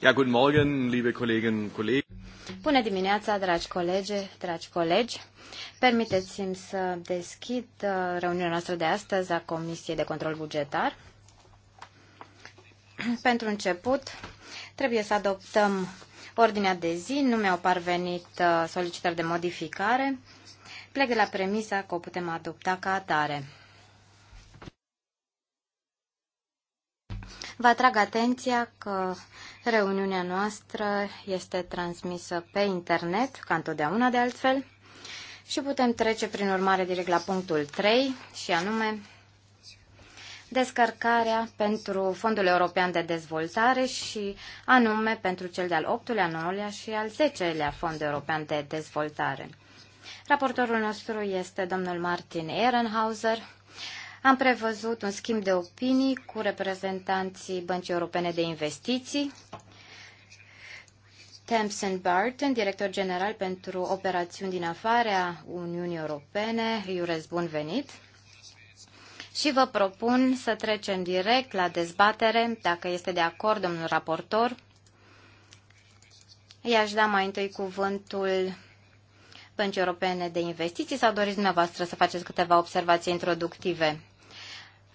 Ja, guten Morgen, liebe Kolleginnen und Kollegen. Bună dimineața, dragi colegi, dragi colegi. Permiteți-mi să deschid uh, reuniunea noastră de astăzi a Comisiei de Control Bugetar. Pentru început, trebuie să adoptăm ordinea de zi. Nu mi-au parvenit uh, solicitări de modificare. Plec de la premisa că o putem adopta ca atare. Vă atrag atenția că Reuniunea noastră este transmisă pe internet, ca întotdeauna de altfel, și putem trece prin urmare direct la punctul 3, și anume descărcarea pentru Fondul European de Dezvoltare și anume pentru cel de-al 8-lea, 9-lea și al 10-lea Fond European de Dezvoltare. Raportorul nostru este domnul Martin Ehrenhauser, am prevăzut un schimb de opinii cu reprezentanții Băncii Europene de Investiții, Thompson Barton, director general pentru operațiuni din afara Uniunii Europene, îi urez bun venit. Și vă propun să trecem direct la dezbatere, dacă este de acord, domnul raportor. I-aș da mai întâi cuvântul băncii europene de investiții sau doriți dumneavoastră să faceți câteva observații introductive?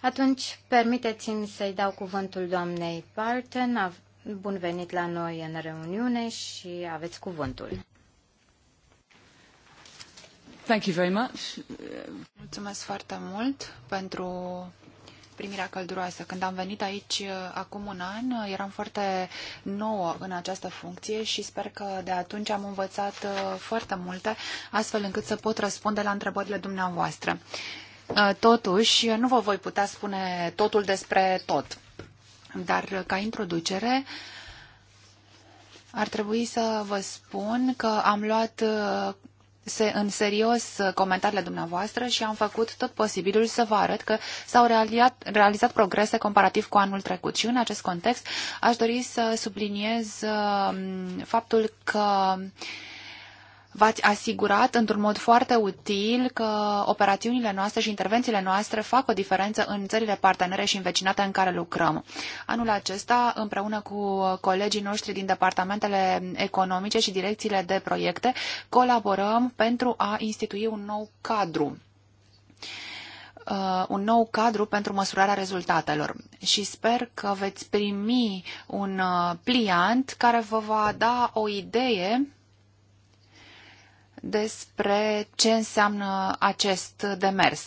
Atunci, permiteți-mi să-i dau cuvântul doamnei Barton. Bun venit la noi în reuniune și aveți cuvântul. Thank you very much. Mulțumesc foarte mult pentru primirea călduroasă. Când am venit aici uh, acum un an, uh, eram foarte nouă în această funcție și sper că de atunci am învățat uh, foarte multe, astfel încât să pot răspunde la întrebările dumneavoastră. Totuși, nu vă voi putea spune totul despre tot, dar ca introducere, ar trebui să vă spun că am luat se în serios uh, comentariile dumneavoastră și am făcut tot posibilul să vă arăt că s-au realizat, realizat progrese comparativ cu anul trecut. Și în acest context aș dori să subliniez uh, faptul că uh, v-ați asigurat într-un mod foarte util că operațiunile noastre și intervențiile noastre fac o diferență în țările partenere și învecinate în care lucrăm. Anul acesta, împreună cu colegii noștri din departamentele economice și direcțiile de proiecte, colaborăm pentru a institui un nou cadru uh, un nou cadru pentru măsurarea rezultatelor și sper că veți primi un uh, pliant care vă va da o idee despre ce înseamnă acest demers.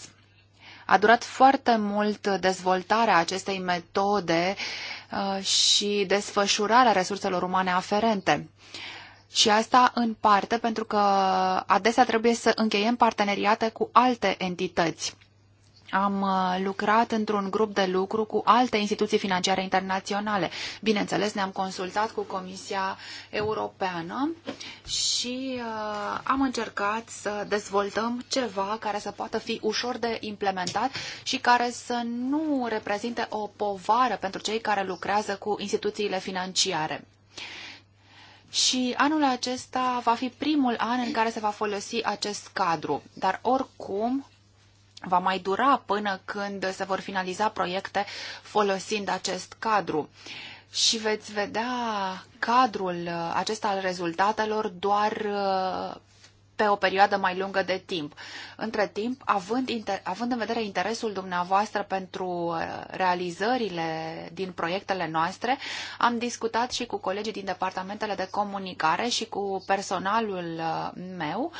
A durat foarte mult dezvoltarea acestei metode uh, și desfășurarea resurselor umane aferente. Și asta în parte pentru că adesea trebuie să încheiem parteneriate cu alte entități am uh, lucrat într-un grup de lucru cu alte instituții financiare internaționale. Bineînțeles, ne-am consultat cu Comisia Europeană și uh, am încercat să dezvoltăm ceva care să poată fi ușor de implementat și care să nu reprezinte o povară pentru cei care lucrează cu instituțiile financiare. Și anul acesta va fi primul an în care se va folosi acest cadru, dar oricum va mai dura până când se vor finaliza proiecte folosind acest cadru. Și veți vedea cadrul acesta al rezultatelor doar pe o perioadă mai lungă de timp. Între timp, având, inter- având în vedere interesul dumneavoastră pentru uh, realizările din proiectele noastre, am discutat și cu colegii din departamentele de comunicare și cu personalul uh, meu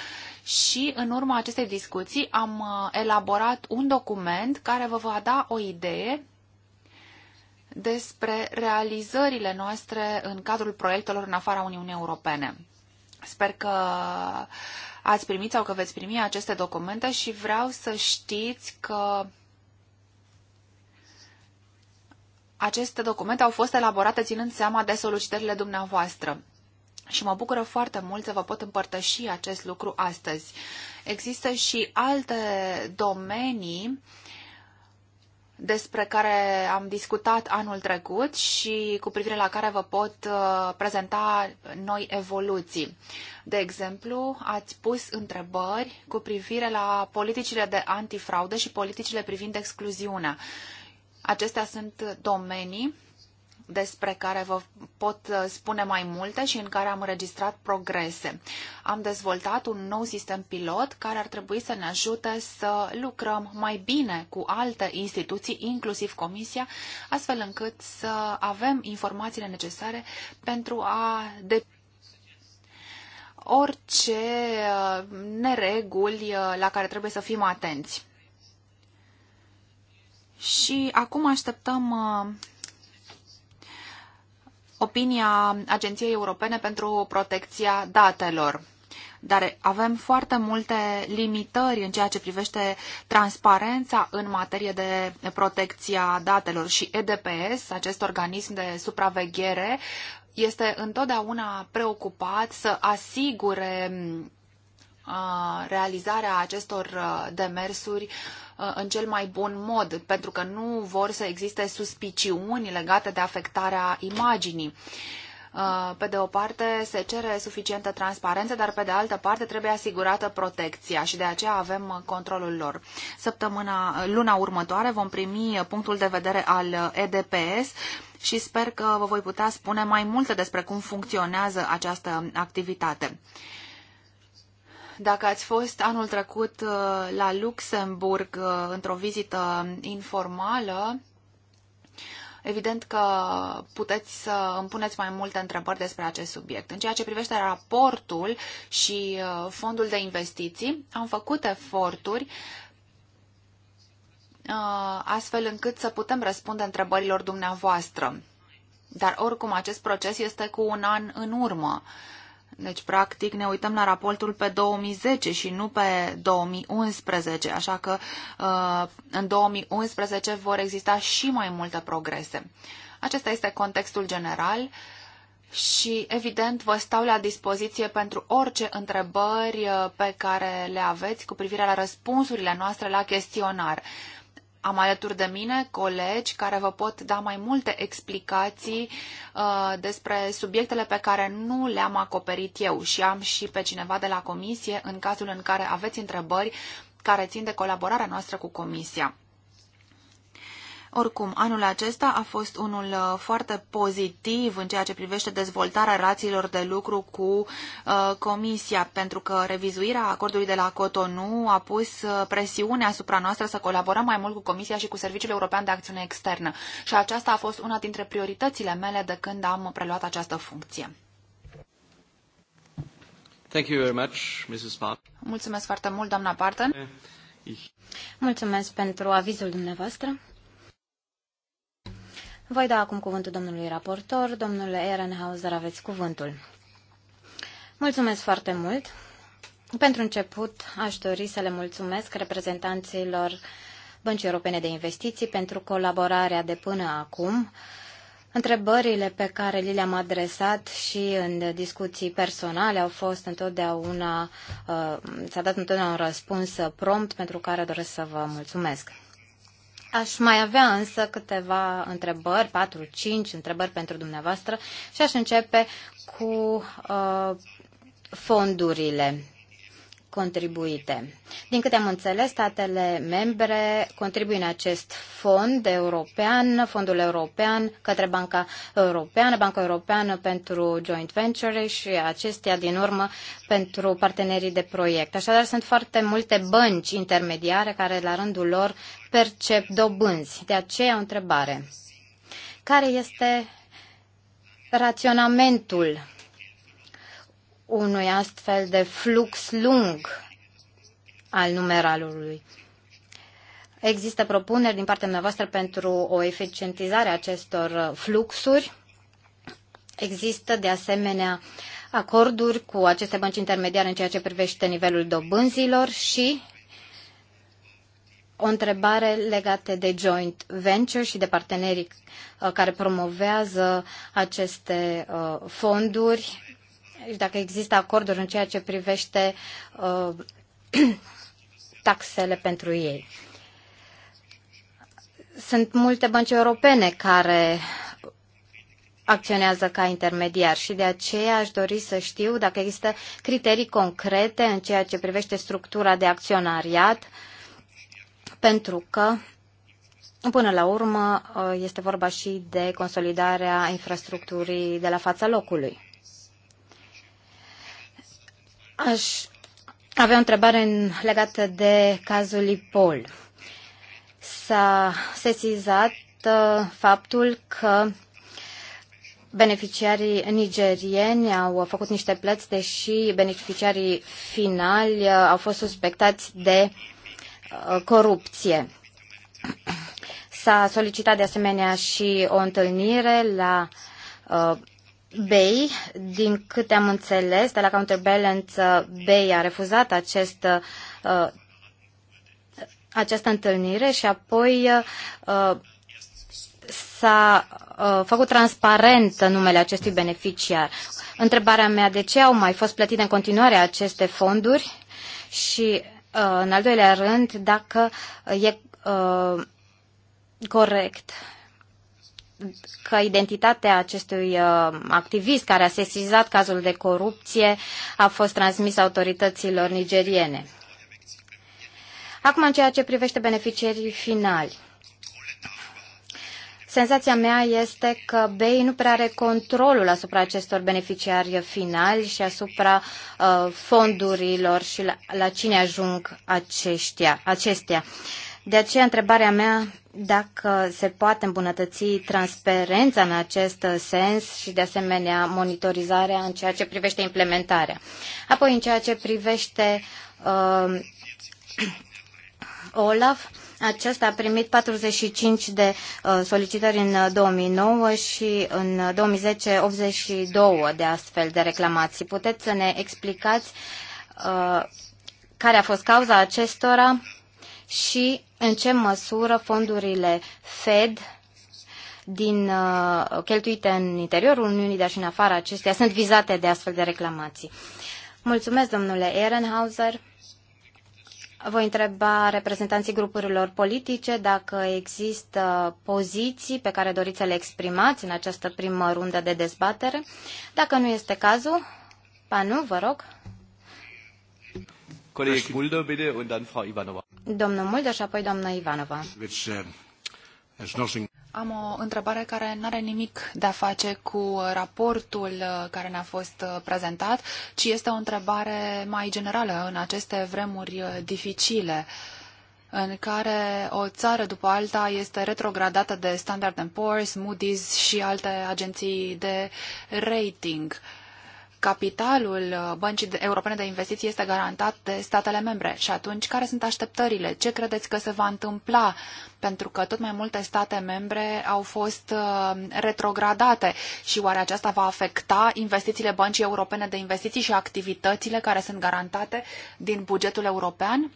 și în urma acestei discuții am uh, elaborat un document care vă va da o idee despre realizările noastre în cadrul proiectelor în afara Uniunii Europene. Sper că ați primit sau că veți primi aceste documente și vreau să știți că aceste documente au fost elaborate ținând seama de solicitările dumneavoastră. Și mă bucură foarte mult să vă pot împărtăși acest lucru astăzi. Există și alte domenii despre care am discutat anul trecut și cu privire la care vă pot uh, prezenta noi evoluții. De exemplu, ați pus întrebări cu privire la politicile de antifraudă și politicile privind excluziunea. Acestea sunt domenii despre care vă pot uh, spune mai multe și în care am înregistrat progrese. Am dezvoltat un nou sistem pilot care ar trebui să ne ajute să lucrăm mai bine cu alte instituții, inclusiv Comisia, astfel încât să avem informațiile necesare pentru a de orice uh, nereguli uh, la care trebuie să fim atenți. Și acum așteptăm opinia Agenției Europene pentru Protecția Datelor. Dar avem foarte multe limitări în ceea ce privește transparența în materie de protecția datelor și EDPS, acest organism de supraveghere, este întotdeauna preocupat să asigure realizarea acestor demersuri în cel mai bun mod, pentru că nu vor să existe suspiciuni legate de afectarea imaginii. Pe de o parte se cere suficientă transparență, dar pe de altă parte trebuie asigurată protecția și de aceea avem controlul lor. Săptămâna, luna următoare vom primi punctul de vedere al EDPS și sper că vă voi putea spune mai multe despre cum funcționează această activitate dacă ați fost anul trecut uh, la Luxemburg uh, într-o vizită informală, Evident că puteți să îmi puneți mai multe întrebări despre acest subiect. În ceea ce privește raportul și uh, fondul de investiții, am făcut eforturi astfel încât să putem răspunde întrebărilor dumneavoastră. Dar oricum acest proces este cu un an în urmă. Uh, deci, practic, ne uităm la raportul pe 2010 și nu pe 2011, așa că uh, în 2011 vor exista și mai multe progrese. Acesta este contextul general și, evident, vă stau la dispoziție pentru orice întrebări uh, pe care le aveți cu privire la răspunsurile noastre la chestionar. Am alături de mine colegi care vă pot da mai multe explicații uh, despre subiectele pe care nu le-am acoperit eu și am și pe cineva de la comisie în cazul în care aveți întrebări care țin de colaborarea noastră cu comisia. Oricum, anul acesta a fost unul uh, foarte pozitiv în ceea ce privește dezvoltarea rațiilor de lucru cu uh, Comisia, pentru că revizuirea acordului de la Cotonou a pus uh, presiune asupra noastră să colaborăm mai mult cu Comisia și cu Serviciul European de Acțiune Externă. Și aceasta a fost una dintre prioritățile mele de când am preluat această funcție. Thank you very much, Mrs. Mulțumesc foarte mult, doamna Parton. Eh, Mulțumesc pentru avizul dumneavoastră. Voi da acum cuvântul domnului raportor. Domnule Ehrenhauser, aveți cuvântul. Mulțumesc foarte mult. Pentru început, aș dori să le mulțumesc reprezentanților Băncii Europene de Investiții pentru colaborarea de până acum, Întrebările pe care li le-am adresat și în discuții personale au fost întotdeauna, uh, s-a dat întotdeauna un răspuns prompt pentru care doresc să vă mulțumesc. Aș mai avea însă câteva întrebări, 4-5 întrebări pentru dumneavoastră și aș începe cu uh, fondurile contribuite. Din câte am înțeles, statele membre contribuie în acest fond european, fondul european către Banca Europeană, Banca Europeană pentru Joint Venture și acestea din urmă pentru partenerii de proiect. Așadar, sunt foarte multe bănci intermediare care la rândul lor percep dobânzi. De aceea o întrebare. Care este raționamentul unui astfel de flux lung al numeralului. Există propuneri din partea dumneavoastră pentru o eficientizare a acestor fluxuri. Există, de asemenea, acorduri cu aceste bănci intermediare în ceea ce privește nivelul dobânzilor și o întrebare legată de joint venture și de partenerii uh, care promovează aceste uh, fonduri și dacă există acorduri în ceea ce privește uh, taxele pentru ei. Sunt multe bănci europene care acționează ca intermediar și de aceea aș dori să știu dacă există criterii concrete în ceea ce privește structura de acționariat, pentru că Până la urmă, uh, este vorba și de consolidarea infrastructurii de la fața locului. Aș avea o întrebare în, legată de cazul Lipol. S-a sesizat uh, faptul că beneficiarii nigerieni au făcut niște plăți, deși beneficiarii finali uh, au fost suspectați de uh, corupție. S-a solicitat de asemenea și o întâlnire la uh, Bay, din câte am înțeles, de la Counterbalance Bay a refuzat acest, uh, această întâlnire și apoi uh, s-a uh, făcut transparent numele acestui beneficiar. Întrebarea mea, de ce au mai fost plătite în continuare aceste fonduri și, uh, în al doilea rând, dacă e uh, corect că identitatea acestui uh, activist care a sesizat cazul de corupție a fost transmisă autorităților nigeriene. Acum, în ceea ce privește beneficiarii finali, senzația mea este că BEI nu prea are controlul asupra acestor beneficiari finali și asupra uh, fondurilor și la, la cine ajung aceștia, acestea. De aceea, întrebarea mea dacă se poate îmbunătăți transparența în acest sens și, de asemenea, monitorizarea în ceea ce privește implementarea. Apoi, în ceea ce privește uh, OLAF, acesta a primit 45 de uh, solicitări în 2009 uh, și în 2010 uh, 82 de astfel de reclamații. Puteți să ne explicați uh, care a fost cauza acestora și în ce măsură fondurile Fed din uh, cheltuite în interiorul Uniunii, dar și în afara acesteia, sunt vizate de astfel de reclamații. Mulțumesc, domnule Ehrenhauser. Voi întreba reprezentanții grupurilor politice dacă există poziții pe care doriți să le exprimați în această primă rundă de dezbatere. Dacă nu este cazul, Panu, vă rog. Kollege Mulder, bine, und dann Frau Ivanova. Domnul Mulder și apoi doamna Ivanova. Am o întrebare care nu are nimic de a face cu raportul uh, care ne-a fost uh, prezentat, ci este o întrebare mai generală în aceste vremuri uh, dificile în care o țară după alta este retrogradată de Standard Poor's, Moody's și alte agenții de rating. Uh, capitalul uh, Băncii Europene de Investiții este garantat de statele membre. Și atunci, care sunt așteptările? Ce credeți că se va întâmpla? Pentru că tot mai multe state membre au fost uh, retrogradate și oare aceasta va afecta investițiile Băncii Europene de Investiții și activitățile care sunt garantate din bugetul european?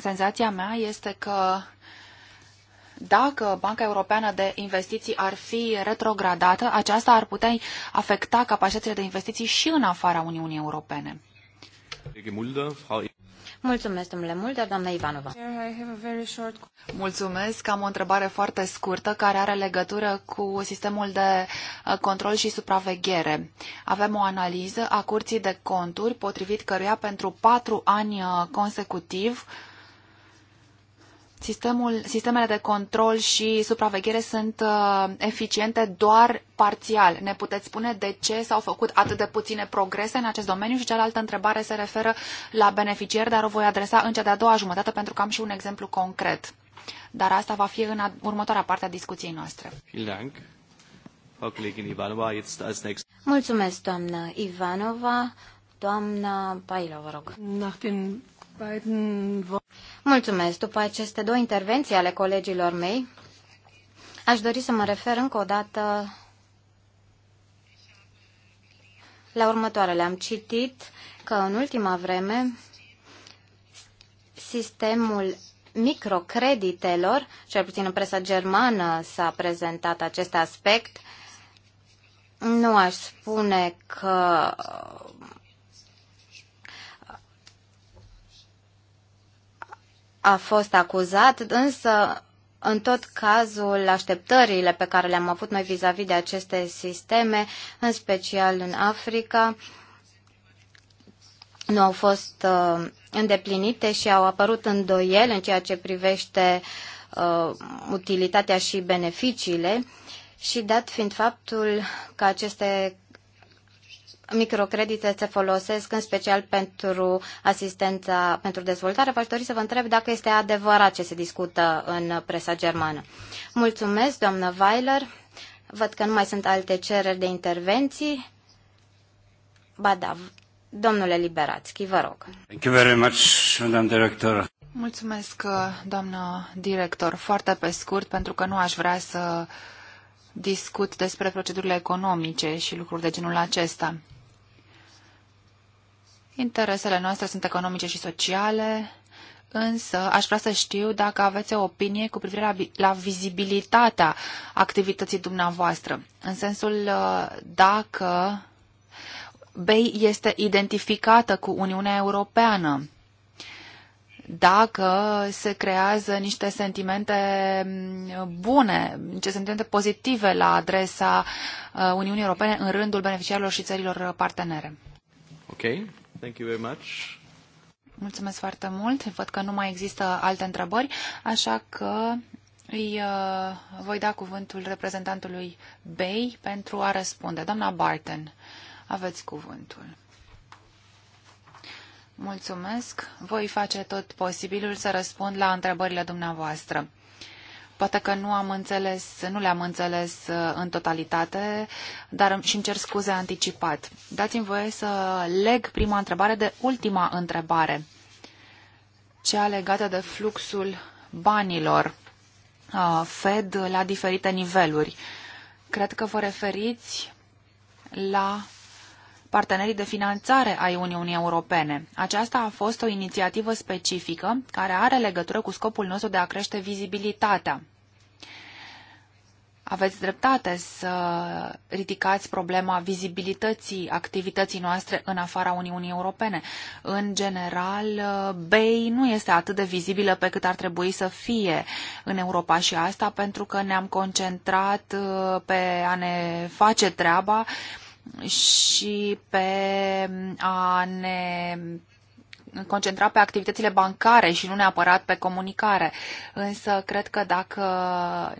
Senzația mea este că dacă Banca Europeană de Investiții ar fi retrogradată, aceasta ar putea afecta capacitățile de investiții și în afara Uniunii Europene. Mulțumesc, domnule Mulder, doamna Ivanova. Mulțumesc, am o întrebare foarte scurtă care are legătură cu sistemul de uh, control și supraveghere. Avem o analiză a Curții de Conturi potrivit căruia pentru patru ani uh, consecutiv Sistemul, sistemele de control și supraveghere sunt uh, eficiente doar parțial. Ne puteți spune de ce s-au făcut atât de puține progrese în acest domeniu și cealaltă întrebare se referă la beneficiari, dar o voi adresa în cea de-a doua jumătate pentru că am și un exemplu concret. Dar asta va fi în următoarea parte a discuției noastre. Mulțumesc, doamnă Ivanova. Doamna Baila, vă rog. Mulțumesc. După aceste două intervenții ale colegilor mei, aș dori să mă refer încă o dată la următoarele. Am citit că în ultima vreme sistemul microcreditelor, cel puțin în presa germană s-a prezentat acest aspect, nu aș spune că a fost acuzat, însă în tot cazul așteptările pe care le-am avut noi vis-a-vis -vis de aceste sisteme, în special în Africa, nu au fost uh, îndeplinite și au apărut îndoieli în ceea ce privește uh, utilitatea și beneficiile și dat fiind faptul că aceste microcredite se folosesc în special pentru asistența pentru dezvoltare. V-aș dori să vă întreb dacă este adevărat ce se discută în presa germană. Mulțumesc, doamnă Weiler. Văd că nu mai sunt alte cereri de intervenții. Ba da, domnule Liberațchi, vă rog. Thank you very much, madam director. Mulțumesc, doamnă director. Foarte pe scurt, pentru că nu aș vrea să discut despre procedurile economice și lucruri de genul acesta. Interesele noastre sunt economice și sociale, însă aș vrea să știu dacă aveți o opinie cu privire la, la vizibilitatea activității dumneavoastră, în sensul uh, dacă BEI este identificată cu Uniunea Europeană, dacă se creează niște sentimente mm, bune, niște sentimente pozitive la adresa uh, Uniunii Europene în rândul beneficiarilor și țărilor partenere. Okay. Thank you very much. Mulțumesc foarte mult. Văd că nu mai există alte întrebări, așa că îi uh, voi da cuvântul reprezentantului Bay pentru a răspunde. Doamna Barton, aveți cuvântul. Mulțumesc. Voi face tot posibilul să răspund la întrebările dumneavoastră. Poate că nu am înțeles, nu le-am înțeles uh, în totalitate, dar și îmi cer scuze anticipat. Dați-mi voie să leg prima întrebare de ultima întrebare, cea legată de fluxul banilor uh, Fed la diferite niveluri. Cred că vă referiți la partenerii de finanțare ai Uniunii Europene. Aceasta a fost o inițiativă specifică care are legătură cu scopul nostru de a crește vizibilitatea. Aveți dreptate să ridicați problema vizibilității activității noastre în afara Uniunii Europene. În general, BEI nu este atât de vizibilă pe cât ar trebui să fie în Europa și asta pentru că ne-am concentrat uh, pe a ne face treaba și pe a ne concentra pe activitățile bancare și nu neapărat pe comunicare. Însă cred că dacă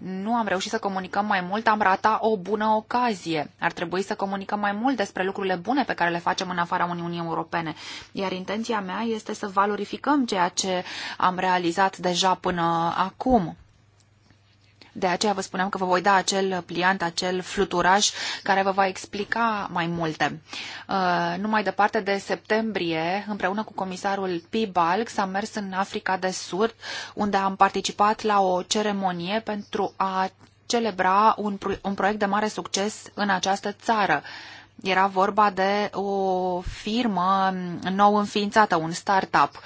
nu am reușit să comunicăm mai mult, am rata o bună ocazie. Ar trebui să comunicăm mai mult despre lucrurile bune pe care le facem în afara Uniunii Europene. Iar intenția mea este să valorificăm ceea ce am realizat deja până acum. De aceea vă spuneam că vă voi da acel pliant, acel fluturaș care vă va explica mai multe. Uh, numai departe de septembrie, împreună cu comisarul s am mers în Africa de Sud, unde am participat la o ceremonie pentru a celebra un, un proiect de mare succes în această țară. Era vorba de o firmă nou înființată, un startup. up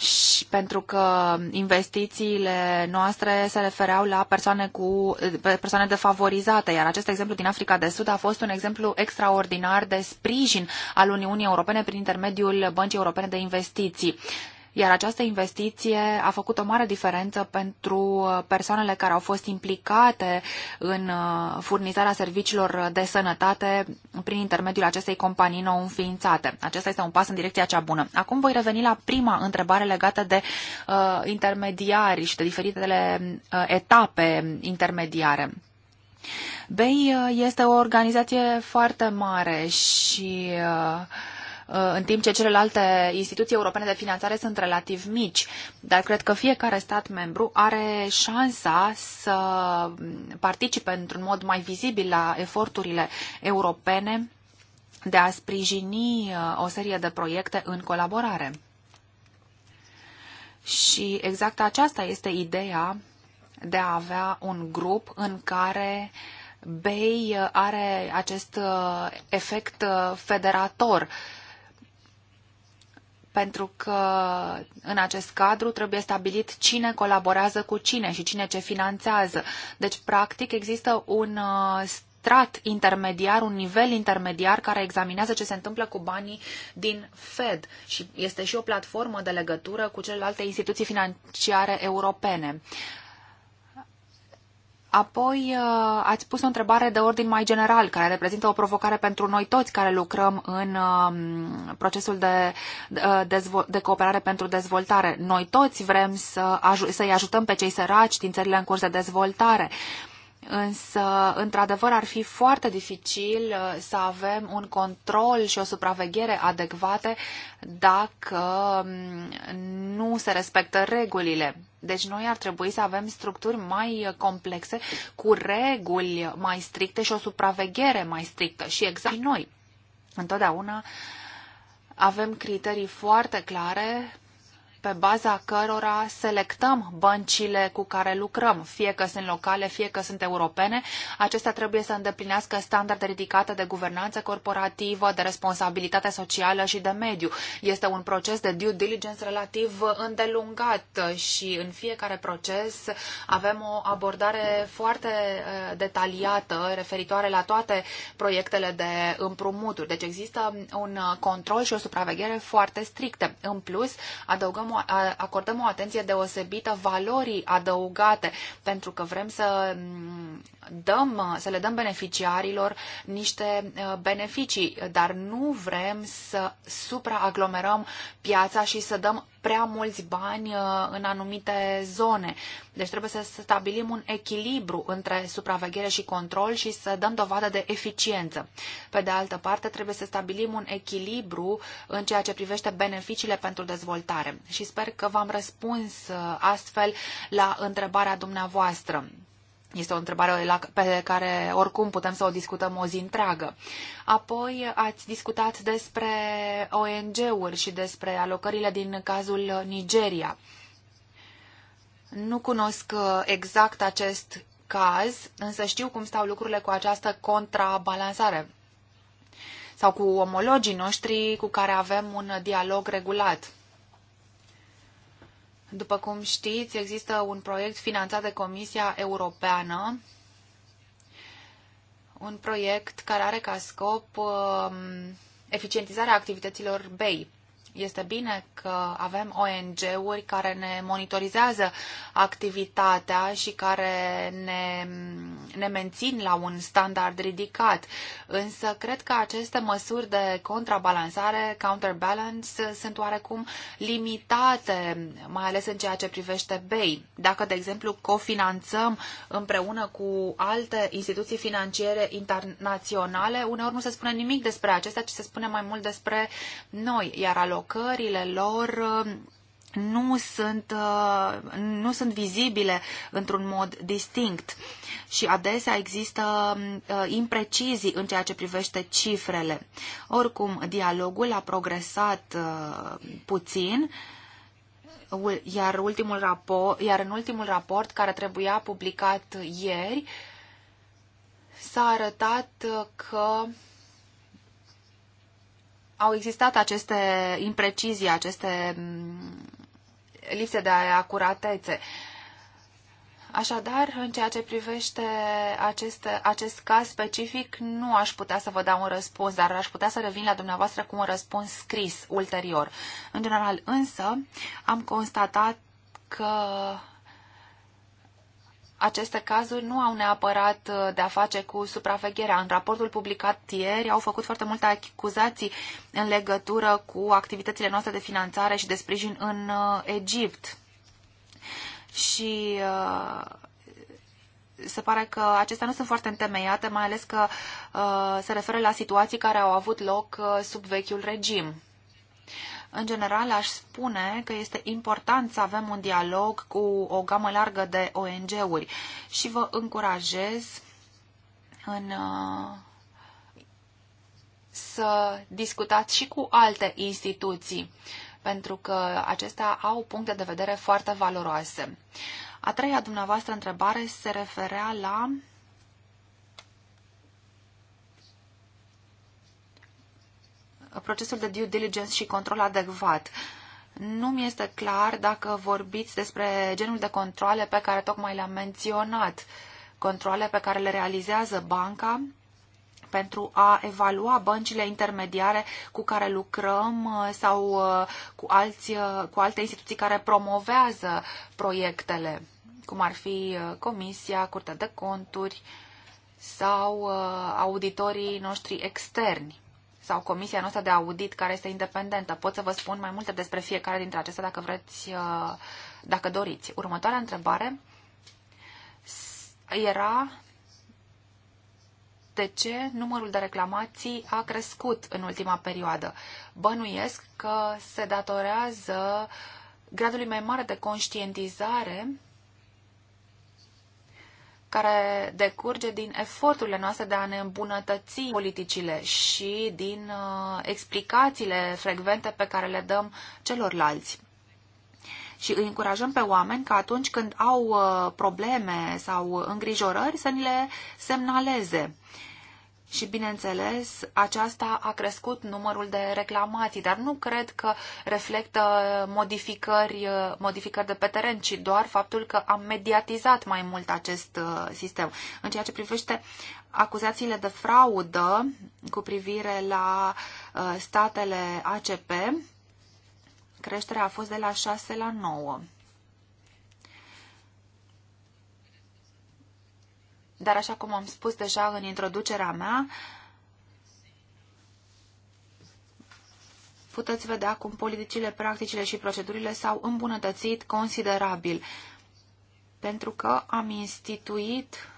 și pentru că investițiile noastre se refereau la persoane cu persoane defavorizate, iar acest exemplu din Africa de Sud a fost un exemplu extraordinar de sprijin al Uniunii Europene prin intermediul Băncii Europene de Investiții iar această investiție a făcut o mare diferență pentru uh, persoanele care au fost implicate în uh, furnizarea serviciilor de sănătate prin intermediul acestei companii nou înființate. Acesta este un pas în direcția cea bună. Acum voi reveni la prima întrebare legată de uh, intermediari și de diferitele uh, etape intermediare. BEI uh, este o organizație foarte mare și uh, Uh, în timp ce celelalte instituții europene de finanțare sunt relativ mici. Dar cred că fiecare stat membru are șansa să participe într-un mod mai vizibil la eforturile europene de a sprijini uh, o serie de proiecte în colaborare. Și exact aceasta este ideea de a avea un grup în care BEI are acest uh, efect federator pentru că în acest cadru trebuie stabilit cine colaborează cu cine și cine ce finanțează. Deci, practic, există un uh, strat intermediar, un nivel intermediar care examinează ce se întâmplă cu banii din Fed și este și o platformă de legătură cu celelalte instituții financiare europene. Apoi uh, ați pus o întrebare de ordin mai general, care reprezintă o provocare pentru noi toți care lucrăm în um, procesul de, uh, de, de cooperare pentru dezvoltare. Noi toți vrem să să să ajutăm pe cei săraci din țările în curs de dezvoltare. Însă, într-adevăr, ar fi foarte dificil uh, să avem un control și o supraveghere adecvate dacă mm, nu se respectă regulile. Deci noi ar trebui să avem structuri mai complexe, cu reguli mai stricte și o supraveghere mai strictă. Și exact noi, întotdeauna, avem criterii foarte clare pe baza cărora selectăm băncile cu care lucrăm, fie că sunt locale, fie că sunt europene. Acestea trebuie să îndeplinească standarde ridicate de guvernanță corporativă, de responsabilitate socială și de mediu. Este un proces de due diligence relativ îndelungat și în fiecare proces avem o abordare foarte eh, detaliată referitoare la toate proiectele de împrumuturi. Deci există un control și o supraveghere foarte stricte. În plus, adăugăm o acordăm o atenție deosebită valorii adăugate, pentru că vrem să mm, dăm, să le dăm beneficiarilor niște uh, beneficii, dar nu vrem să supraaglomerăm piața și să dăm prea mulți bani uh, în anumite zone. Deci trebuie să stabilim un echilibru între supraveghere și control și să dăm dovadă de eficiență. Pe de altă parte, trebuie să stabilim un echilibru în ceea ce privește beneficiile pentru dezvoltare. Și sper că v-am răspuns uh, astfel la întrebarea dumneavoastră. Este o întrebare pe care oricum putem să o discutăm o zi întreagă. Apoi ați discutat despre ONG-uri și despre alocările din cazul Nigeria. Nu cunosc uh, exact acest caz, însă știu cum stau lucrurile cu această contrabalansare sau cu omologii noștri cu care avem un dialog regulat. După cum știți, există un proiect finanțat de Comisia Europeană, un proiect care are ca scop um, eficientizarea activităților BEI. Este bine că avem ONG-uri care ne monitorizează activitatea și care ne, ne mențin la un standard ridicat. Însă cred că aceste măsuri de contrabalansare, counterbalance, sunt oarecum limitate, mai ales în ceea ce privește BEI. Dacă, de exemplu, cofinanțăm împreună cu alte instituții financiare internaționale, uneori nu se spune nimic despre acestea, ci se spune mai mult despre noi, iar aloc provocările lor uh, nu sunt, uh, nu sunt vizibile într-un mod distinct și adesea există uh, imprecizii în ceea ce privește cifrele. Oricum, dialogul a progresat puțin, iar, ultimul raport, iar în ultimul raport care trebuia publicat ieri s-a arătat că au existat aceste imprecizii, aceste mm, lipse de acuratețe. Așadar, în ceea ce privește acest, acest caz specific, nu aș putea să vă dau un răspuns, dar aș putea să revin la dumneavoastră cu un răspuns scris ulterior. În general, însă, am constatat că aceste cazuri nu au neapărat uh, de a face cu supravegherea. În raportul publicat ieri au făcut foarte multe acuzații în legătură cu activitățile noastre de finanțare și de sprijin în uh, Egipt. Și uh, se pare că acestea nu sunt foarte întemeiate, mai ales că se referă la situații care au avut loc sub vechiul regim. În general, aș spune că este important să avem un dialog cu o gamă largă de ONG-uri și vă încurajez în, uh, să discutați și cu alte instituții, pentru că acestea au puncte de vedere foarte valoroase. A treia dumneavoastră întrebare se referea la procesul de due diligence și control adecvat. Nu mi este clar dacă vorbiți despre genul de controle pe care tocmai le-am menționat, controle pe care le realizează banca pentru a evalua băncile intermediare cu care lucrăm uh, sau uh, cu, alți, uh, cu alte instituții care promovează proiectele, cum ar fi Comisia, Curtea de Conturi sau auditorii noștri externi sau comisia noastră de audit care este independentă. Pot să vă spun mai multe despre fiecare dintre acestea dacă vreți, uh, dacă doriți. Următoarea întrebare era de ce numărul de reclamații a crescut în ultima perioadă. Bănuiesc că se datorează gradului mai mare de conștientizare care decurge din eforturile noastre de a ne îmbunătăți politicile și din uh, explicațiile frecvente pe care le dăm celorlalți. Și îi încurajăm pe oameni că atunci când au uh, probleme sau îngrijorări să ni le semnaleze. Uh, și, bineînțeles, aceasta a crescut numărul de reclamații, dar nu cred că reflectă modificări, modificări de pe teren, ci doar faptul că am mediatizat mai mult acest uh, sistem. În ceea ce privește acuzațiile de fraudă cu privire la uh, statele ACP, creșterea a fost de la 6 la 9. Dar așa cum am spus deja în introducerea mea, puteți vedea cum politicile, practicile și procedurile s-au îmbunătățit considerabil, pentru că am instituit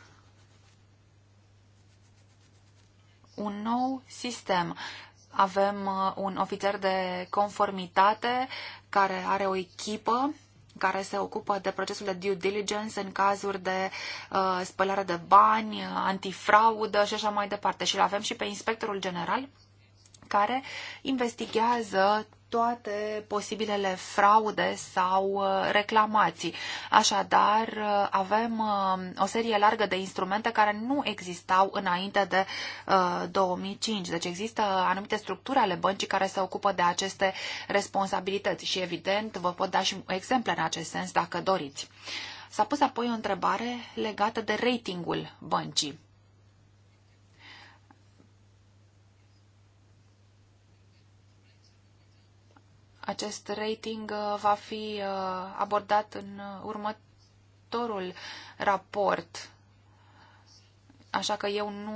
un nou sistem. Avem uh, un ofițer de conformitate care are o echipă care se ocupă de procesul de due diligence în cazuri de uh, spălare de bani, antifraudă și așa mai departe. Și îl avem și pe inspectorul general care investigează toate posibilele fraude sau uh, reclamații. Așadar, uh, avem uh, o serie largă de instrumente care nu existau înainte de 2005. Deci există anumite structuri ale băncii care se ocupă de aceste responsabilități și, evident, vă pot da și exemple în acest sens dacă doriți. S-a pus apoi o întrebare legată de ratingul băncii. Acest rating uh, va fi uh, abordat în uh, următorul raport. Așa că eu nu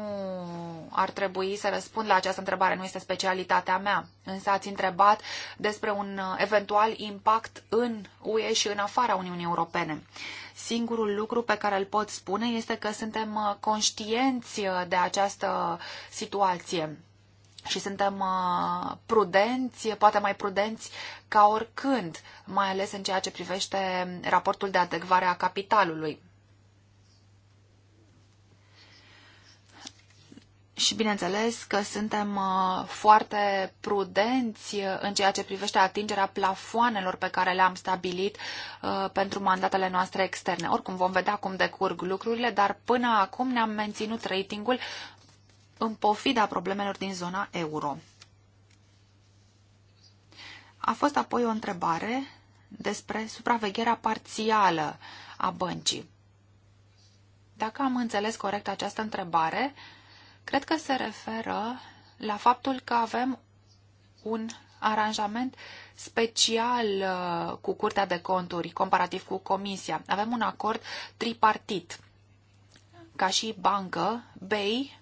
ar trebui să răspund la această întrebare, nu este specialitatea mea. Însă ați întrebat despre un eventual impact în UE și în afara Uniunii Europene. Singurul lucru pe care îl pot spune este că suntem conștienți de această situație și suntem uh, prudenți, poate mai prudenți ca oricând, mai ales în ceea ce privește raportul de adecvare a capitalului. Și bineînțeles că suntem uh, foarte prudenți în ceea ce privește atingerea plafoanelor pe care le-am stabilit uh, pentru mandatele noastre externe. Oricum vom vedea cum decurg lucrurile, dar până acum ne-am menținut ratingul în pofida problemelor din zona euro. A fost apoi o întrebare despre supravegherea parțială a băncii. Dacă am înțeles corect această întrebare, cred că se referă la faptul că avem un aranjament special uh, cu Curtea de Conturi, comparativ cu Comisia. Avem un acord tripartit. Ca și bancă, BEI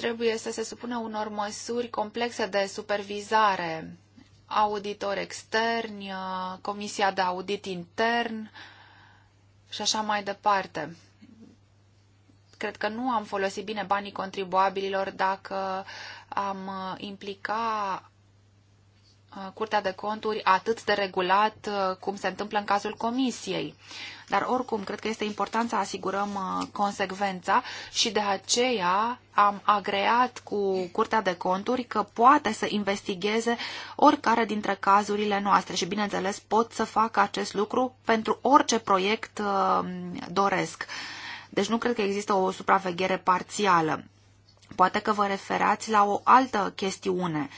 trebuie să se supună unor măsuri complexe de supervizare, auditori externi, uh, Comisia de Audit Intern și așa mai departe. Cred că nu am folosit bine banii contribuabililor dacă am uh, implica Uh, Curtea de Conturi atât de regulat uh, cum se întâmplă în cazul Comisiei. Dar oricum, cred că este important să asigurăm uh, consecvența și de aceea am agreat cu Curtea de Conturi că poate să investigheze oricare dintre cazurile noastre și, bineînțeles, pot să facă acest lucru pentru orice proiect doresc. Deci nu cred că există o supraveghere parțială. Poate că vă referați la o altă chestiune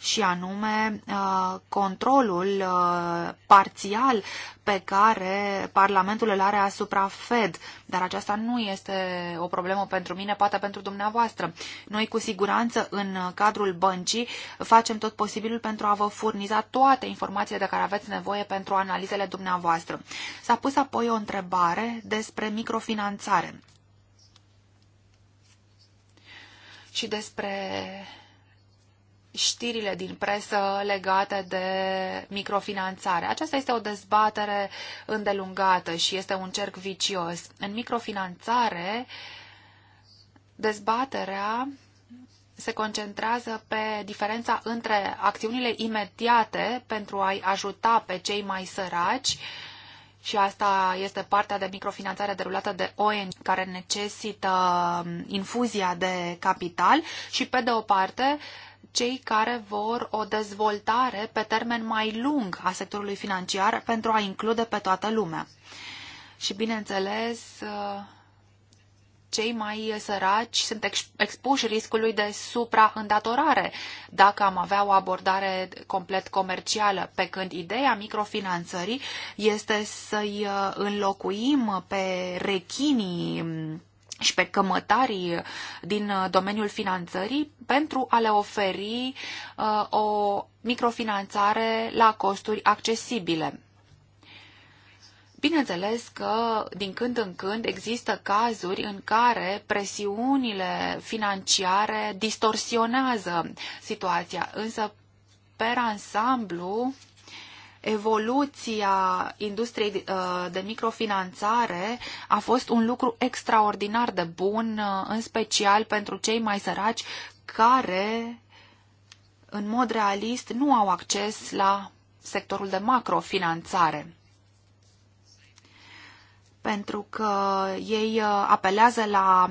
și anume uh, controlul uh, parțial pe care Parlamentul îl are asupra Fed, dar aceasta nu este o problemă pentru mine, poate pentru dumneavoastră. Noi cu siguranță în cadrul băncii facem tot posibilul pentru a vă furniza toate informațiile de care aveți nevoie pentru analizele dumneavoastră. S-a pus apoi o întrebare despre microfinanțare și despre știrile din presă legate de microfinanțare. Aceasta este o dezbatere îndelungată și este un cerc vicios. În microfinanțare, dezbaterea se concentrează pe diferența între acțiunile imediate pentru a-i ajuta pe cei mai săraci și asta este partea de microfinanțare derulată de ONG care necesită infuzia de capital și pe de o parte cei care vor o dezvoltare pe termen mai lung a sectorului financiar pentru a include pe toată lumea. Și, bineînțeles, cei mai săraci sunt expuși riscului de supraîndatorare dacă am avea o abordare complet comercială, pe când ideea microfinanțării este să-i înlocuim pe rechinii și pe cămătarii din uh, domeniul finanțării pentru a le oferi uh, o microfinanțare la costuri accesibile. Bineînțeles că din când în când există cazuri în care presiunile financiare distorsionează situația, însă per ansamblu evoluția industriei uh, de microfinanțare a fost un lucru extraordinar de bun, uh, în special pentru cei mai săraci care, în mod realist, nu au acces la sectorul de macrofinanțare pentru că ei uh, apelează la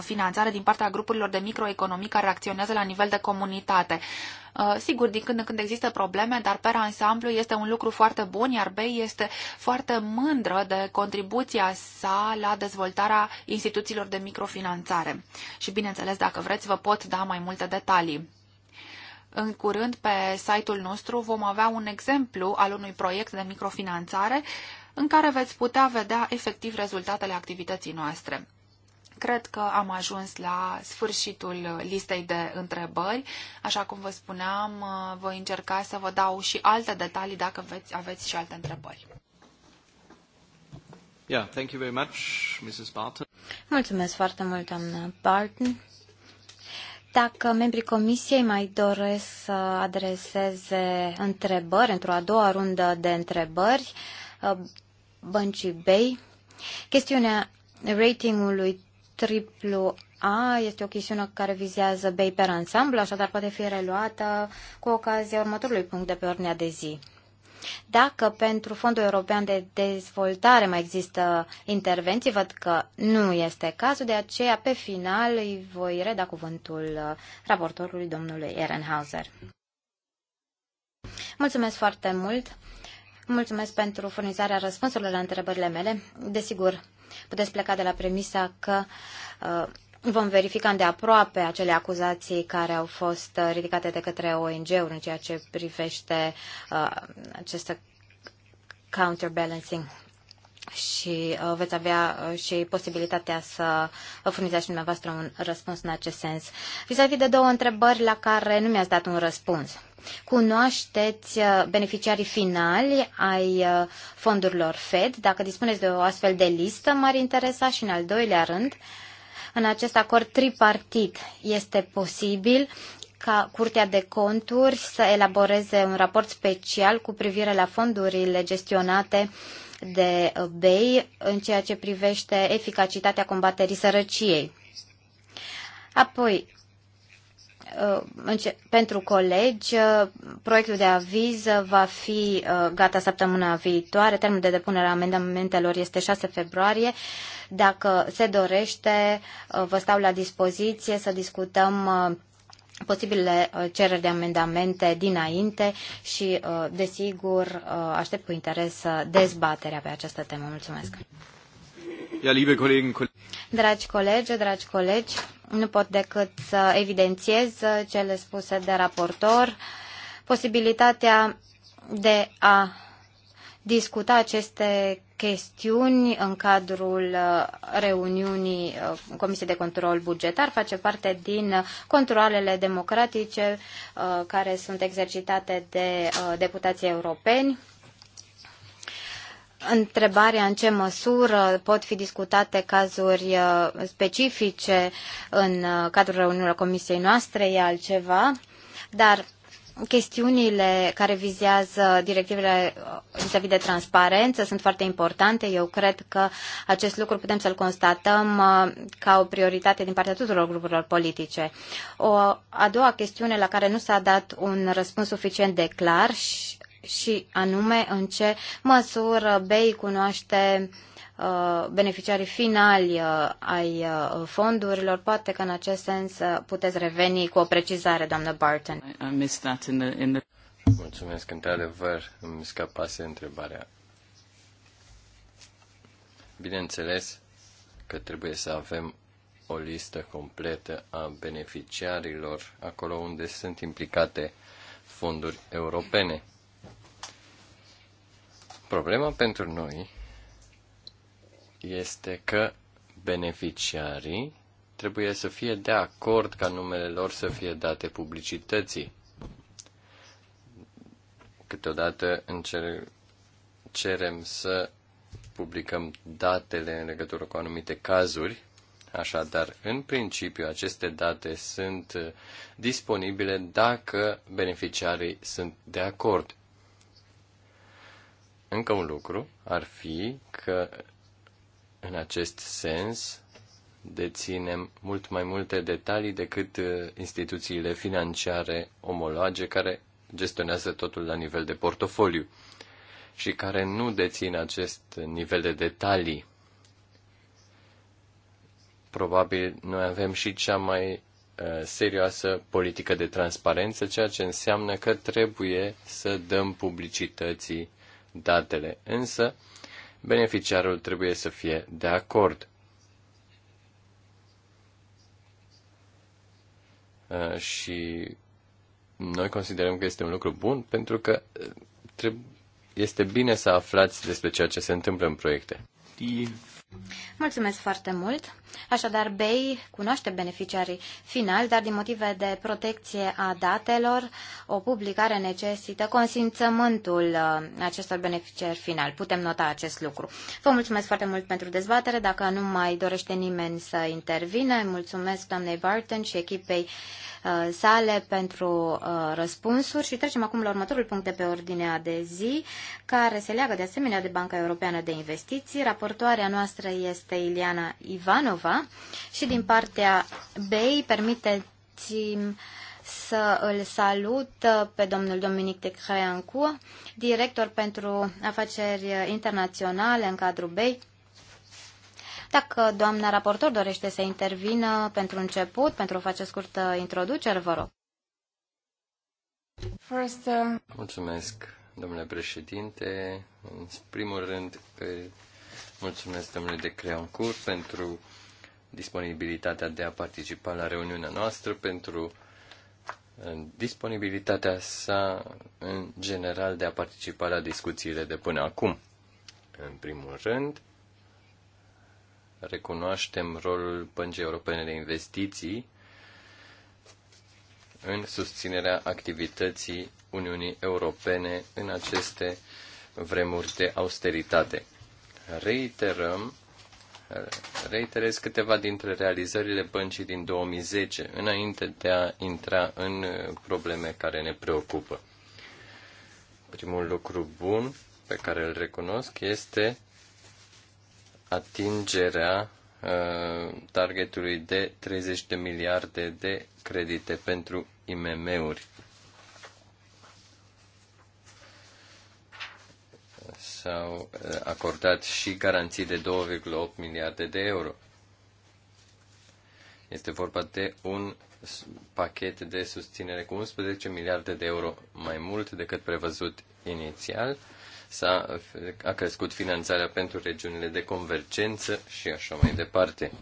finanțare din partea grupurilor de microeconomii care acționează la nivel de comunitate. Uh, sigur, din când în când există probleme, dar per ansamblu este un lucru foarte bun, iar BEI este foarte mândră de contribuția sa la dezvoltarea instituțiilor de microfinanțare. Și bineînțeles, dacă vreți, vă pot da mai multe detalii. În curând, pe site-ul nostru vom avea un exemplu al unui proiect de microfinanțare în care veți putea vedea efectiv rezultatele activității noastre. Cred că am ajuns la sfârșitul listei de întrebări. Așa cum vă spuneam, voi încerca să vă dau și alte detalii dacă veți, aveți și alte întrebări. Yeah, thank you very much, Mrs. Barton. Mulțumesc foarte mult, doamnă Barton. Dacă membrii comisiei mai doresc să adreseze întrebări, într-o a doua rundă de întrebări, uh, băncii Bay, chestiunea ratingului triplu A este o chestiune care vizează bei pe ansamblu, așadar poate fi reluată cu ocazia următorului punct de pe ordinea de zi. Dacă pentru Fondul European de Dezvoltare mai există intervenții, văd că nu este cazul, de aceea pe final îi voi reda cuvântul raportorului domnului Ehrenhauser. Mulțumesc foarte mult! Mulțumesc pentru furnizarea răspunsurilor la întrebările mele. Desigur, puteți pleca de la premisa că uh, vom verifica de aproape acele acuzații care au fost uh, ridicate de către ONG-uri în ceea ce privește uh, counterbalancing și uh, veți avea uh, și posibilitatea să furnizați și dumneavoastră un răspuns în acest sens. Vis-a-vis -vis de două întrebări la care nu mi-ați dat un răspuns. Cunoașteți uh, beneficiarii finali ai uh, fondurilor Fed? Dacă dispuneți de o astfel de listă, m-ar interesa și în al doilea rând, în acest acord tripartit este posibil ca Curtea de Conturi să elaboreze un raport special cu privire la fondurile gestionate de BEI în ceea ce privește eficacitatea combaterii sărăciei. Apoi, Uh, pentru colegi, uh, proiectul de aviz va fi uh, gata săptămâna viitoare. Termenul de depunere a amendamentelor este 6 februarie. Dacă se dorește, vă stau la dispoziție să discutăm posibile cereri de amendamente dinainte și, desigur, aștept cu interes dezbaterea pe această temă. Mulțumesc! dragi colegi, dragi colegi, nu pot decât să evidențiez cele spuse de raportor, posibilitatea de a discuta aceste chestiuni în cadrul uh, reuniunii uh, Comisiei de Control Bugetar face parte din controlele democratice uh, care sunt exercitate de deputații europeni. Întrebarea în ce măsură pot fi discutate cazuri uh, specifice în uh, cadrul reuniunilor comisiei noastre e altceva, dar chestiunile care vizează directivele uh, vis-a-vis de transparență sunt foarte importante. Eu cred că acest lucru putem să-l constatăm ca o prioritate din partea tuturor grupurilor politice. O a doua chestiune la care nu s-a dat un răspuns suficient de clar și și anume în ce măsură BEI cunoaște uh, beneficiarii finali uh, ai uh, fondurilor. Poate că în acest sens puteți reveni cu o precizare, doamnă Barton. Mulțumesc, într-adevăr, îmi scăpase întrebarea. Bineînțeles că trebuie să avem o listă completă a beneficiarilor acolo unde sunt implicate fonduri europene. Problema pentru noi este că beneficiarii trebuie să fie de acord ca numele lor să fie date publicității. Câteodată cerem să publicăm datele în legătură cu anumite cazuri, așadar, în principiu, aceste date sunt disponibile dacă beneficiarii sunt de acord. Încă un lucru ar fi că în acest sens deținem mult mai multe detalii decât uh, instituțiile financiare omologe care gestionează totul la nivel de portofoliu și care nu dețin acest nivel de detalii. Probabil noi avem și cea mai uh, serioasă politică de transparență, ceea ce înseamnă că trebuie să dăm publicității datele, însă beneficiarul trebuie să fie de acord. Uh, și noi considerăm că este un lucru bun pentru că uh, este bine să aflați despre ceea ce se întâmplă în proiecte. Mulțumesc foarte mult. Așadar, BEI cunoaște beneficiarii finali, dar din motive de protecție a datelor, o publicare necesită consimțământul uh, acestor beneficiari finali. Putem nota acest lucru. Vă mulțumesc foarte mult pentru dezbatere. Dacă nu mai dorește nimeni să intervină, mulțumesc doamnei Barton și echipei uh, sale pentru uh, răspunsuri și trecem acum la următorul punct de pe ordinea de zi, care se leagă de asemenea de Banca Europeană de Investiții. Raportoarea noastră noastră este Iliana Ivanova și din partea BEI permiteți să îl salut pe domnul Dominic de Creancu, director pentru afaceri internaționale în cadrul BEI. Dacă doamna raportor dorește să intervină pentru început, pentru a face scurtă introducere, vă rog. First, uh... Mulțumesc, domnule președinte. În primul rând, Mulțumesc, domnule de Creancourt, pentru disponibilitatea de a participa la reuniunea noastră, pentru uh, disponibilitatea sa în general de a participa la discuțiile de până acum. În primul rând, recunoaștem rolul Băncii Europene de Investiții în susținerea activității Uniunii Europene în aceste vremuri de austeritate reiterăm, reiterez câteva dintre realizările băncii din 2010, înainte de a intra în probleme care ne preocupă. Primul lucru bun pe care îl recunosc este atingerea uh, targetului de 30 de miliarde de credite pentru IMM-uri s-au uh, acordat și garanții de 2,8 miliarde de euro. Este vorba de un pachet de susținere cu 11 miliarde de euro mai mult decât prevăzut inițial. S-a, a crescut finanțarea pentru regiunile de convergență și așa mai departe.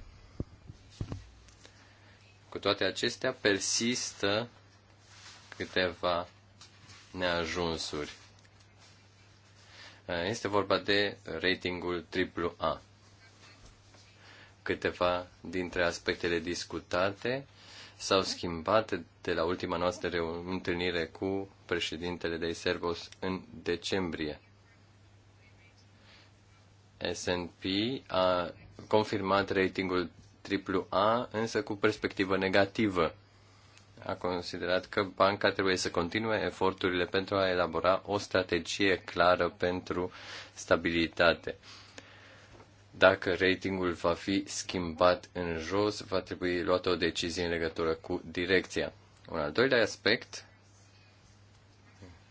Cu toate acestea, persistă câteva neajunsuri. Eh, este vorba de ratingul AAA. Câteva dintre aspectele discutate s-au schimbat de la ultima noastră întâlnire cu președintele de Servos în decembrie. S&P a confirmat ratingul AAA, însă cu perspectivă negativă a considerat că banca trebuie să continue eforturile pentru a elabora o strategie clară pentru stabilitate. Dacă ratingul va fi schimbat în jos, va trebui luată o decizie în legătură cu direcția. Un al doilea aspect,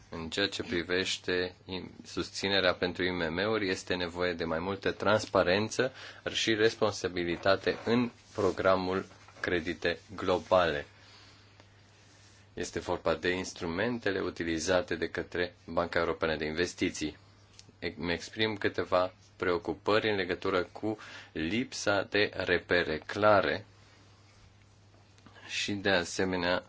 în ceea ce privește susținerea pentru IMM-uri, este nevoie de mai multă transparență și responsabilitate în programul credite globale. Este vorba de instrumentele utilizate de către Banca Europeană de Investiții. Îmi exprim câteva preocupări în legătură cu lipsa de repere clare și, de asemenea,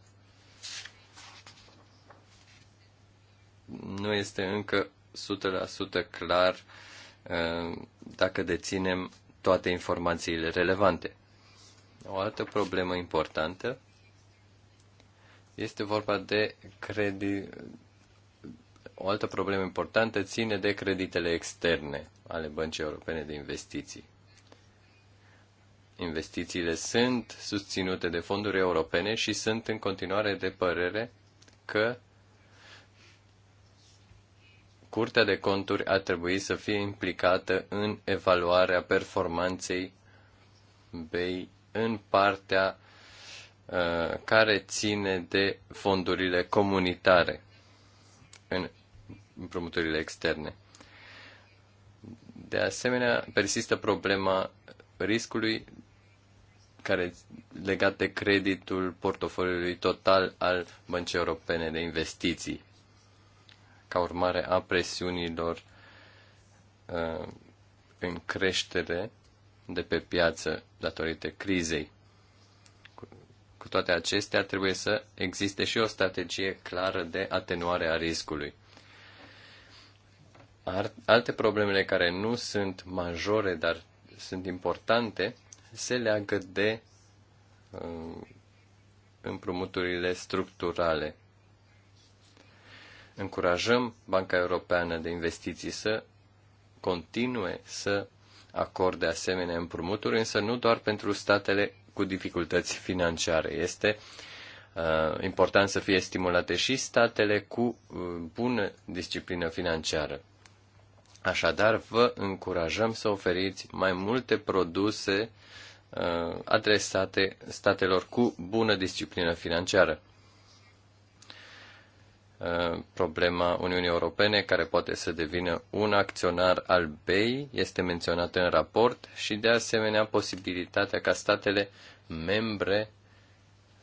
nu este încă 100% clar uh, dacă deținem toate informațiile relevante. O altă problemă importantă este vorba de credit. O altă problemă importantă ține de creditele externe ale băncii europene de investiții. Investițiile sunt susținute de fonduri europene și sunt în continuare de părere că Curtea de Conturi ar trebui să fie implicată în evaluarea performanței BEI în partea Uh, care ține de fondurile comunitare în împrumuturile externe. De asemenea, persistă problema riscului care legat de creditul portofoliului total al Băncii Europene de Investiții, ca urmare a presiunilor uh, în creștere de pe piață datorită crizei. Cu toate acestea, trebuie să existe și o strategie clară de atenuare a riscului. Alte problemele care nu sunt majore, dar sunt importante, se leagă de uh, împrumuturile structurale. Încurajăm Banca Europeană de Investiții să continue să acorde asemenea împrumuturi, însă nu doar pentru statele cu dificultăți financiare. Este uh, important să fie stimulate și statele cu uh, bună disciplină financiară. Așadar, vă încurajăm să oferiți mai multe produse uh, adresate statelor cu bună disciplină financiară. Uh, problema Uniunii Europene, care poate să devină un acționar al BEI, este menționată în raport și, de asemenea, posibilitatea ca statele membre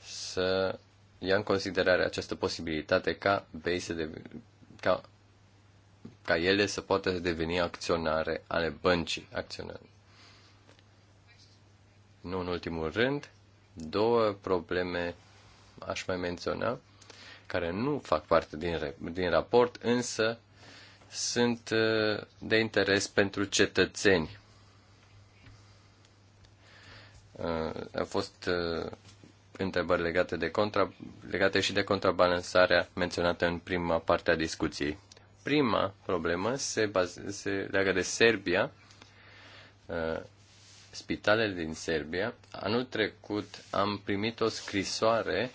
să ia în considerare această posibilitate ca BEI să devină, ca, ca ele să poată deveni acționare ale băncii acționare. Nu în ultimul rând, două probleme aș mai menționa care nu fac parte din, din raport, însă sunt uh, de interes pentru cetățeni. Uh, au fost uh, întrebări legate, de contra, legate și de contrabalansarea menționată în prima parte a discuției. Prima problemă se, baze, se leagă de Serbia. Spitalele din Serbia. Anul trecut am primit o scrisoare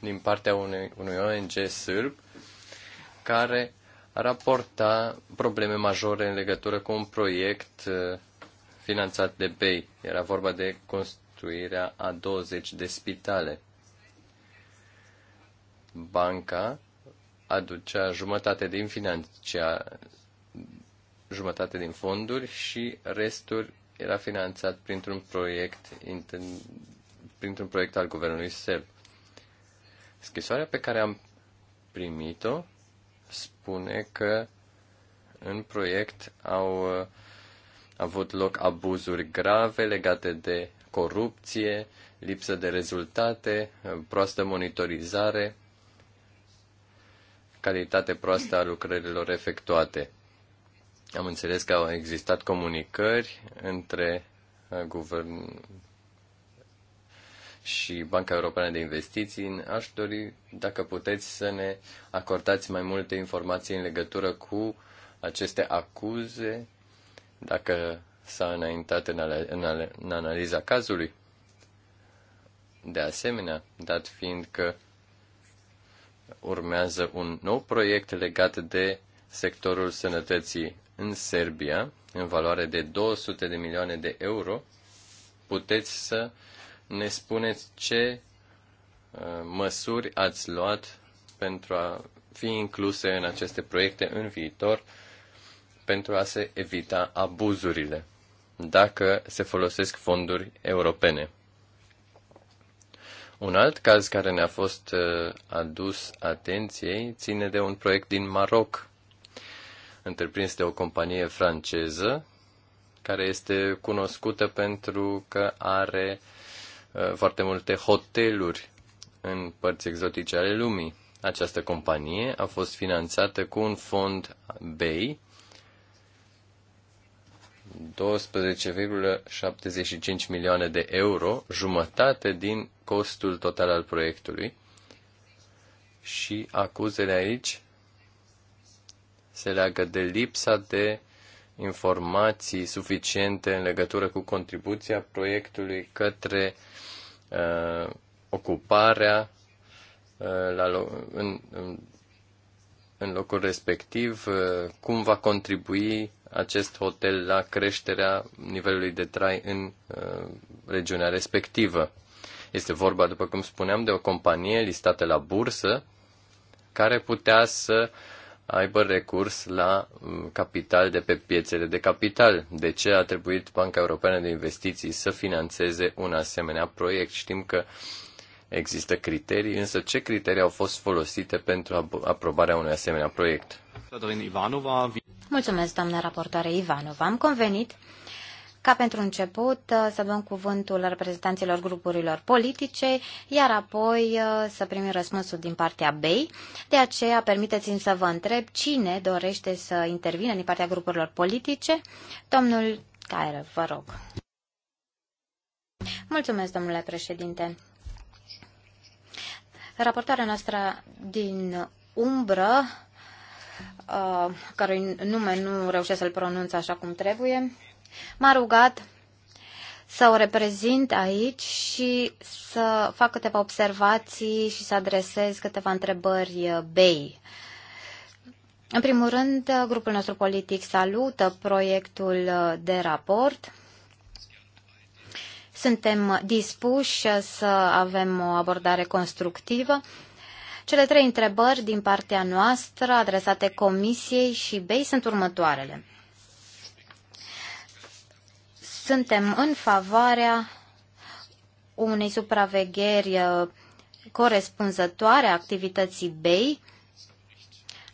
din partea unui, unui ONG sârb care raporta probleme majore în legătură cu un proiect uh, finanțat de BEI. Era vorba de construirea a 20 de spitale. Banca aducea jumătate din financia, jumătate din fonduri și restul era finanțat printr-un proiect printr-un proiect al guvernului serb. Scrisoarea pe care am primit-o spune că în proiect au avut loc abuzuri grave legate de corupție, lipsă de rezultate, proastă monitorizare, calitate proastă a lucrărilor efectuate. Am înțeles că au existat comunicări între guvern, și Banca Europeană de Investiții, aș dori, dacă puteți, să ne acordați mai multe informații în legătură cu aceste acuze, dacă s-a înaintat în, ale, în, ale, în analiza cazului. De asemenea, dat fiind că urmează un nou proiect legat de sectorul sănătății în Serbia, în valoare de 200 de milioane de euro, puteți să ne spuneți ce uh, măsuri ați luat pentru a fi incluse în aceste proiecte în viitor pentru a se evita abuzurile dacă se folosesc fonduri europene. Un alt caz care ne-a fost uh, adus atenției ține de un proiect din Maroc, întreprins de o companie franceză, care este cunoscută pentru că are uh, Uh, foarte multe hoteluri în părți exotice ale lumii. Această companie a fost finanțată cu un fond BEI 12,75 milioane de euro, jumătate din costul total al proiectului. Și acuzele aici se leagă de lipsa de informații suficiente în legătură cu contribuția proiectului către uh, ocuparea uh, la în, în, în locul respectiv, uh, cum va contribui acest hotel la creșterea nivelului de trai în uh, regiunea respectivă. Este vorba, după cum spuneam, de o companie listată la bursă care putea să uh, aibă recurs la mm, capital de pe piețele de capital. De ce a trebuit Banca Europeană de Investiții să financeze un asemenea proiect? Știm că există criterii, însă ce criterii au fost folosite pentru aprobarea unui asemenea proiect? Mulțumesc, doamnă raportoare Ivanova. Am convenit ca pentru început uh, să dăm cuvântul reprezentanților grupurilor politice, iar apoi uh, să primim răspunsul din partea BEI. De aceea, permiteți-mi să vă întreb cine dorește să intervină din partea grupurilor politice. Domnul Cairă, vă rog. Mulțumesc, domnule președinte. Raportarea noastră din umbră, uh, cărui nume nu reușesc să-l pronunț așa cum trebuie, M-a rugat să o reprezint aici și să fac câteva observații și să adresez câteva întrebări uh, BEI. În primul rând, uh, grupul nostru politic salută proiectul uh, de raport. Suntem dispuși să avem o abordare constructivă. Cele trei întrebări din partea noastră adresate Comisiei și BEI sunt următoarele. Suntem în favoarea unei supravegheri uh, corespunzătoare a activității BEI,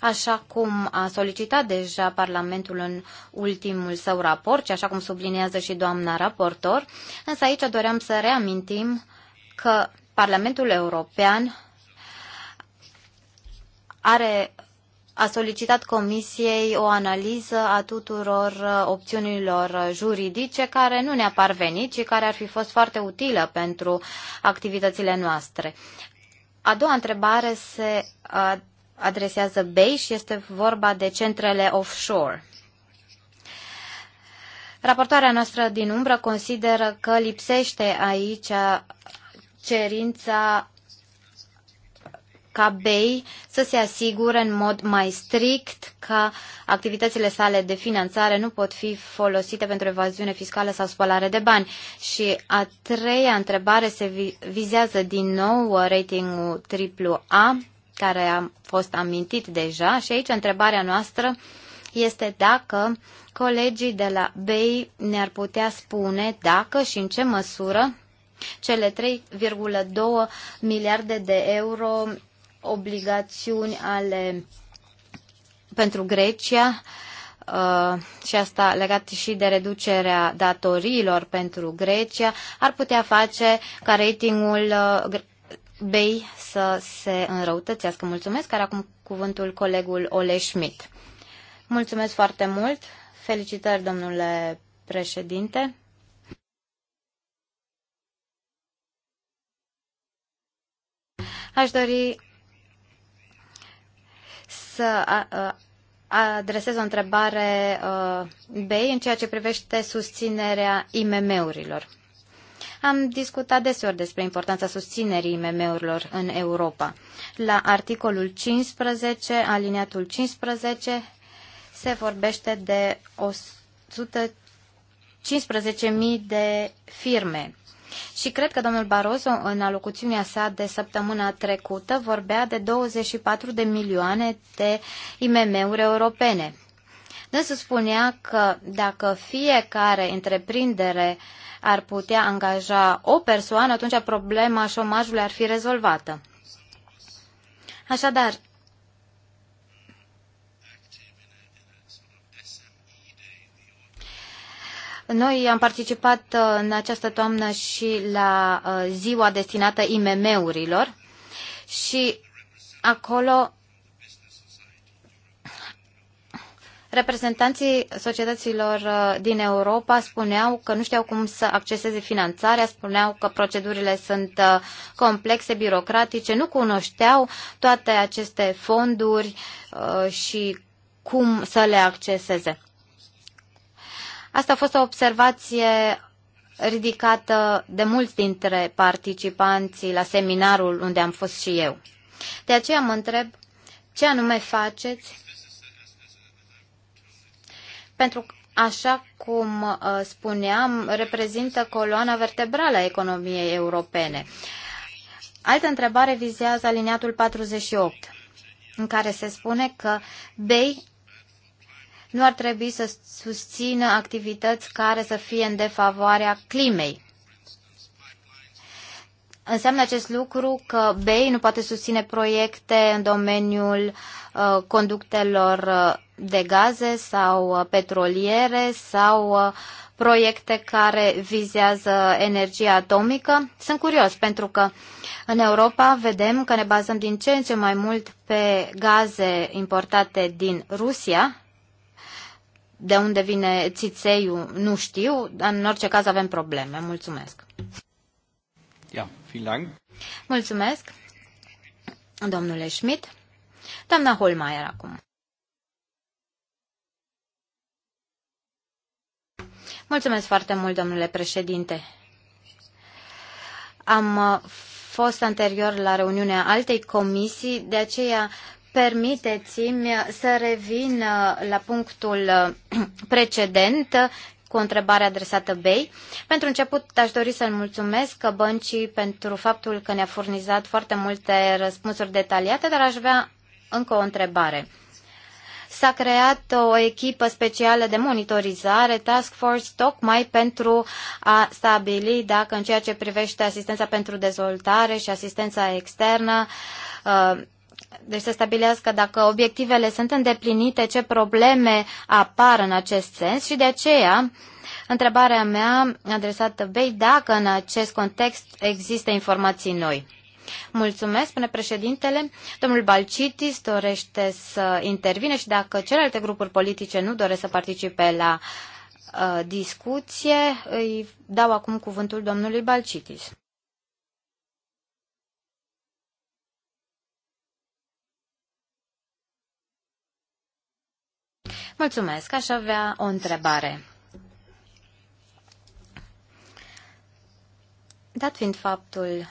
așa cum a solicitat deja Parlamentul în ultimul său raport și așa cum subliniază și doamna raportor, însă aici doream să reamintim că Parlamentul European are a solicitat Comisiei o analiză a tuturor uh, opțiunilor uh, juridice care nu ne-a parvenit și care ar fi fost foarte utilă pentru activitățile noastre. A doua întrebare se uh, adresează BEI și este vorba de centrele offshore. Raportoarea noastră din umbră consideră că lipsește aici cerința ca BEI să se asigure în mod mai strict că activitățile sale de finanțare nu pot fi folosite pentru evaziune fiscală sau spălare de bani. Și a treia întrebare se vizează din nou ratingul AAA, care a fost amintit deja și aici întrebarea noastră este dacă colegii de la BEI ne-ar putea spune dacă și în ce măsură cele 3,2 miliarde de euro obligațiuni ale pentru Grecia uh, și asta legat și de reducerea datoriilor pentru Grecia, ar putea face ca ratingul uh, BEI să se înrăutățească. Mulțumesc, care acum cuvântul colegul Ole Schmidt. Mulțumesc foarte mult. Felicitări, domnule președinte. Aș dori să adresez o întrebare uh, BEI în ceea ce privește susținerea IMM-urilor. Am discutat deseori despre importanța susținerii IMM-urilor în Europa. La articolul 15, aliniatul 15, se vorbește de 115.000 de firme și cred că domnul Barroso, în alocuțiunea sa de săptămâna trecută, vorbea de 24 de milioane de IMM-uri europene. Dânsul spunea că dacă fiecare întreprindere ar putea angaja o persoană, atunci problema șomajului ar fi rezolvată. Așadar, Noi am participat uh, în această toamnă și la uh, ziua destinată IMM-urilor și acolo Reprezentanții societăților uh, din Europa spuneau că nu știau cum să acceseze finanțarea, spuneau că procedurile sunt complexe, birocratice, nu cunoșteau toate aceste fonduri și cum să le acceseze. Asta a fost o observație ridicată de mulți dintre participanții la seminarul unde am fost și eu. De aceea mă întreb ce anume faceți pentru că, așa cum uh, spuneam, reprezintă coloana vertebrală a economiei europene. Altă întrebare vizează aliniatul 48, în care se spune că BEI nu ar trebui să susțină activități care să fie în defavoarea climei. Înseamnă acest lucru că BEI nu poate susține proiecte în domeniul uh, conductelor uh, de gaze sau uh, petroliere sau uh, proiecte care vizează energia atomică. Sunt curios pentru că în Europa vedem că ne bazăm din ce în ce mai mult pe gaze importate din Rusia, de unde vine țițeiul nu știu, dar în orice caz avem probleme. Mulțumesc. Ja, vielen Dank. Mulțumesc, domnule Schmidt. Doamna Holmeier acum. Mulțumesc foarte mult, domnule președinte. Am uh, fost anterior la reuniunea altei comisii, de aceea Permiteți-mi să revin uh, la punctul uh, precedent uh, cu o întrebare adresată BEI. Pentru început, aș dori să-l mulțumesc băncii pentru faptul că ne-a furnizat foarte multe răspunsuri detaliate, dar aș vrea încă o întrebare. S-a creat o echipă specială de monitorizare, Task Force, tocmai pentru a stabili dacă în ceea ce privește asistența pentru dezvoltare și asistența externă, uh, deci să stabilească dacă obiectivele sunt îndeplinite, ce probleme apar în acest sens și de aceea întrebarea mea adresată Bei dacă în acest context există informații noi. Mulțumesc, spune președintele. Domnul Balcitis dorește să intervine și dacă celelalte grupuri politice nu doresc să participe la uh, discuție, îi dau acum cuvântul domnului Balcitis. Mulțumesc, aș avea o întrebare. Dat fiind faptul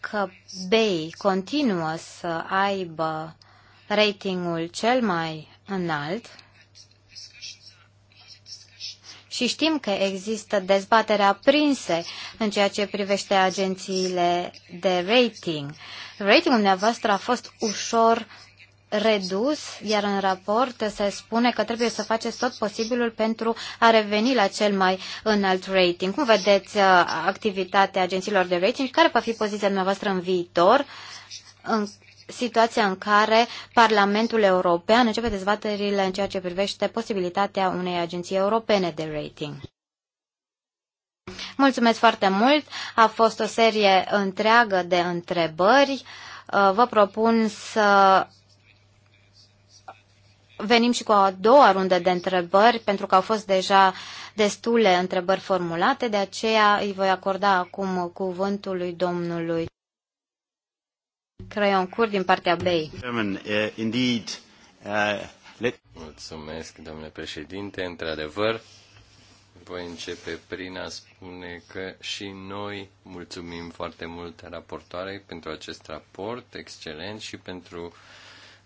că BEI continuă să aibă ratingul cel mai înalt și știm că există dezbatere aprinse în ceea ce privește agențiile de rating. Ratingul dumneavoastră a fost ușor redus, iar în raport se spune că trebuie să faceți tot posibilul pentru a reveni la cel mai înalt rating. Cum vedeți uh, activitatea agențiilor de rating și care va fi poziția dumneavoastră în viitor în situația în care Parlamentul European începe dezbaterile în ceea ce privește posibilitatea unei agenții europene de rating? Mulțumesc foarte mult! A fost o serie întreagă de întrebări. Uh, vă propun să venim și cu a doua rundă de întrebări, pentru că au fost deja destule întrebări formulate, de aceea îi voi acorda acum cuvântul lui domnului Crăion Cur din partea BEI. Uh, uh, Mulțumesc, domnule președinte. Într-adevăr, voi începe prin a spune că și noi mulțumim foarte mult raportoarei pentru acest raport excelent și pentru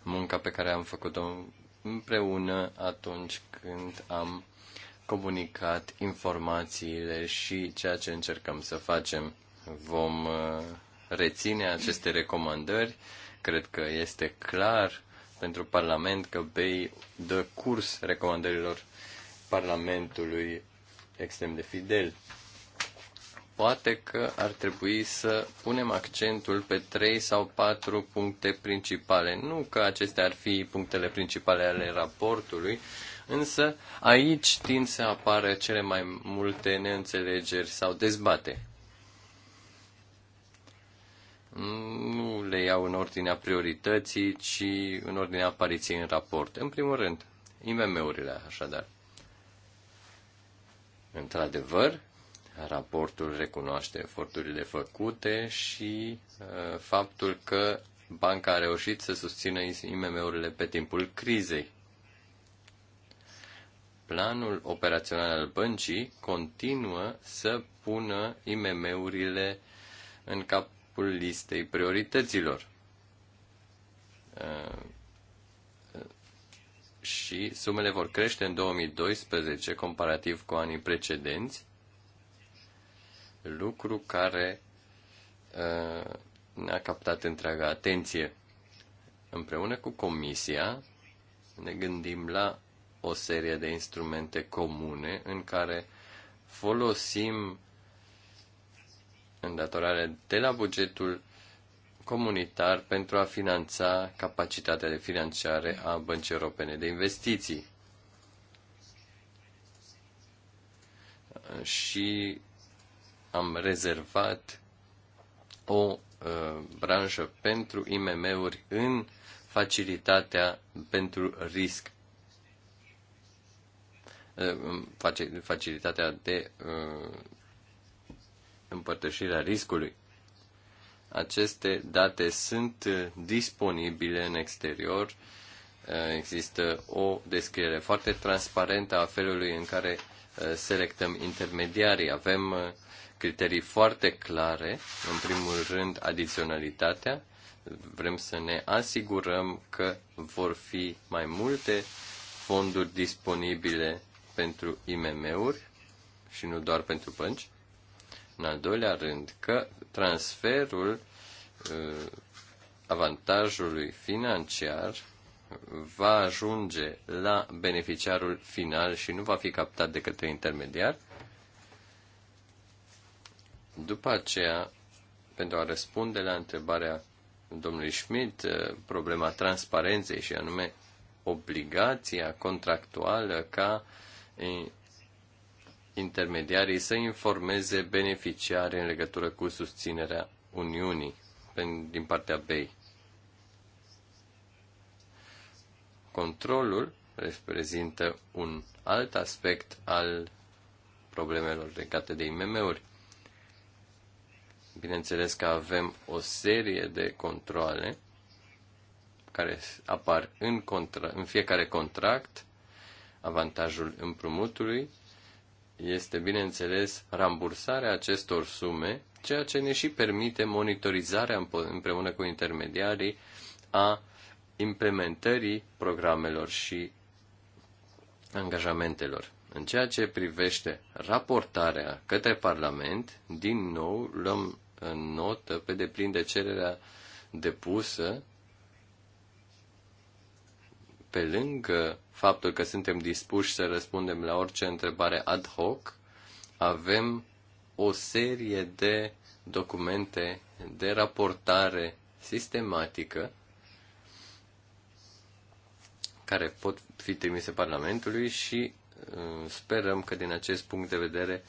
munca pe care am făcut-o împreună atunci când am comunicat informațiile și ceea ce încercăm să facem. Vom uh, reține aceste recomandări. Cred că este clar pentru Parlament că BEI dă curs recomandărilor Parlamentului extrem de fidel poate că ar trebui să punem accentul pe trei sau patru puncte principale. Nu că acestea ar fi punctele principale ale raportului, însă aici tind să apară cele mai multe neînțelegeri sau dezbate. Nu le iau în ordinea priorității, ci în ordinea apariției în raport. În primul rând, IMM-urile, așadar. Într-adevăr, Raportul recunoaște eforturile făcute și uh, faptul că banca a reușit să susțină IMM-urile pe timpul crizei. Planul operațional al băncii continuă să pună IMM-urile în capul listei priorităților. Uh, și sumele vor crește în 2012 comparativ cu anii precedenți lucru care uh, ne-a captat întreaga atenție. Împreună cu Comisia ne gândim la o serie de instrumente comune în care folosim îndatorare de la bugetul comunitar pentru a finanța capacitatea de finanțare a băncii europene de investiții. Și am rezervat o uh, branșă pentru IMM-uri în facilitatea pentru risc. Uh, facilitatea de uh, împărtășire a riscului. Aceste date sunt uh, disponibile în exterior. Uh, există o descriere foarte transparentă a felului în care uh, selectăm intermediarii. Avem criterii foarte clare. În primul rând, adiționalitatea. Vrem să ne asigurăm că vor fi mai multe fonduri disponibile pentru IMM-uri și nu doar pentru bănci. În al doilea rând, că transferul uh, avantajului financiar va ajunge la beneficiarul final și nu va fi captat de către intermediar. După aceea, pentru a răspunde la întrebarea domnului Schmidt, eh, problema transparenței și anume obligația contractuală ca intermediarii să informeze beneficiarii în legătură cu susținerea Uniunii din partea BEI. Controlul reprezintă un alt aspect al problemelor legate de IMM-uri. Bineînțeles că avem o serie de controle care apar în, contra- în fiecare contract. Avantajul împrumutului este, bineînțeles, rambursarea acestor sume, ceea ce ne și permite monitorizarea împreună cu intermediarii a implementării programelor și angajamentelor. În ceea ce privește raportarea către Parlament, din nou luăm în notă pe deplin de cererea depusă, pe lângă faptul că suntem dispuși să răspundem la orice întrebare ad hoc, avem o serie de documente de raportare sistematică care pot fi trimise Parlamentului și uh, sperăm că din acest punct de vedere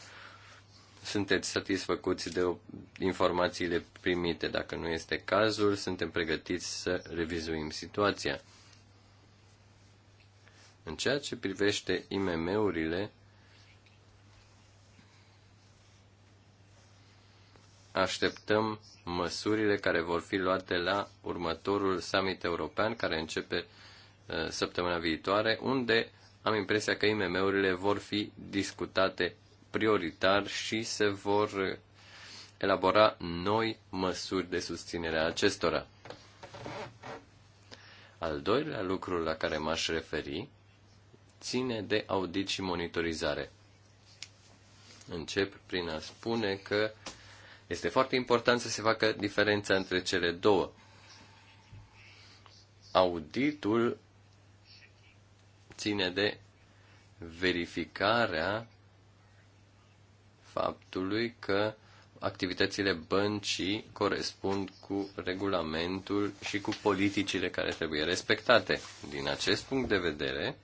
sunteți satisfăcuți de informațiile primite. Dacă nu este cazul, suntem pregătiți să revizuim situația. În ceea ce privește IMM-urile, așteptăm măsurile care vor fi luate la următorul summit european care începe uh, săptămâna viitoare, unde am impresia că IMM-urile vor fi discutate prioritar și se vor elabora noi măsuri de susținere a acestora. Al doilea lucru la care m-aș referi ține de audit și monitorizare. Încep prin a spune că este foarte important să se facă diferența între cele două. Auditul ține de verificarea faptului că activitățile băncii corespund cu regulamentul și cu politicile care trebuie respectate. Din acest punct de vedere,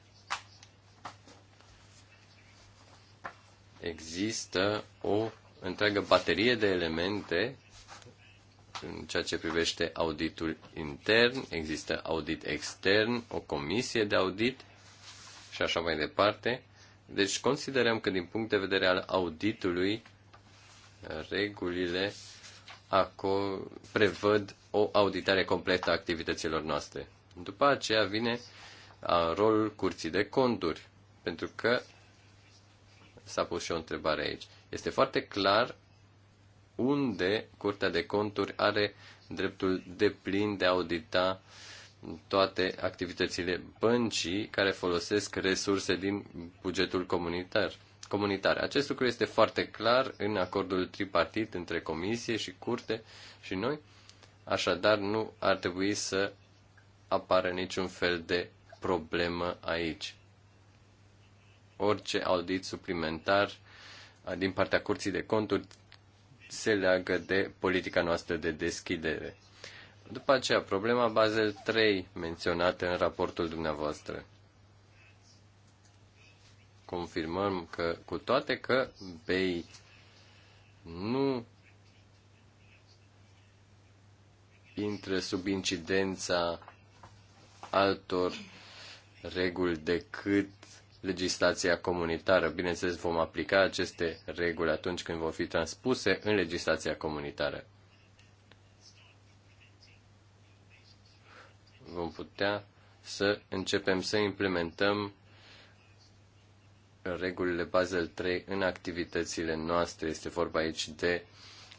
există o întreagă baterie de elemente în ceea ce privește auditul intern, există audit extern, o comisie de audit și așa mai departe, deci considerăm că din punct de vedere al auditului, regulile aco- prevăd o auditare completă a activităților noastre. După aceea vine rolul curții de conturi, pentru că s-a pus și o întrebare aici. Este foarte clar unde Curtea de Conturi are dreptul de plin de a audita uh, toate activitățile băncii care folosesc resurse din bugetul comunitar. comunitar. Acest lucru este foarte clar în acordul tripartit între Comisie și Curte și noi, așadar nu ar trebui să apară niciun fel de problemă aici. Orice audit suplimentar din partea Curții de Conturi se leagă de politica noastră de deschidere. După aceea, problema Basel 3 menționată în raportul dumneavoastră. Confirmăm că, cu toate că BEI nu intră sub incidența altor reguli decât legislația comunitară. Bineînțeles, vom aplica aceste reguli atunci când vor fi transpuse în legislația comunitară. vom putea să începem să implementăm regulile Basel 3 în activitățile noastre. Este vorba aici de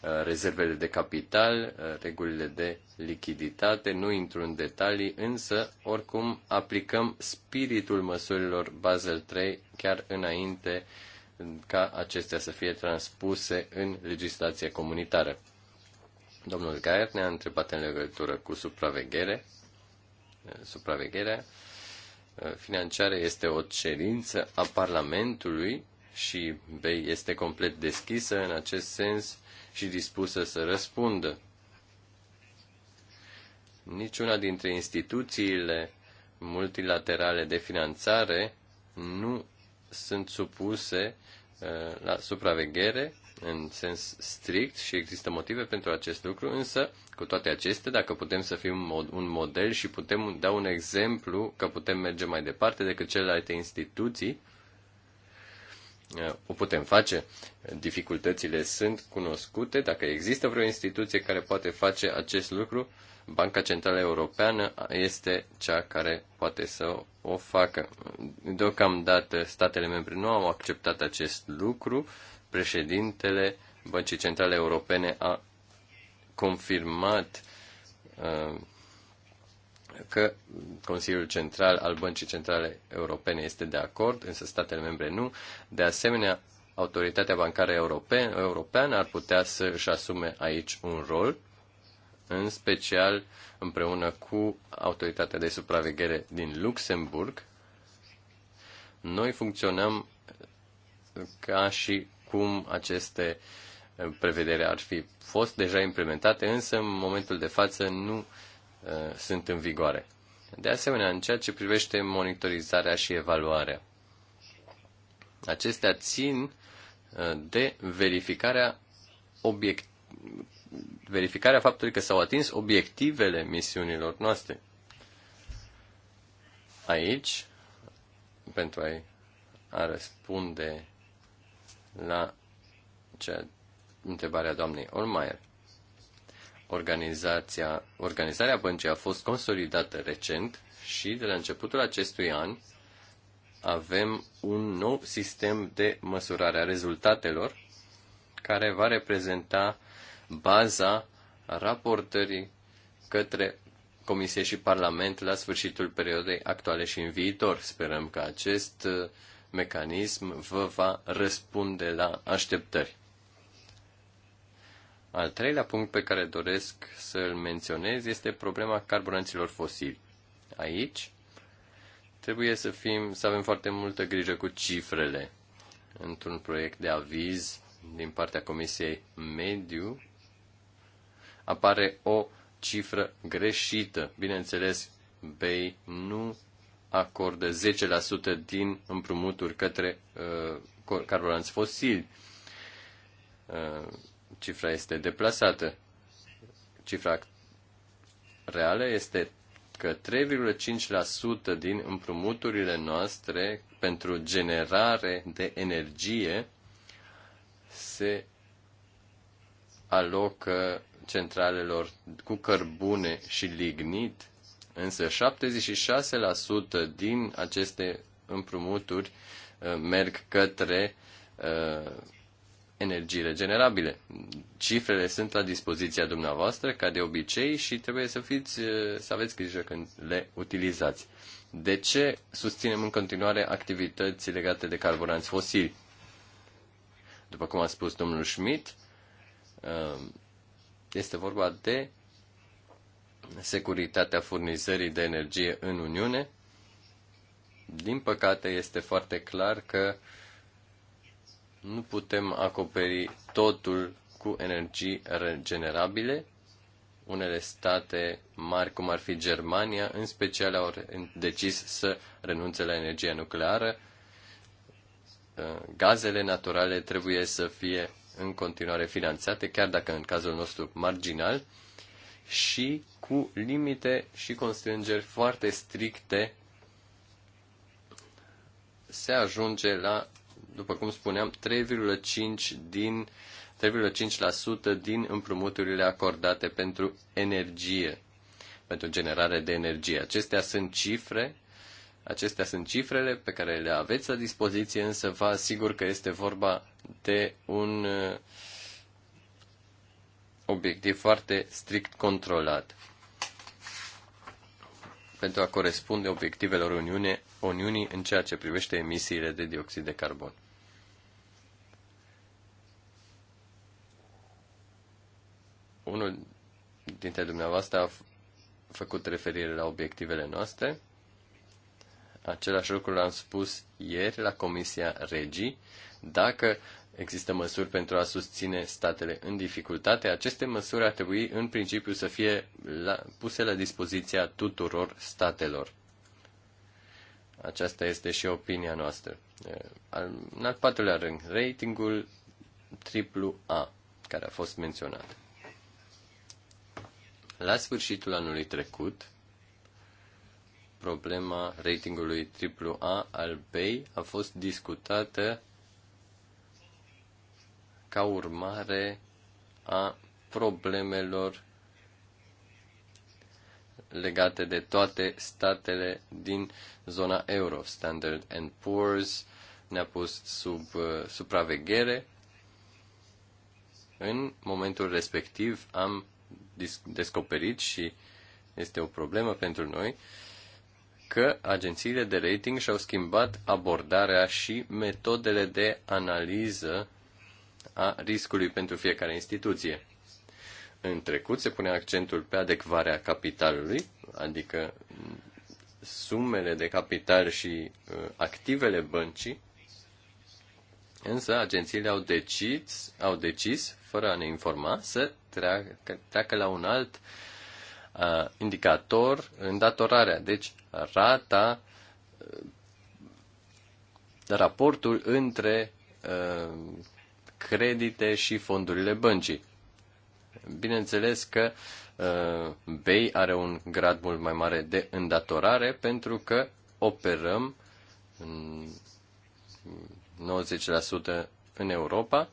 uh, rezervele de capital, uh, regulile de lichiditate, nu intru în detalii, însă oricum aplicăm spiritul măsurilor Basel 3 chiar înainte ca acestea să fie transpuse în legislația comunitară. Domnul Gaier ne-a întrebat în legătură cu supraveghere supravegherea uh, financiară este o cerință a Parlamentului și BEI este complet deschisă în acest sens și dispusă să răspundă. Niciuna dintre instituțiile multilaterale de finanțare nu sunt supuse uh, la supraveghere în sens strict și există motive pentru acest lucru, însă, cu toate acestea, dacă putem să fim un model și putem da un exemplu că putem merge mai departe decât celelalte instituții, uh, o putem face. Dificultățile sunt cunoscute. Dacă există vreo instituție care poate face acest lucru, Banca Centrală Europeană este cea care poate să o facă. Deocamdată statele membre nu au acceptat acest lucru președintele Băncii Centrale Europene a confirmat uh, că Consiliul Central al Băncii Centrale Europene este de acord, însă statele membre nu. De asemenea, Autoritatea Bancară Europeană ar putea să își asume aici un rol, în special împreună cu Autoritatea de Supraveghere din Luxemburg. Noi funcționăm ca și cum aceste eh, prevedere ar fi fost deja implementate, însă în momentul de față nu uh, sunt în vigoare. De asemenea, în ceea ce privește monitorizarea și evaluarea, acestea țin eh, de verificarea obiect verificarea faptului că s-au atins obiectivele misiunilor noastre. Aici, pentru a-i a răspunde la cea, întrebarea doamnei Olmeier. Organizația, organizarea băncii a fost consolidată recent și de la începutul acestui an avem un nou sistem de măsurare a rezultatelor care va reprezenta baza raportării către Comisie și Parlament la sfârșitul perioadei actuale și în viitor. Sperăm că acest mecanism vă va răspunde la așteptări. Al treilea punct pe care doresc să-l menționez este problema carburanților fosili. Aici trebuie să, fim, să avem foarte multă grijă cu cifrele. Într-un proiect de aviz din partea Comisiei Mediu apare o cifră greșită. Bineînțeles, BEI nu acordă 10% din împrumuturi către uh, carburanți fosili. Uh, cifra este deplasată. Cifra reală este că 3,5% din împrumuturile noastre pentru generare de energie se alocă centralelor cu cărbune și lignit Însă 76% din aceste împrumuturi uh, merg către uh, energii regenerabile. Cifrele sunt la dispoziția dumneavoastră, ca de obicei, și trebuie să, fiți, uh, să aveți grijă când le utilizați. De ce susținem în continuare activități legate de carburanți fosili? După cum a spus domnul Schmidt, este vorba de securitatea furnizării de energie în Uniune. Din păcate, este foarte clar că nu putem acoperi totul cu energii regenerabile. Unele state mari, cum ar fi Germania, în special au decis să renunțe la energia nucleară. Uh, gazele naturale trebuie să fie în continuare finanțate, chiar dacă în cazul nostru marginal, și cu limite și constrângeri foarte stricte se ajunge la, după cum spuneam, 3,5 din 3,5% din împrumuturile acordate pentru energie, pentru generare de energie. Acestea sunt cifre Acestea sunt cifrele pe care le aveți la dispoziție, însă vă asigur că este vorba de un uh, obiectiv foarte strict controlat pentru a corespunde obiectivelor Uniune, Uniunii în ceea ce privește emisiile de dioxid de carbon. Unul dintre dumneavoastră a făcut referire la obiectivele noastre. Același lucru l-am spus ieri la Comisia Regii. Dacă există măsuri pentru a susține statele în dificultate, aceste măsuri ar trebui în principiu să fie la, puse la dispoziția tuturor statelor. Aceasta este și opinia noastră. În al patrulea rând, ratingul A, care a fost menționat. La sfârșitul anului trecut, problema ratingului A al BEI a fost discutată ca urmare a problemelor legate de toate statele din zona euro. Standard and Poor's ne-a pus sub uh, supraveghere. În momentul respectiv am descoperit și este o problemă pentru noi că agențiile de rating și-au schimbat abordarea și metodele de analiză a riscului pentru fiecare instituție. În trecut se pune accentul pe adecvarea capitalului, adică sumele de capital și uh, activele băncii, însă agențiile au decis, au decis fără a ne informa, să treacă, treacă la un alt uh, indicator, îndatorarea, deci rata, uh, raportul între uh, credite și fondurile băncii. Bineînțeles că uh, BEI are un grad mult mai mare de îndatorare pentru că operăm în 90% în Europa,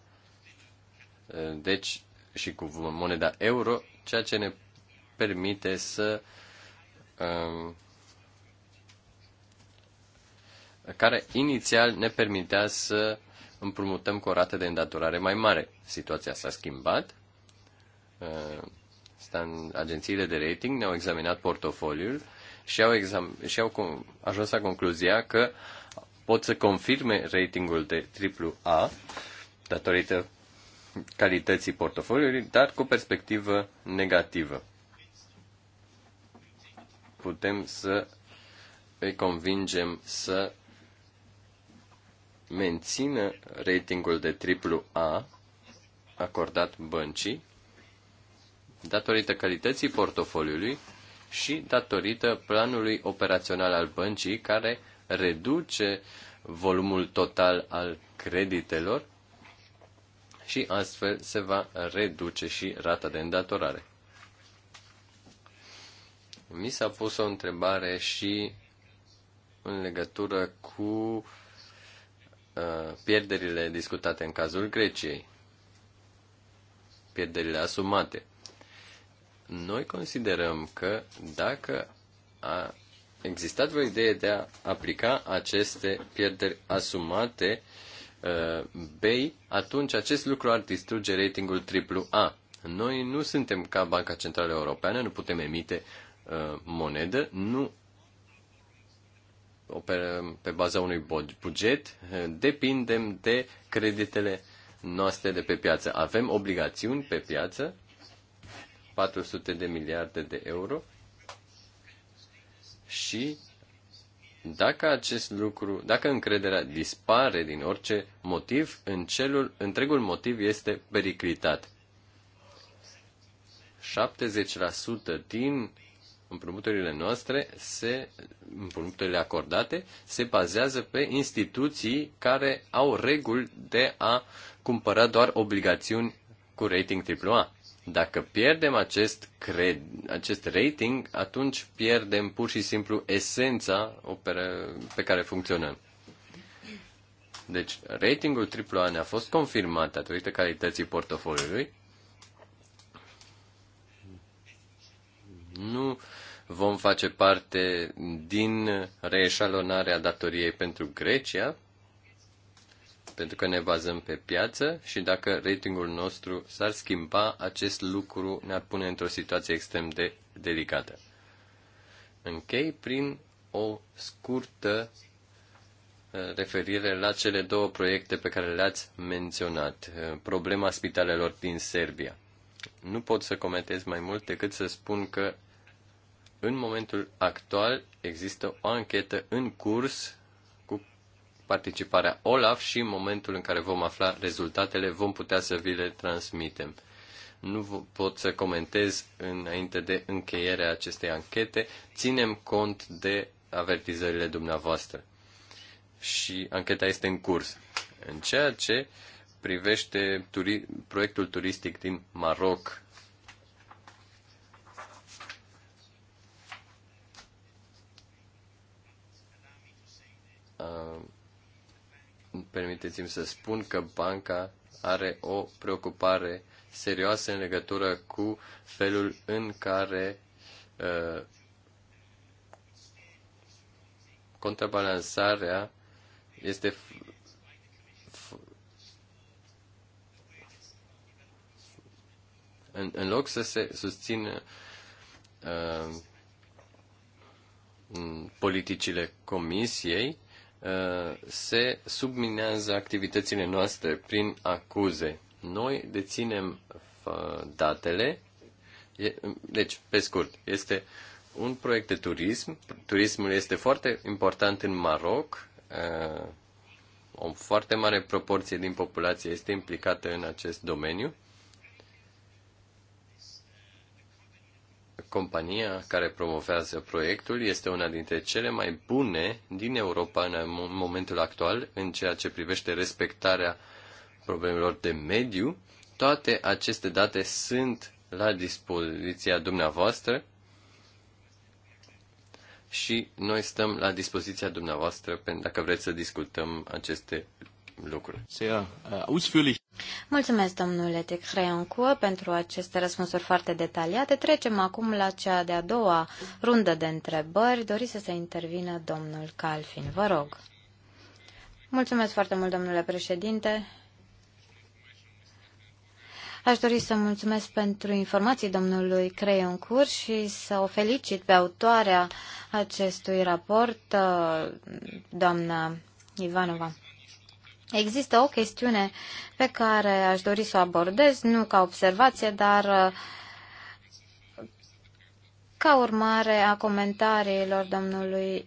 uh, deci și cu moneda euro, ceea ce ne permite să uh, care inițial ne permitea să uh, împrumutăm cu o rată de îndatorare mai mare. Situația s-a schimbat. Uh, agențiile de rating ne-au examinat portofoliul și au, exam- și au ajuns la concluzia că pot să confirme ratingul de AAA datorită calității portofoliului, dar cu perspectivă negativă. Putem să îi convingem să mențină ratingul de triplu A acordat băncii datorită calității portofoliului și datorită planului operațional al băncii care reduce volumul total al creditelor și astfel se va reduce și rata de îndatorare. Mi s-a pus o întrebare și în legătură cu Uh, pierderile discutate în cazul Greciei, pierderile asumate. Noi considerăm că dacă a existat vreo idee de a aplica aceste pierderi asumate uh, BEI, atunci acest lucru ar distruge ratingul AAA. Noi nu suntem ca Banca Centrală Europeană, nu putem emite uh, monedă, nu operăm pe baza unui buget, depindem de creditele noastre de pe piață. Avem obligațiuni pe piață, 400 de miliarde de euro, și dacă acest lucru, dacă încrederea dispare din orice motiv, în celul, întregul motiv este periclitat. 70% din împrumuturile noastre, se, împrumuturile acordate, se bazează pe instituții care au reguli de a cumpăra doar obligațiuni cu rating AAA. Dacă pierdem acest, cred, acest rating, atunci pierdem pur și simplu esența pe care funcționăm. Deci, ratingul AAA ne-a fost confirmat datorită calității portofoliului, Nu vom face parte din reeșalonarea datoriei pentru Grecia, pentru că ne bazăm pe piață și dacă ratingul nostru s-ar schimba, acest lucru ne-ar pune într-o situație extrem de delicată. Închei prin o scurtă uh, referire la cele două proiecte pe care le-ați menționat. Uh, problema spitalelor din Serbia. Nu pot să comentez mai mult decât să spun că în momentul actual există o anchetă în curs cu participarea OLAF și în momentul în care vom afla rezultatele vom putea să vi le transmitem. Nu pot să comentez înainte de încheierea acestei anchete. Ținem cont de avertizările dumneavoastră. Și ancheta este în curs. În ceea ce privește turi- proiectul turistic din Maroc, permiteți-mi să spun că banca are o preocupare serioasă în legătură cu felul în care uh, contrabalansarea este în, în loc să se susțină uh, politicile comisiei, Uh, se subminează activitățile noastre prin acuze. Noi deținem uh, datele. Deci, pe scurt, este un proiect de turism. Turismul este foarte important în Maroc. Uh, o foarte mare proporție din populație este implicată în acest domeniu. Compania care promovează proiectul este una dintre cele mai bune din Europa în momentul actual în ceea ce privește respectarea problemelor de mediu. Toate aceste date sunt la dispoziția dumneavoastră și noi stăm la dispoziția dumneavoastră pentru dacă vreți să discutăm aceste lucruri. Sehr uh, ausführlich. Mulțumesc, domnule de pentru aceste răspunsuri foarte detaliate. Trecem acum la cea de-a doua rundă de întrebări. Doriți să se intervină domnul Calfin. Vă rog. Mulțumesc foarte mult, domnule președinte. Aș dori să mulțumesc pentru informații domnului Creion Cur și să o felicit pe autoarea acestui raport, uh, doamna Ivanova. Există o chestiune pe care aș dori să o abordez, nu ca observație, dar uh, ca urmare a comentariilor domnului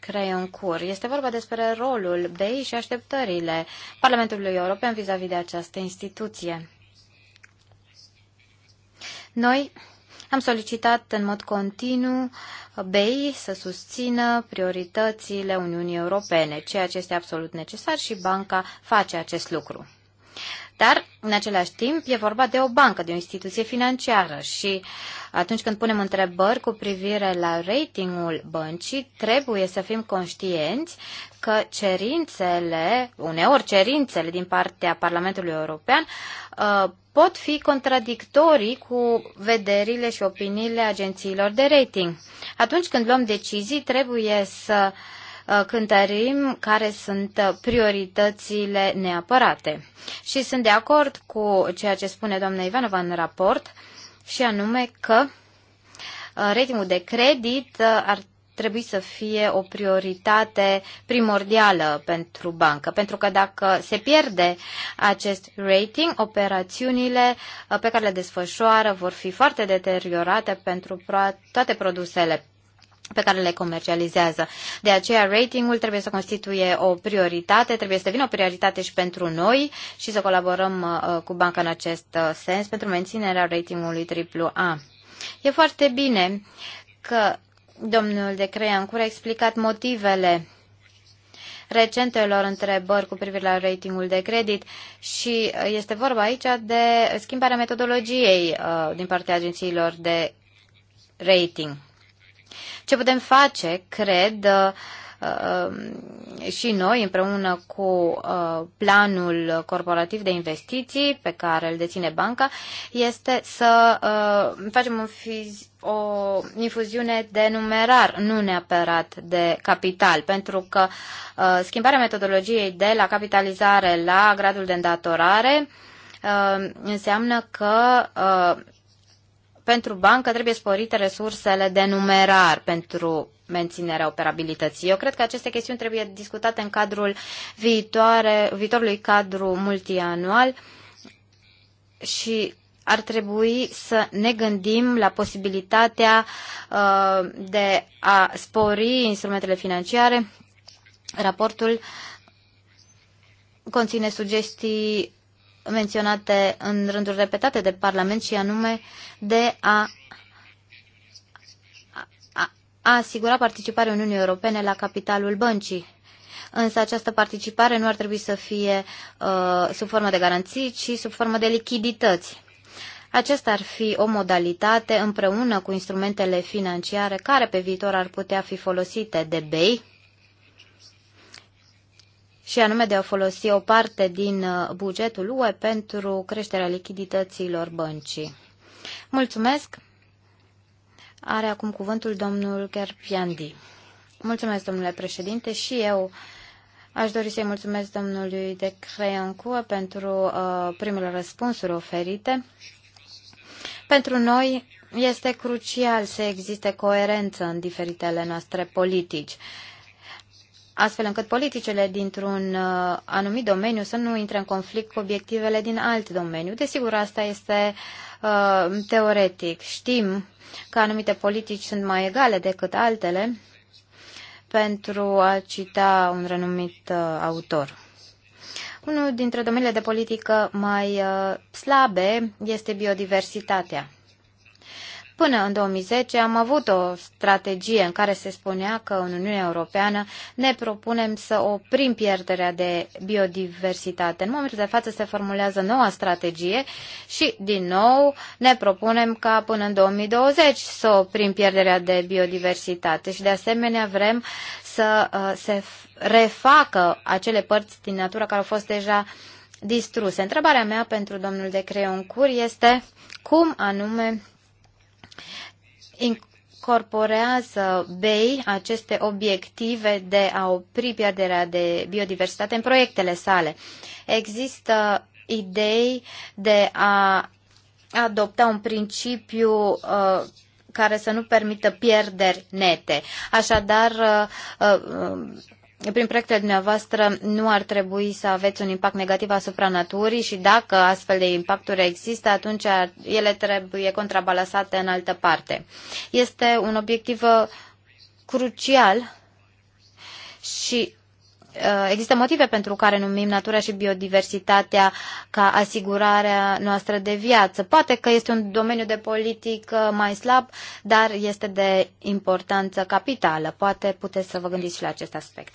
Creion Cur. Este vorba despre rolul BEI și așteptările Parlamentului European vis-a-vis -vis de această instituție. Noi am solicitat în mod continuu BEI să susțină prioritățile Uniunii Europene, ceea ce este absolut necesar și banca face acest lucru. Dar, în același timp, e vorba de o bancă, de o instituție financiară și atunci când punem întrebări cu privire la ratingul băncii, trebuie să fim conștienți că cerințele, uneori cerințele din partea Parlamentului European, uh, pot fi contradictorii cu vederile și opiniile agențiilor de rating. Atunci când luăm decizii, trebuie să uh, Uh, cântărim care sunt uh, prioritățile neapărate. Și sunt de acord cu ceea ce spune doamna Ivanova în raport, și anume că uh, ratingul de credit ar trebui să fie o prioritate primordială pentru bancă, pentru că dacă se pierde acest rating, operațiunile pe care le desfășoară vor fi foarte deteriorate pentru toate produsele pe care le comercializează. De aceea ratingul trebuie să constituie o prioritate, trebuie să devină o prioritate și pentru noi și să colaborăm uh, cu banca în acest uh, sens pentru menținerea ratingului AAA. E foarte bine că domnul de Creiancur a explicat motivele recentelor întrebări cu privire la ratingul de credit și uh, este vorba aici de schimbarea metodologiei din partea agențiilor de rating. Ce putem face, cred, uh, uh, și noi împreună cu uh, planul corporativ de investiții pe care îl deține banca este să facem o infuziune de numerar, nu neapărat de capital, pentru că schimbarea metodologiei de la capitalizare la gradul de îndatorare înseamnă că pentru bancă trebuie sporite resursele de numerar pentru menținerea operabilității. Eu cred că aceste chestiuni trebuie discutate în cadrul viitoare, viitorului cadru multianual și ar trebui să ne gândim la posibilitatea uh, de a spori instrumentele financiare. Raportul conține sugestii menționate în rânduri repetate de Parlament și anume de a, a, a asigura participarea Uniunii Europene la capitalul băncii. Însă această participare nu ar trebui să fie uh, sub formă de garanții, ci sub formă de lichidități. Aceasta ar fi o modalitate împreună cu instrumentele financiare care pe viitor ar putea fi folosite de BEI și anume de a folosi o parte din uh, bugetul UE pentru creșterea lichidităților băncii. Mulțumesc! Are acum cuvântul domnul Gerpiandi. Mulțumesc, domnule președinte, și eu aș dori să-i mulțumesc domnului de Creancu pentru uh, primele răspunsuri oferite. Pentru noi este crucial să existe coerență în diferitele noastre politici. Uh, astfel încât politicile dintr-un uh, anumit domeniu să nu intre în conflict cu obiectivele din alt domeniu. Desigur, asta este uh, teoretic. Știm că anumite politici sunt mai egale decât altele pentru a cita un renumit uh, autor. Unul dintre domeniile de politică mai uh, slabe este biodiversitatea. Până în 2010 am avut o strategie în care se spunea că în Uniunea Europeană ne propunem să oprim pierderea de biodiversitate. În momentul de față se formulează noua strategie și, din nou, ne propunem ca până în 2020 să oprim pierderea de biodiversitate și, de asemenea, vrem să uh, se refacă acele părți din natură care au fost deja distruse. Întrebarea mea pentru domnul de Creoncur este cum anume incorporează BEI aceste obiective de a opri pierderea de biodiversitate în proiectele sale. Există idei de a adopta un principiu uh, care să nu permită pierderi nete. Așadar, uh, uh, prin proiectele dumneavoastră nu ar trebui să aveți un impact negativ asupra naturii și dacă astfel de impacturi există, atunci ele trebuie contrabalasate în altă parte. Este un obiectiv uh, crucial și uh, există motive pentru care numim natura și biodiversitatea ca asigurarea noastră de viață. Poate că este un domeniu de politică mai slab, dar este de importanță capitală. Poate puteți să vă gândiți și la acest aspect.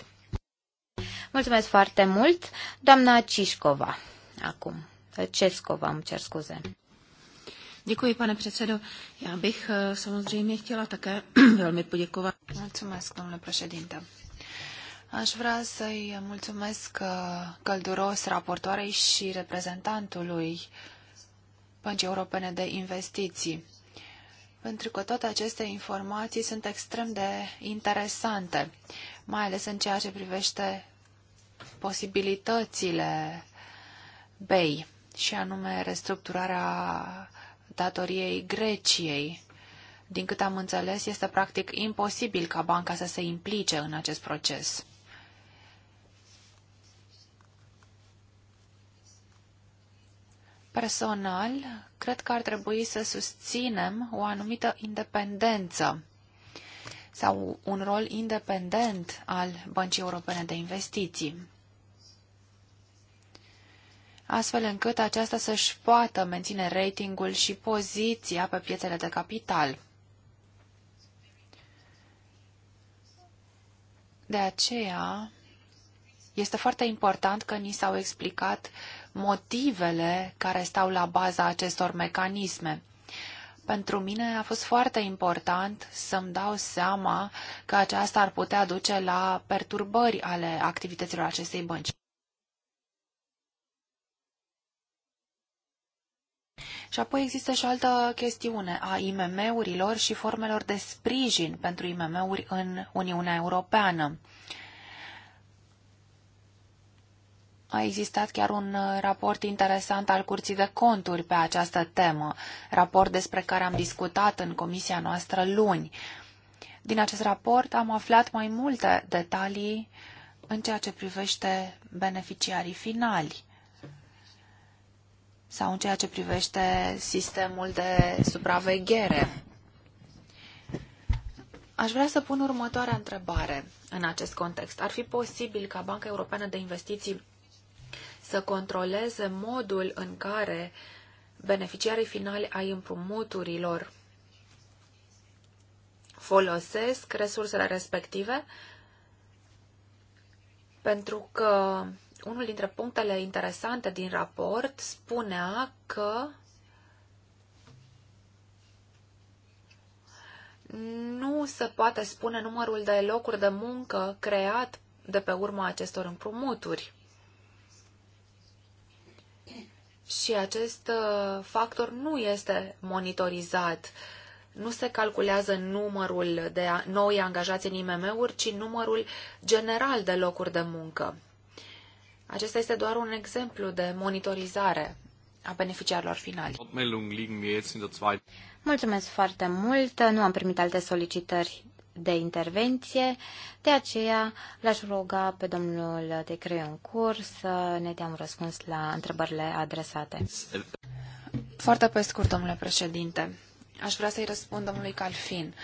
Mulțumesc foarte mult. Doamna Cișcova, acum. Českova, îmi cer scuze. Děkuji, pane předsedo. Já bych eh, samozřejmě chtěla také velmi poděkovat. Mulțumesc, domnule președinte. Aș vrea să-i mulțumesc eh, călduros raportoarei și reprezentantului Băncii Europene de Investiții, pentru că toate aceste informații sunt extrem de interesante, mai ales în ceea ce privește posibilitățile BEI, și anume restructurarea datoriei Greciei. Din cât am înțeles, este practic imposibil ca banca să se implice în acest proces. Personal, cred că ar trebui să susținem o anumită independență sau un rol independent al Băncii Europene de Investiții, astfel încât aceasta să-și poată menține ratingul și poziția pe piețele de capital. De aceea, este foarte important că ni s-au explicat motivele care stau la baza acestor mecanisme pentru mine a fost foarte important să-mi dau seama că aceasta ar putea duce la perturbări ale activităților acestei bănci. Și apoi există și o altă chestiune a IMM-urilor și formelor de sprijin pentru IMM-uri în Uniunea Europeană. A existat chiar un uh, raport interesant al Curții de Conturi pe această temă, raport despre care am discutat în comisia noastră luni. Din acest raport am aflat mai multe detalii în ceea ce privește beneficiarii finali sau în ceea ce privește sistemul de supraveghere. Aș vrea să pun următoarea întrebare în acest context. Ar fi posibil ca Banca Europeană de Investiții să controleze modul în care beneficiarii finali ai împrumuturilor folosesc resursele respective, pentru că unul dintre punctele interesante din raport spunea că nu se poate spune numărul de locuri de muncă creat de pe urma acestor împrumuturi. și acest uh, factor nu este monitorizat. Nu se calculează numărul de noi angajați în IMM-uri, ci numărul general de locuri de muncă. Acesta este doar un exemplu de monitorizare a beneficiarilor finali. Mulțumesc foarte mult. Nu am primit alte solicitări de intervenție. De aceea l-aș ruga pe domnul de Creion Cur să ne dea un răspuns la întrebările adresate. Foarte pe scurt, domnule președinte. Aș vrea să-i răspund domnului Calfin.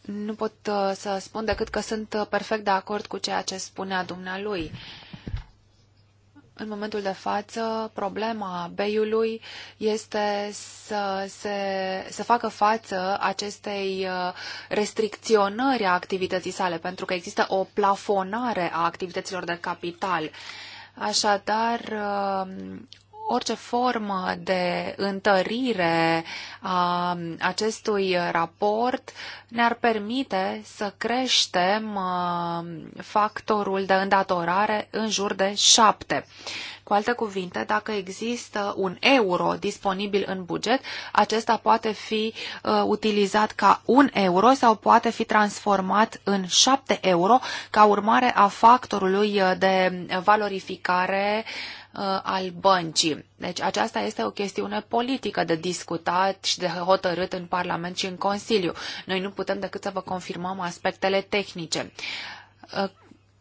Nu pot uh, să spun decât că sunt perfect de acord cu ceea ce spunea dumnealui în momentul de față, problema beiului este să, se, să facă față acestei uh, restricționări a activității sale, pentru că există o plafonare a activităților de capital. Așadar, uh, orice formă de întărire a acestui raport ne-ar permite să creștem uh, factorul de îndatorare în jur de 7. Cu alte cuvinte, dacă există un euro disponibil în buget, acesta poate fi uh, utilizat ca un euro sau poate fi transformat în 7 euro ca urmare a factorului uh, de valorificare uh, Uh, al băncii. Deci aceasta este o chestiune politică de discutat și de hotărât în Parlament și în Consiliu. Noi nu putem decât să vă confirmăm aspectele tehnice. Uh,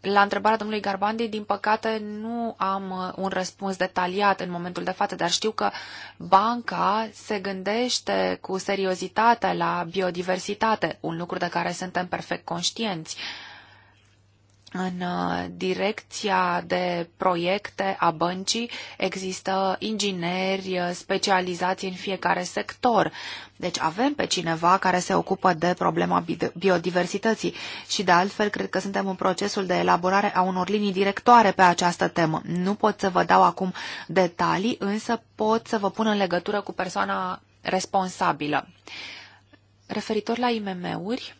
la întrebarea domnului Garbandi, din păcate, nu am uh, un răspuns detaliat în momentul de față, dar știu că banca se gândește cu seriozitate la biodiversitate, un lucru de care suntem perfect conștienți. Uh, în uh, direcția de proiecte a băncii există ingineri uh, specializați în fiecare sector. Deci avem pe cineva care se ocupă de problema biodiversității și de altfel cred că suntem în procesul de elaborare a unor linii directoare pe această temă. Nu pot să vă dau acum detalii, însă pot să vă pun în legătură cu persoana responsabilă. Referitor la IMM-uri,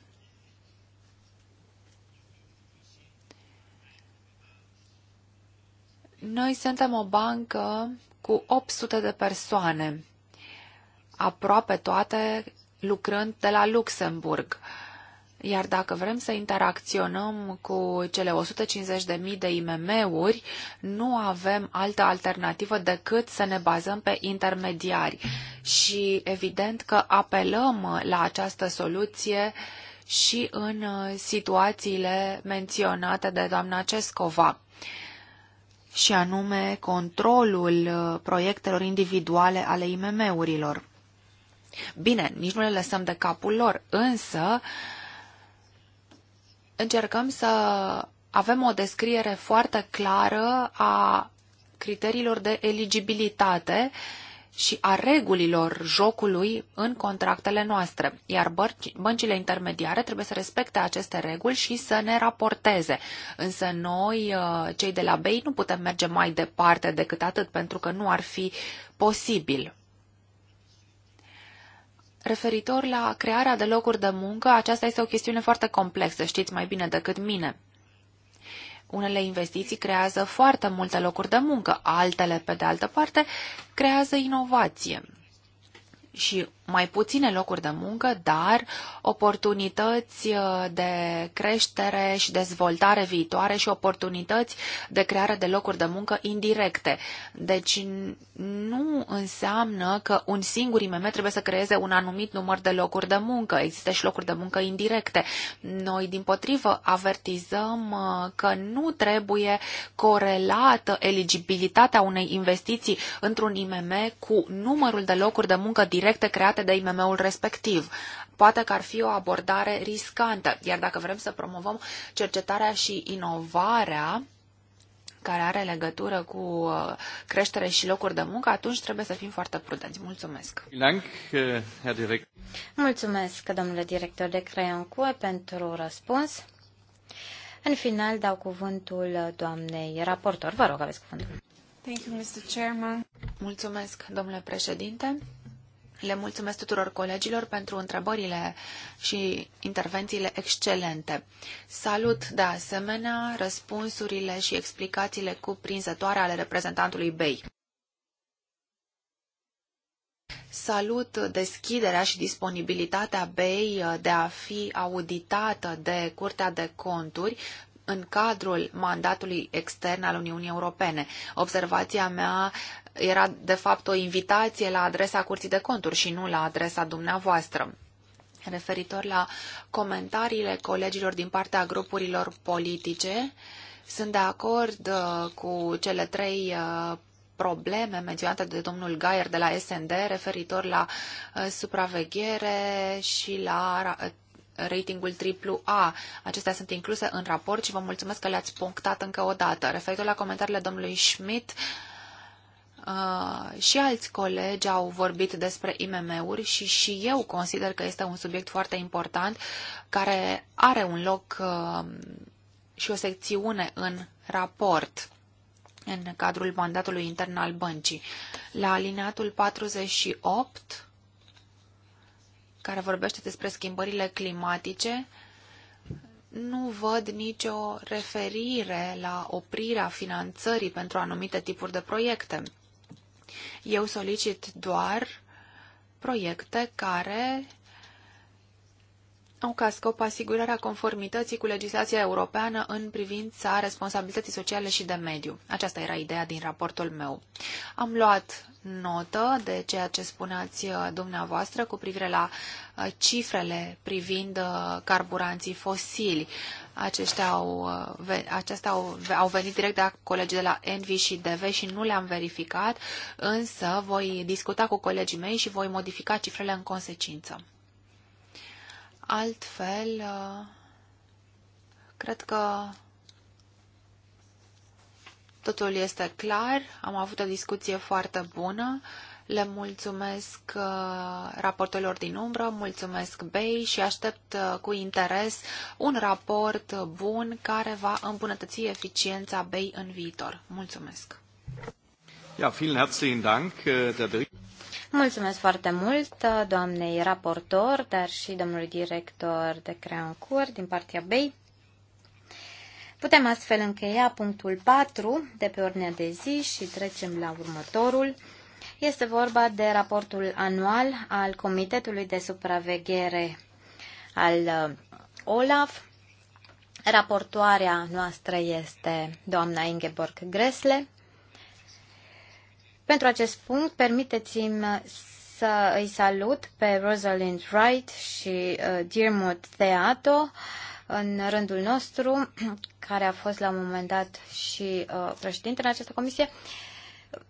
Noi suntem o bancă cu 800 de persoane, aproape toate lucrând de la Luxemburg. Iar dacă vrem să interacționăm cu cele 150.000 de IMM-uri, nu avem altă alternativă decât să ne bazăm pe intermediari. Și evident că apelăm la această soluție și în situațiile menționate de doamna Cescova și anume controlul uh, proiectelor individuale ale IMM-urilor. Bine, nici nu le lăsăm de capul lor, însă încercăm să avem o descriere foarte clară a criteriilor de eligibilitate uh, și a regulilor jocului în contractele noastre, iar băncile intermediare trebuie să respecte aceste reguli și să ne raporteze. Însă noi, uh, cei de la BEI, nu putem merge mai departe decât atât, pentru că nu ar fi posibil. Referitor la crearea de locuri de muncă, aceasta este o chestiune foarte complexă, știți mai bine decât mine. Unele investiții creează foarte multe locuri de muncă, altele, pe de altă parte, creează inovație. Și mai puține locuri de muncă, dar oportunități uh, de creștere și dezvoltare viitoare și oportunități de creare de locuri de muncă indirecte. Deci nu înseamnă că un singur IMM trebuie să creeze un anumit număr de locuri de muncă. Există și locuri de muncă indirecte. Noi, din potrivă, avertizăm uh, că nu trebuie corelată eligibilitatea unei investiții într-un IMM cu numărul de locuri de muncă directe create create de IMM-ul respectiv. Poate că ar fi o abordare riscantă, iar dacă vrem să promovăm cercetarea și inovarea, care are legătură cu uh, creștere și locuri de muncă, atunci trebuie să fim foarte prudenți. Mulțumesc! Uh, Mulțumesc, domnule director de Creion CUE, pentru răspuns. În final, dau cuvântul doamnei raportor. Vă rog, aveți cuvântul. Thank you, Mr. Chairman. Mulțumesc, domnule președinte. Le mulțumesc tuturor colegilor pentru întrebările și intervențiile excelente. Salut, de asemenea, răspunsurile și explicațiile cuprinzătoare ale reprezentantului BEI. Salut deschiderea și disponibilitatea BEI de a fi auditată de Curtea de Conturi în cadrul mandatului extern al Uniunii Europene. Observația mea era de fapt o invitație la adresa Curții de Conturi și nu la adresa dumneavoastră. Referitor la comentariile colegilor din partea grupurilor politice, sunt de acord uh, cu cele trei uh, probleme menționate de domnul Gaier de la SND referitor la uh, supraveghere și la ratingul AAA. Acestea sunt incluse în raport și vă mulțumesc că le-ați punctat încă o dată. Referitor la comentariile domnului Schmidt, Uh, și alți colegi au vorbit despre IMM-uri și și eu consider că este un subiect foarte important care are un loc uh, și o secțiune în raport în cadrul mandatului intern al băncii. La alineatul 48 care vorbește despre schimbările climatice, nu văd nicio referire la oprirea finanțării pentru anumite tipuri de proiecte. Eu solicit doar proiecte care au ca scop asigurarea conformității cu legislația europeană în privința responsabilității sociale și de mediu. Aceasta era ideea din raportul meu. Am luat notă de ceea ce spuneați uh, dumneavoastră cu privire la uh, cifrele privind uh, carburanții fosili. Aceștia au, acestea au, au venit direct de la colegii de la Envi și DV și nu le-am verificat, însă voi discuta cu colegii mei și voi modifica cifrele în consecință. Altfel, uh, cred că totul este clar. Am avut o discuție foarte bună. Le mulțumesc uh, raportelor din umbră, mulțumesc Bei și aștept uh, cu interes un raport bun care va îmbunătăți eficiența Bei în viitor. Mulțumesc! Ja, vielen herzlichen Dank. Äh, der Bericht Mulțumesc foarte mult uh, doamnei raportor, dar și domnului director de Creancur din partea BEI. Putem astfel încheia punctul 4 de pe ordinea de zi și trecem la următorul. Este vorba de raportul anual al Comitetului de Supraveghere al uh, OLAF. Raportoarea noastră este doamna Ingeborg Gresle. Pentru acest punct, permiteți-mi uh, să îi salut pe Rosalind Wright și uh, Dirmut Theato în rândul nostru, care a fost la un moment dat și uh, președinte în această comisie.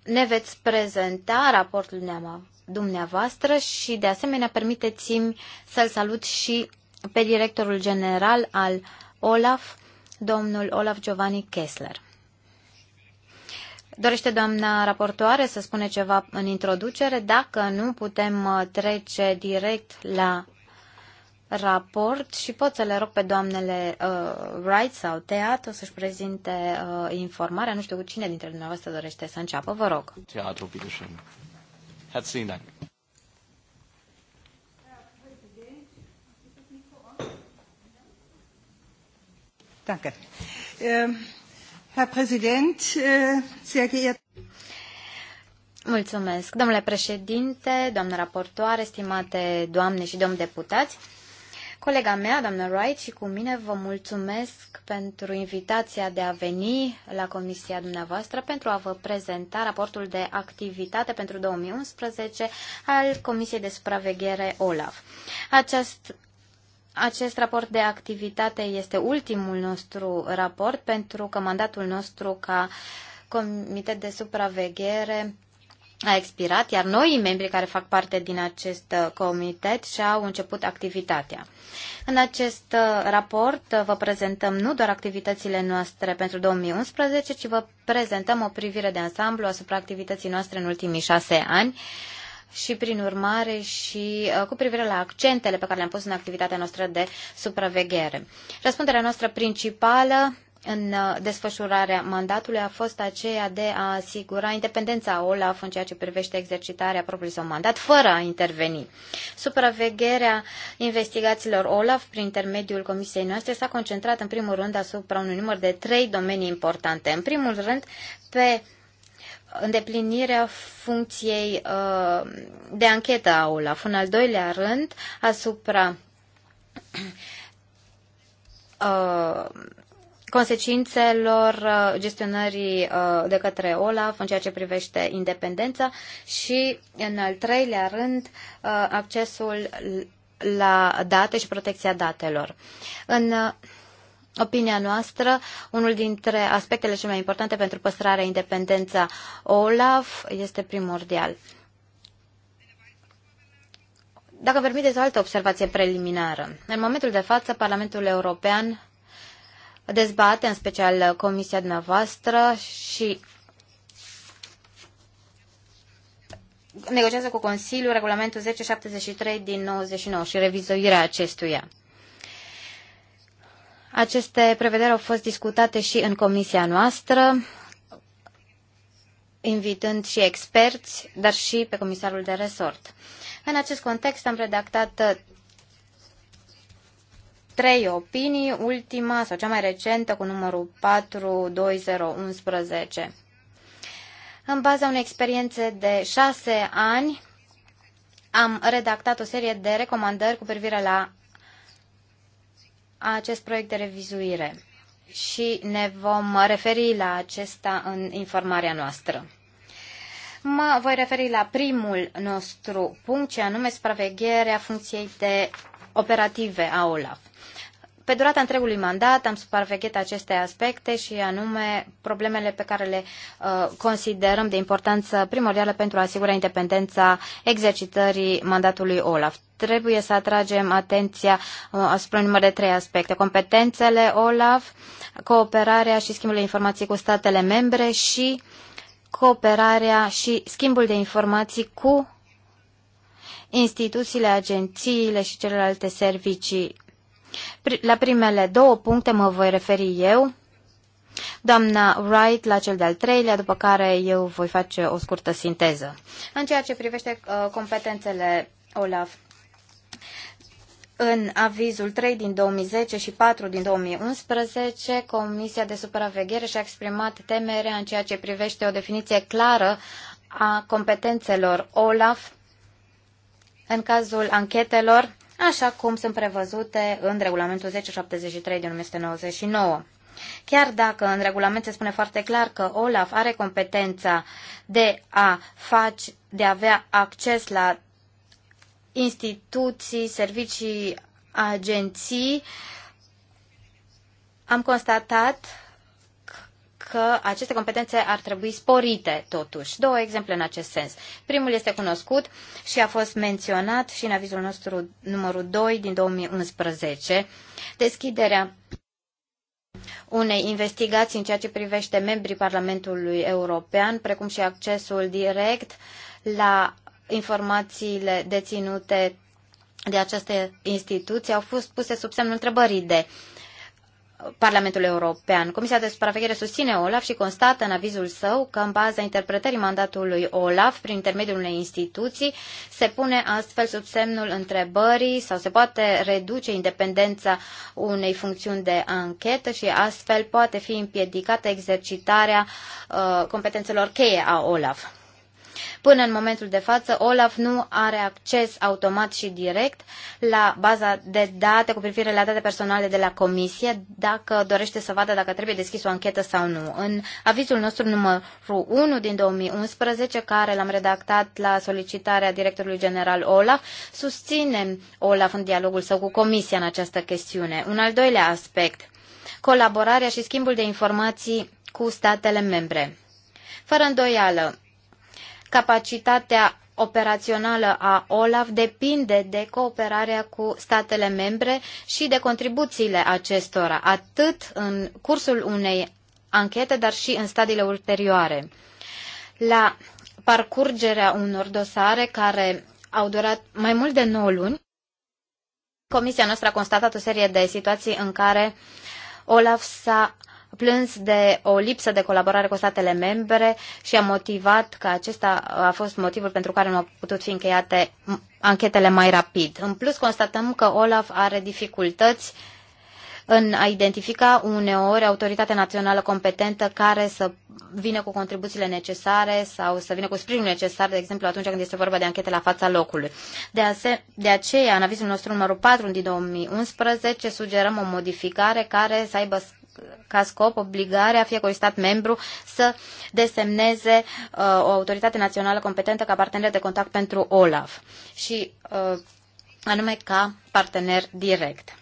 Ne veți prezenta raportul dumneavoastră și, de asemenea, permiteți-mi să-l salut și pe directorul general al OLAF, domnul Olaf Giovanni Kessler. Dorește doamna raportoare să spune ceva în introducere? Dacă nu, putem uh, trece direct la raport și pot să le rog pe doamnele uh, Wright sau Teatru să-și prezinte uh, informarea. Nu știu cu cine dintre dumneavoastră dorește să înceapă, vă rog. Teatru, bine Herzlichen Dank. Danke. Uh... Herr Präsident, äh, sehr geehrte Mulțumesc. Domnule președinte, doamnă raportoare, stimate doamne și domn deputați, colega mea, doamna Wright, și cu mine vă mulțumesc pentru invitația de a veni la comisia dumneavoastră pentru a vă prezenta raportul de activitate pentru 2011 al Comisiei de Supraveghere OLAF. Acest acest raport de activitate este ultimul nostru raport pentru că mandatul nostru ca comitet de supraveghere a expirat, iar noi membri care fac parte din acest comitet și-au început activitatea. În acest raport vă prezentăm nu doar activitățile noastre pentru 2011, ci vă prezentăm o privire de ansamblu asupra activității noastre în ultimii șase ani, și, prin urmare, și uh, cu privire la accentele pe care le-am pus în activitatea noastră de supraveghere. Răspunderea noastră principală în uh, desfășurarea mandatului a fost aceea de a asigura independența OLAF în ceea ce privește exercitarea propriului său mandat, fără a interveni. Supravegherea investigațiilor OLAF prin intermediul comisiei noastre s-a concentrat în primul rând asupra unui număr de trei domenii importante. În primul rând, pe îndeplinirea funcției uh, de anchetă a OLAF. În al doilea rând, asupra uh, consecințelor uh, gestionării de către OLAF în ceea ce privește independența și, în al treilea rând, accesul la date și protecția datelor. În opinia noastră, unul dintre aspectele cele mai importante pentru păstrarea independența OLAF este primordial. Dacă permiteți o altă observație preliminară, în momentul de față, Parlamentul European dezbate, în special Comisia dumneavoastră și negociază cu Consiliul regulamentul 1073 din 99 și revizuirea acestuia. Aceste prevederi au fost discutate și în comisia noastră, invitând și experți, dar și pe comisarul de resort. În acest context am redactat uh, trei opinii, ultima sau cea mai recentă cu numărul 42011. În baza unei experiențe de șase ani, am redactat o serie de recomandări cu privire la acest proiect de revizuire și ne vom referi la acesta în informarea noastră. Mă voi referi la primul nostru punct, ce anume supravegherea funcției de operative a OLAF. Pe durata întregului mandat am supravegheat aceste aspecte și anume problemele pe care le uh, considerăm de importanță primordială pentru a asigura independența exercitării mandatului OLAF. Trebuie să atragem atenția uh, asupra număr de trei aspecte. Competențele OLAF, cooperarea și schimbul de informații cu statele membre și cooperarea și schimbul de informații cu instituțiile, agențiile și celelalte servicii la primele două puncte mă voi referi eu, doamna Wright la cel de-al treilea, după care eu voi face o scurtă sinteză. În ceea ce privește uh, competențele OLAF, în avizul 3 din 2010 și 4 din 2011, Comisia de Supraveghere și-a exprimat temerea în ceea ce privește o definiție clară a competențelor OLAF în cazul anchetelor așa cum sunt prevăzute în regulamentul 1073 din 1999. Chiar dacă în regulament se spune foarte clar că OLAF are competența de a, face, de a avea acces la instituții, servicii, agenții, am constatat că aceste competențe ar trebui sporite totuși. Două exemple în acest sens. Primul este cunoscut și a fost menționat și în avizul nostru numărul 2 din 2011, deschiderea unei investigații în ceea ce privește membrii Parlamentului European, precum și accesul direct la informațiile deținute de această instituție, au fost puse sub semnul întrebării de uh, Parlamentul European. Comisia de supraveghere susține OLAF și constată în avizul său că în baza interpretării mandatului OLAF prin intermediul unei instituții se pune astfel sub semnul întrebării sau se poate reduce independența unei funcțiuni de anchetă și astfel poate fi împiedicată exercitarea uh, competențelor cheie a OLAF. Până în momentul de față, Olaf nu are acces automat și direct la baza de date cu privire la date personale de la Comisie, dacă dorește să vadă dacă trebuie deschis o anchetă sau nu. În avizul nostru numărul 1 din 2011, care l-am redactat la solicitarea directorului general Olaf, susține Olaf în dialogul său cu Comisia în această chestiune. Un al doilea aspect, colaborarea și schimbul de informații cu statele membre. Fără îndoială, Capacitatea operațională a OLAF depinde de cooperarea cu statele membre și de contribuțiile acestora, atât în cursul unei anchete, dar și în stadiile ulterioare. La parcurgerea unor dosare care au durat mai mult de 9 luni, Comisia noastră a constatat o serie de situații în care OLAF s-a plâns de o lipsă de colaborare cu statele membre și a motivat că acesta a fost motivul pentru care nu au putut fi încheiate anchetele mai rapid. În plus, constatăm că Olaf are dificultăți în a identifica uneori autoritatea națională competentă care să vină cu contribuțiile necesare sau să vină cu sprijinul necesar, de exemplu, atunci când este vorba de anchete la fața locului. De, ase- de aceea, în avizul nostru numărul 4 din 2011, sugerăm o modificare care să aibă ca scop obligarea fiecărui stat membru să desemneze uh, o autoritate națională competentă ca partener de contact pentru OLAF și uh, anume ca partener direct.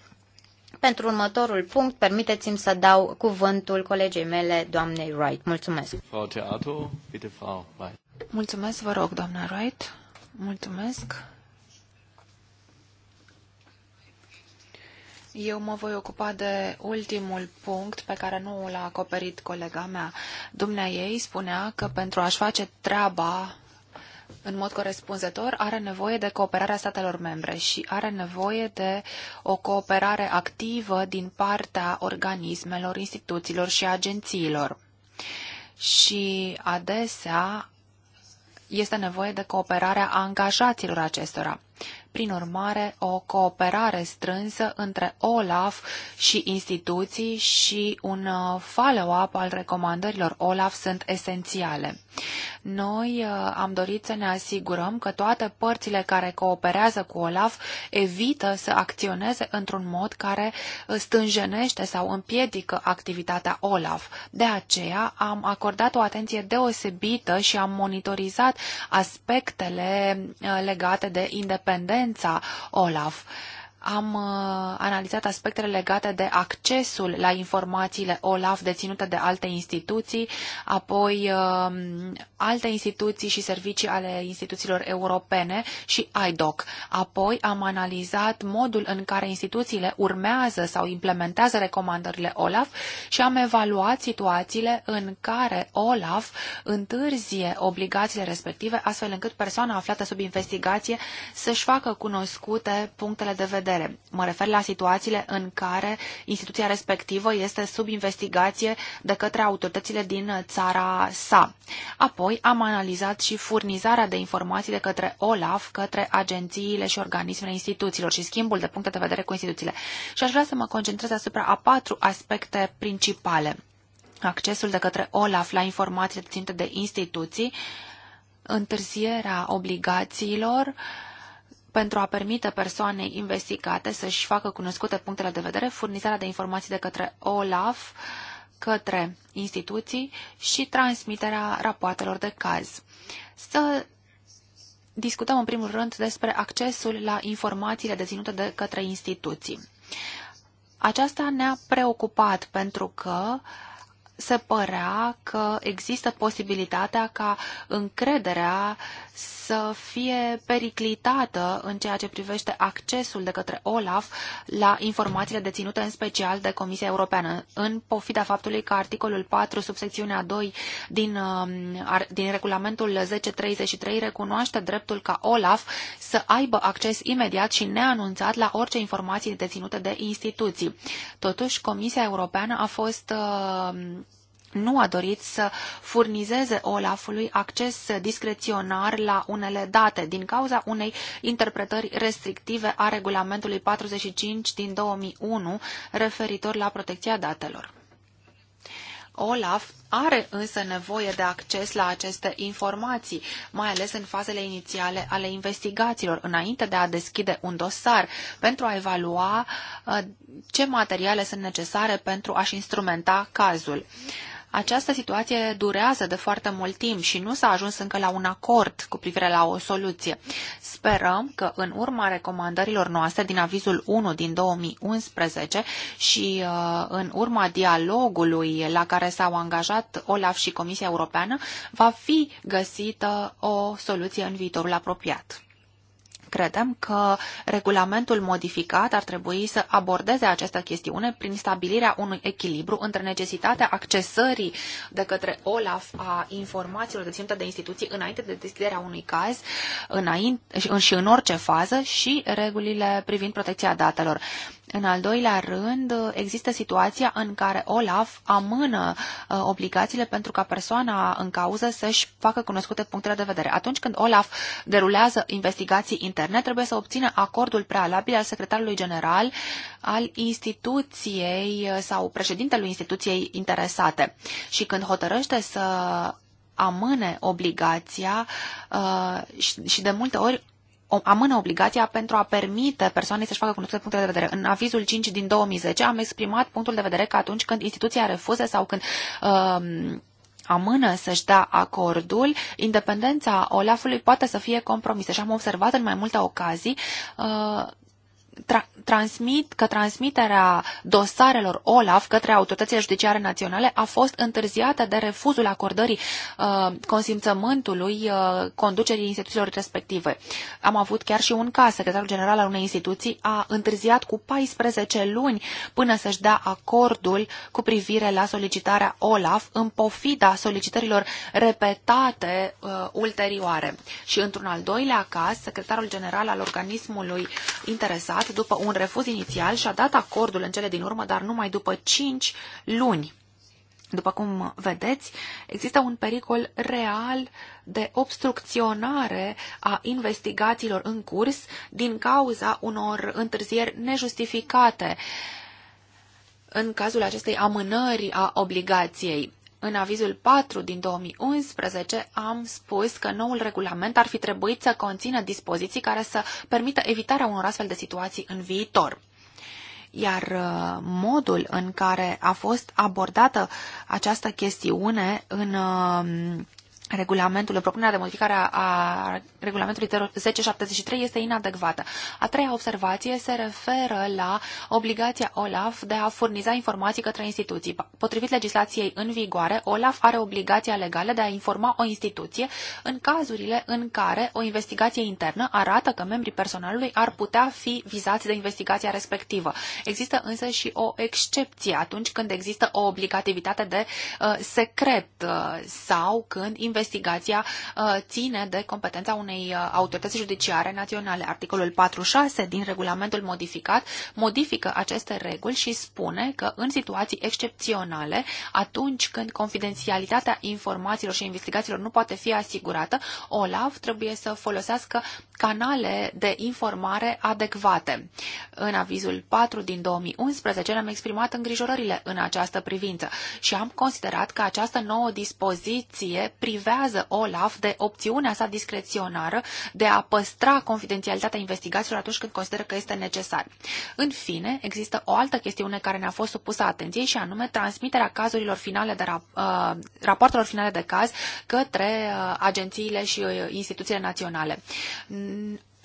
Pentru următorul punct, permiteți-mi să dau cuvântul colegei mele, doamnei Wright. Mulțumesc. Wright. Mulțumesc, vă rog, doamna Wright. Mulțumesc. Eu mă voi ocupa de ultimul punct pe care nu l-a acoperit colega mea. Dumnea ei spunea că pentru a-și face treaba în mod corespunzător, are nevoie de cooperarea statelor membre și are nevoie de o cooperare activă din partea organismelor, instituțiilor și agențiilor. Și adesea este nevoie de cooperarea angajaților acestora prin urmare, o cooperare strânsă între OLAF și instituții și un uh, follow-up al recomandărilor OLAF sunt esențiale. Noi uh, am dorit să ne asigurăm că toate părțile care cooperează cu OLAF evită să acționeze într-un mod care uh, stânjenește sau împiedică activitatea OLAF. De aceea am acordat o atenție deosebită și am monitorizat aspectele legate de independență prezența, OLAF am uh, analizat aspectele legate de accesul la informațiile OLAF deținute de alte instituții, apoi um, alte instituții și servicii ale instituțiilor europene și IDOC. Apoi am analizat modul în care instituțiile urmează sau implementează recomandările OLAF și am evaluat situațiile în care OLAF întârzie obligațiile respective, astfel încât persoana aflată sub investigație să-și facă cunoscute punctele de vedere vedere. Mă refer la situațiile în care instituția respectivă este sub investigație de către autoritățile din țara sa. Apoi am analizat și furnizarea de informații de către OLAF, către agențiile și organismele instituțiilor și schimbul de puncte de vedere cu instituțiile. Și aș vrea să mă concentrez asupra a patru aspecte principale. Accesul de către OLAF la informații ținute de instituții, întârzierea obligațiilor, uh, pentru a permite persoanei investigate să-și facă cunoscute punctele de vedere, furnizarea de informații de către OLAF, către instituții și transmiterea rapoartelor de caz. Să discutăm în primul rând despre accesul la informațiile deținute de către instituții. Aceasta ne-a preocupat pentru că se părea că există posibilitatea ca încrederea să fie periclitată în ceea ce privește accesul de către OLAF la informațiile deținute în special de Comisia Europeană, în pofida faptului că articolul 4, subsecțiunea 2 din, um, din regulamentul 1033 recunoaște dreptul ca OLAF să aibă acces imediat și neanunțat la orice informații deținute de instituții. Totuși, Comisia Europeană a fost uh, nu a dorit să furnizeze Olafului acces discreționar la unele date din cauza unei interpretări restrictive a regulamentului 45 din 2001 referitor la protecția datelor. Olaf are însă nevoie de acces la aceste informații, mai ales în fazele inițiale ale investigațiilor, înainte de a deschide un dosar, pentru a evalua uh, ce materiale sunt necesare pentru a-și instrumenta cazul. Uh, această situație durează de foarte mult timp și nu s-a ajuns încă la un acord cu privire la o soluție. Sperăm că în urma recomandărilor noastre din avizul 1 din 2011 și uh, în urma dialogului la care s-au angajat OLAF și Comisia Europeană va fi găsită o soluție în viitorul apropiat. Credem că regulamentul modificat ar trebui să abordeze această chestiune prin stabilirea unui echilibru între necesitatea accesării de către OLAF a informațiilor deținute de instituții înainte de deschiderea unui caz înainte, și în orice fază și regulile privind protecția datelor. În al doilea rând, există situația în care OLAF amână uh, obligațiile pentru ca persoana în cauză să-și facă cunoscute punctele de vedere. Atunci când OLAF derulează investigații interne, trebuie să obțină acordul prealabil al secretarului general al instituției uh, sau președintelui instituției interesate. Și când hotărăște să amâne obligația uh, și, și de multe ori amână obligația pentru a permite persoanei să-și facă cunoscute punctele de vedere. În avizul 5 din 2010 am exprimat punctul de vedere că atunci când instituția refuză sau când uh, amână să-și dea acordul, independența OLAF-ului poate să fie compromisă. Și am observat în mai multe ocazii uh, tra transmit că transmiterea dosarelor OLAF către autoritățile judiciare naționale a fost întârziată de refuzul acordării uh, consimțământului uh, conducerii instituțiilor respective. Am avut chiar și un caz, secretarul general al unei instituții a întârziat cu 14 luni până să-și dea acordul cu privire la solicitarea OLAF în pofida solicitărilor repetate uh, ulterioare. Și într-un al doilea caz, secretarul general al organismului interesat dat după un refuz inițial și a dat acordul în cele din urmă, dar numai după 5 luni. După cum vedeți, există un pericol real de obstrucționare a investigațiilor în curs din cauza unor întârzieri nejustificate în cazul acestei amânări a obligației. În avizul 4 din 2011 am spus că noul regulament ar fi trebuit să conțină dispoziții care să permită evitarea unor astfel de situații în viitor iar uh, modul în care a fost abordată această chestiune în uh, regulamentul, propunerea de modificare a, a regulamentului 1073 este inadecvată. A treia observație se referă la obligația OLAF de a furniza informații către instituții. Potrivit legislației în vigoare, OLAF are obligația legală de a informa o instituție în cazurile în care o investigație internă arată că membrii personalului ar putea fi vizați de investigația respectivă. Există însă și o excepție atunci când există o obligativitate de uh, secret uh, sau când investigația investigația uh, ține de competența unei uh, autorități judiciare naționale. Articolul 46 din regulamentul modificat modifică aceste reguli și spune că în situații excepționale, atunci când confidențialitatea informațiilor și investigațiilor nu poate fi asigurată, OLAF trebuie să folosească canale de informare adecvate. În avizul 4 din 2011 ne-am exprimat îngrijorările în această privință și am considerat că această nouă dispoziție privează OLAF de opțiunea sa discreționară de a păstra confidențialitatea investigațiilor atunci când consideră că este necesar. În fine, există o altă chestiune care ne-a fost supusă atenției și anume transmiterea cazurilor finale de rap uh, rapoartelor finale de caz către uh, agențiile și uh, instituțiile naționale.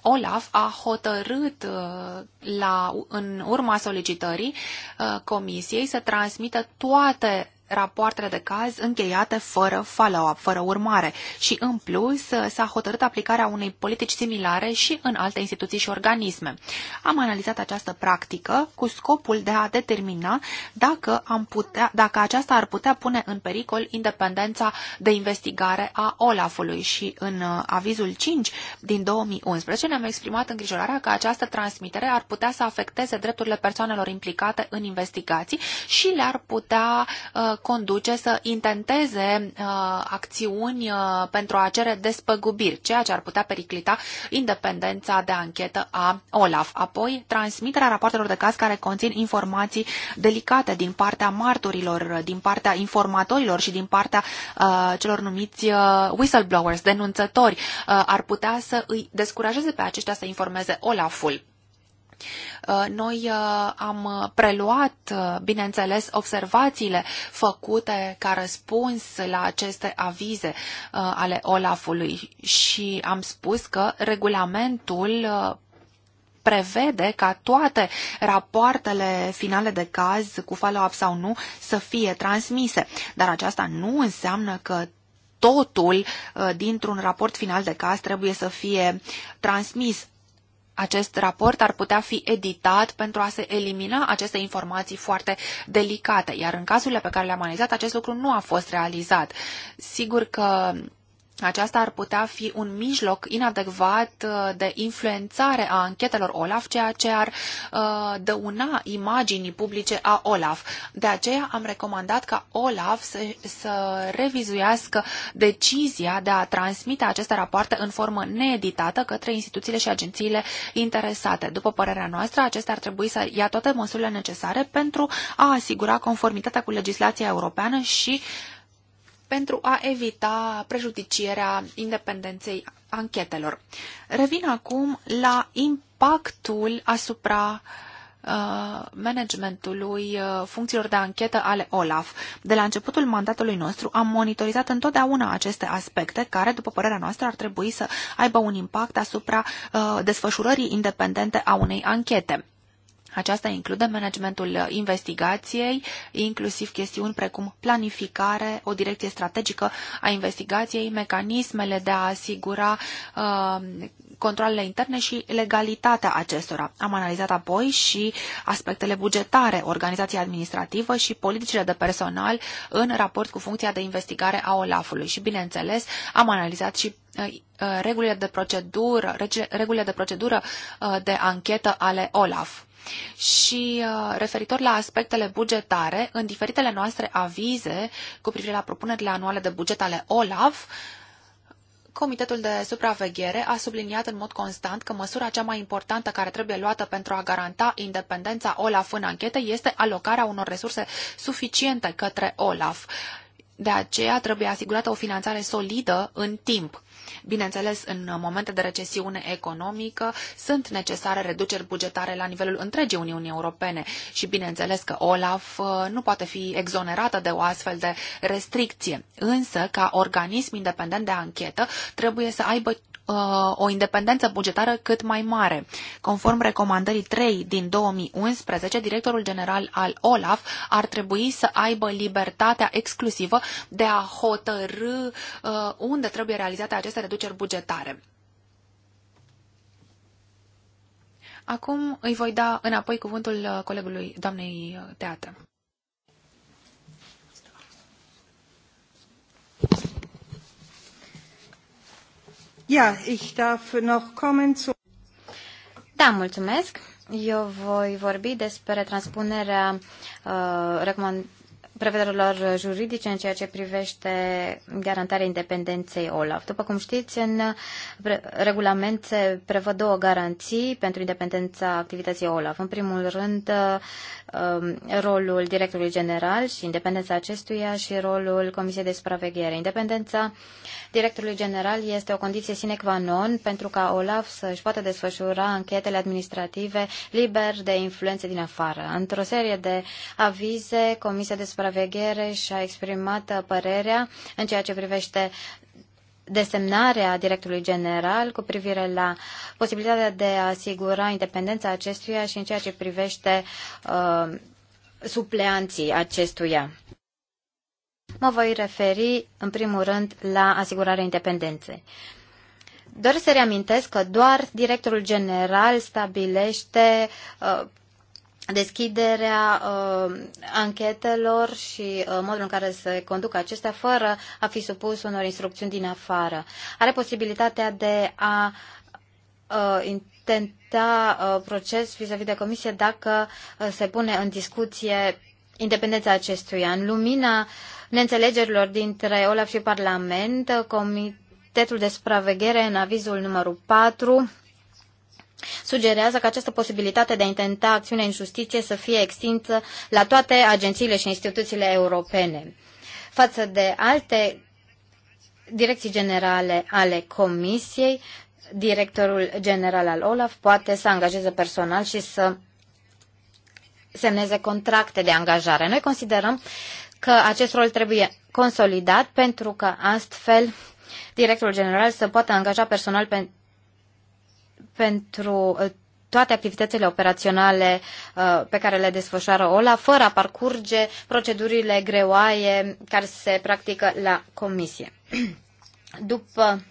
Olaf a hotărât uh, la, în urma solicitării uh, comisiei să transmită toate rapoartele de caz încheiate fără follow-up, fără urmare și, în plus, s-a hotărât aplicarea unei politici similare și în alte instituții și organisme. Am analizat această practică cu scopul de a determina dacă, am putea, dacă aceasta ar putea pune în pericol independența de investigare a Olafului și în uh, avizul 5 din 2011 ne-am exprimat îngrijorarea că această transmitere ar putea să afecteze drepturile persoanelor implicate în investigații și le-ar putea uh, conduce să intenteze uh, acțiuni uh, pentru a cere despăgubiri, ceea ce ar putea periclita independența de anchetă a OLAF. Apoi, transmiterea rapoartelor de caz care conțin informații delicate din partea marturilor, din partea informatorilor și din partea uh, celor numiți whistleblowers, denunțători, ar putea să îi descurajeze pe aceștia să informeze OLAF-ul. Uh, noi uh, am uh, preluat, bineînțeles, observațiile făcute ca răspuns la aceste avize ale Olafului și am spus că regulamentul prevede ca toate rapoartele finale de caz, cu follow-up sau nu, să fie transmise. Dar aceasta nu înseamnă că totul dintr-un raport final de caz trebuie să fie transmis acest raport ar putea fi editat pentru a se elimina aceste informații foarte delicate, iar în cazurile pe care le-am analizat, acest lucru nu a fost realizat. Sigur că aceasta ar putea fi un mijloc inadecvat uh, de influențare a anchetelor OLAF, ceea ce ar uh, dăuna imaginii publice a OLAF. De aceea am recomandat ca OLAF să, să revizuiască decizia de a transmite aceste rapoarte în formă needitată către instituțiile și agențiile interesate. După părerea noastră, acestea ar trebui să ia toate măsurile necesare pentru a asigura conformitatea cu legislația europeană și uh, pentru a evita prejudicierea independenței anchetelor. Revin acum la impactul asupra uh, managementului uh, funcțiilor de anchetă ale OLAF. De la începutul mandatului nostru am monitorizat întotdeauna aceste aspecte care, după părerea noastră, ar trebui să aibă un impact asupra uh, desfășurării independente a unei anchete. Aceasta include managementul investigației, inclusiv chestiuni precum planificare, o direcție strategică a investigației, mecanismele de a asigura uh, controlele interne și legalitatea acestora. Am analizat apoi și aspectele bugetare, organizația administrativă și politicile de personal în raport cu funcția de investigare a OLAF-ului și, bineînțeles, am analizat și uh, uh, regulile de procedură, regulile de procedură uh, de anchetă ale OLAF și uh, referitor la aspectele bugetare, în diferitele noastre avize cu privire la propunerile anuale de buget ale OLAF, Comitetul de supraveghere a subliniat în mod constant că măsura cea mai importantă care trebuie luată pentru a garanta independența OLAF în anchete este alocarea unor resurse suficiente către OLAF. De aceea trebuie asigurată o finanțare solidă în timp. Bineînțeles, în momente de recesiune economică sunt necesare reduceri bugetare la nivelul întregii Uniunii Europene și bineînțeles că OLAF uh, nu poate fi exonerată de o astfel de restricție. Însă, ca organism independent de anchetă, trebuie să aibă Uh, o independență bugetară cât mai mare. Conform recomandării 3 din 2011, directorul general al OLAF ar trebui să aibă libertatea exclusivă de a hotărâ uh, unde trebuie realizate aceste reduceri bugetare. Acum îi voi da înapoi cuvântul uh, colegului doamnei Teată. Ja, ich darf noch kommen zu... Da, mulțumesc. Eu voi vorbi despre transpunerea uh, recomandării prevederilor juridice în ceea ce privește garantarea independenței OLAF. După cum știți, în regulament se prevăd două garanții pentru independența activității OLAF. În primul rând, um, rolul directorului general și independența acestuia și rolul Comisiei de Supraveghere. Independența directorului general este o condiție sine qua non pentru ca OLAF să-și poată desfășura anchetele administrative liber de influențe din afară. Într-o serie de avize, Comisia de Supraveghere supraveghere și-a exprimat părerea în ceea ce privește desemnarea directorului general cu privire la posibilitatea de a asigura independența acestuia și în ceea ce privește uh, supleanții acestuia. Mă voi referi, în primul rând, la asigurarea independenței. Doresc să reamintesc că doar directorul general stabilește uh, deschiderea uh, anchetelor și uh, modul în care se conduc acestea fără a fi supus unor instrucțiuni din afară. Are posibilitatea de a uh, intenta uh, proces vis-a-vis -vis de comisie dacă uh, se pune în discuție independența acestuia. În lumina neînțelegerilor dintre Olaf și Parlament, uh, Comitetul de Supraveghere în avizul numărul 4 sugerează că această posibilitate de a intenta acțiune în justiție să fie extinsă la toate agențiile și instituțiile europene. Față de alte direcții generale ale Comisiei, directorul general al OLAF poate să angajeze personal și să semneze contracte de angajare. Noi considerăm că acest rol trebuie consolidat pentru că astfel directorul general să poată angaja personal pentru pentru uh, toate activitățile operaționale uh, pe care le desfășoară OLA, fără a parcurge procedurile greoaie care se practică la comisie. După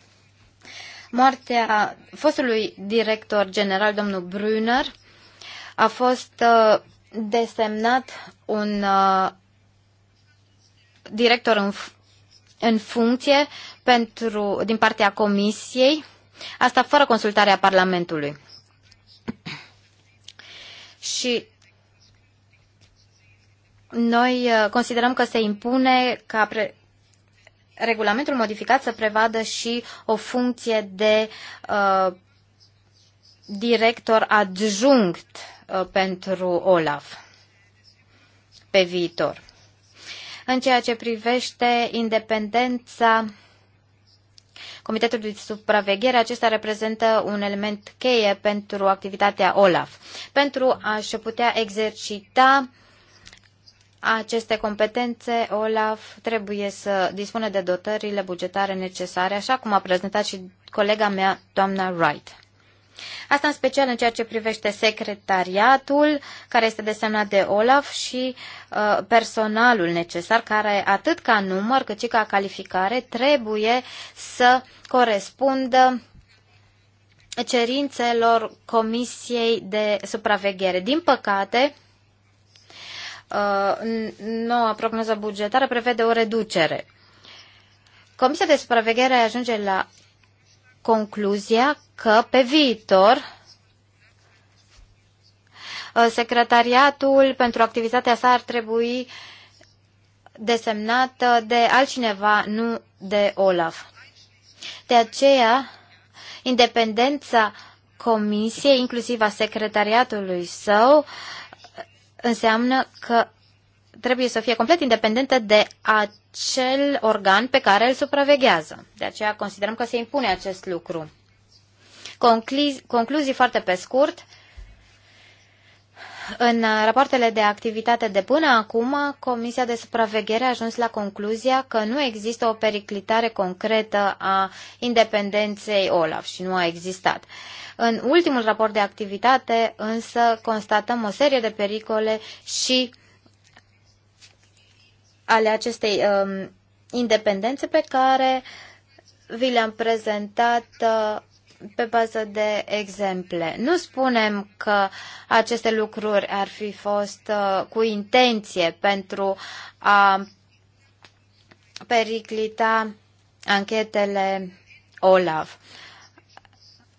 moartea fostului director general, domnul Brunner, a fost uh, desemnat un director în, în funcție pentru, din partea comisiei Asta fără consultarea Parlamentului. Și noi uh, considerăm că se impune ca pre- regulamentul modificat să prevadă și o funcție de uh, director adjunct uh, pentru OLAF pe viitor. În ceea ce privește independența Comitetul de supraveghere acesta reprezintă un element cheie pentru activitatea OLAF. Pentru a-și putea exercita aceste competențe, OLAF trebuie să dispună de dotările bugetare necesare, așa cum a prezentat și colega mea, doamna Wright. Asta în special în ceea ce privește secretariatul, care este desemnat de Olaf, și uh, personalul necesar, care atât ca număr cât și ca calificare trebuie să corespundă cerințelor Comisiei de Supraveghere. Din păcate, uh, noua prognoză bugetară prevede o reducere. Comisia de supraveghere ajunge la concluzia că pe viitor uh, secretariatul pentru activitatea sa ar trebui desemnat uh, de altcineva, nu de Olaf. De aceea, independența comisiei, inclusiv a secretariatului său, înseamnă că trebuie să fie complet independentă de acel organ pe care îl supraveghează. De aceea considerăm că se impune acest lucru. Concluzii, concluzii foarte pe scurt. În rapoartele de activitate de până acum, Comisia de Supraveghere a ajuns la concluzia că nu există o periclitare concretă a independenței OLAF și nu a existat. În ultimul raport de activitate, însă, constatăm o serie de pericole și uh, ale acestei um, independențe pe care vi le-am prezentat uh, pe bază de exemple. Nu spunem că aceste lucruri ar fi fost uh, cu intenție pentru a periclita anchetele OLAF.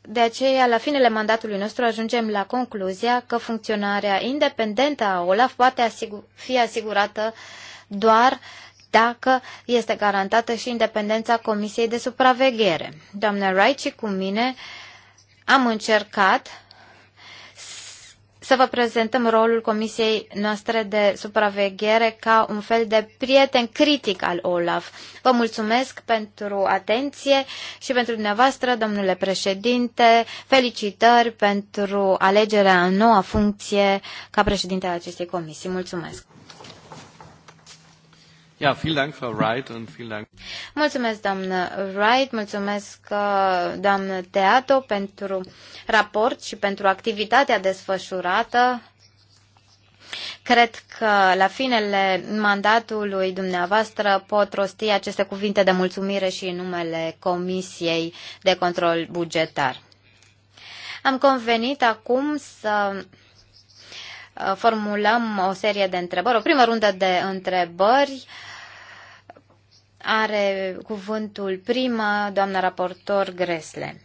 De aceea, la finele mandatului nostru, ajungem la concluzia că funcționarea independentă a OLAF poate asigur- fi asigurată uh, doar dacă este garantată și independența Comisiei de Supraveghere. Doamna Wright și cu mine am încercat să vă prezentăm rolul Comisiei noastre de supraveghere ca un fel de prieten critic al OLAF. Vă mulțumesc pentru atenție și pentru dumneavoastră, domnule președinte, felicitări pentru alegerea în noua funcție ca președinte al acestei comisii. Mulțumesc! Ja, vielen Dank, Frau Wright, und vielen Dank. Mulțumesc, doamnă Wright, mulțumesc, uh, doamnă Teato, pentru raport și pentru activitatea desfășurată. Cred că la finele mandatului dumneavoastră pot rosti aceste cuvinte de mulțumire și în numele Comisiei de Control Bugetar. Am convenit acum să Uh, formulăm o serie de întrebări. O primă rundă de întrebări are cuvântul prima doamna raportor Gresle.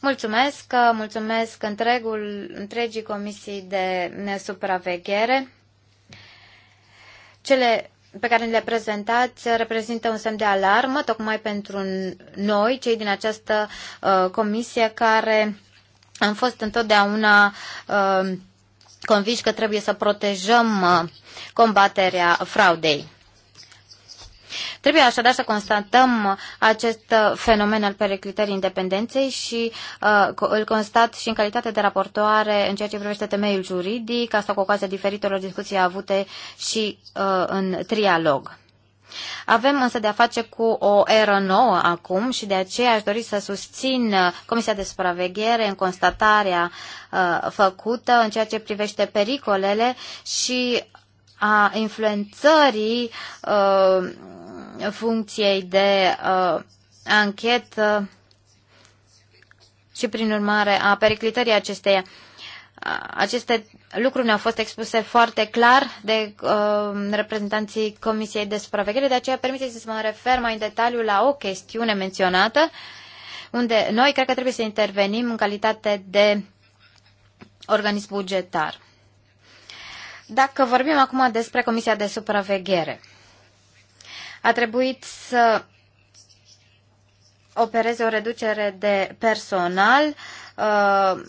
Mulțumesc, uh, mulțumesc întregul, întregii comisii de supraveghere. Cele pe care le prezentați reprezintă un semn de alarmă, tocmai pentru noi, cei din această uh, comisie care am fost întotdeauna uh, convinși că trebuie să protejăm uh, combaterea fraudei. Trebuie așadar să constatăm uh, acest fenomen al periclitării independenței și uh, îl constat și în calitate de raportoare în ceea ce privește temeiul juridic, asta cu ocazia diferitelor discuții avute și uh, în trialog. Avem însă de a face cu o eră nouă acum și de aceea aș dori să susțin uh, Comisia de Supraveghere în constatarea uh, făcută în ceea ce privește pericolele și a influențării uh, funcției de uh, anchetă și prin urmare a periclitării acesteia aceste lucruri ne-au fost expuse foarte clar de uh, reprezentanții Comisiei de Supraveghere, de aceea permiteți să mă refer mai în detaliu la o chestiune menționată, unde noi cred că trebuie să intervenim în calitate de organism bugetar. Dacă vorbim acum despre Comisia de Supraveghere, a trebuit să opereze o reducere de personal uh,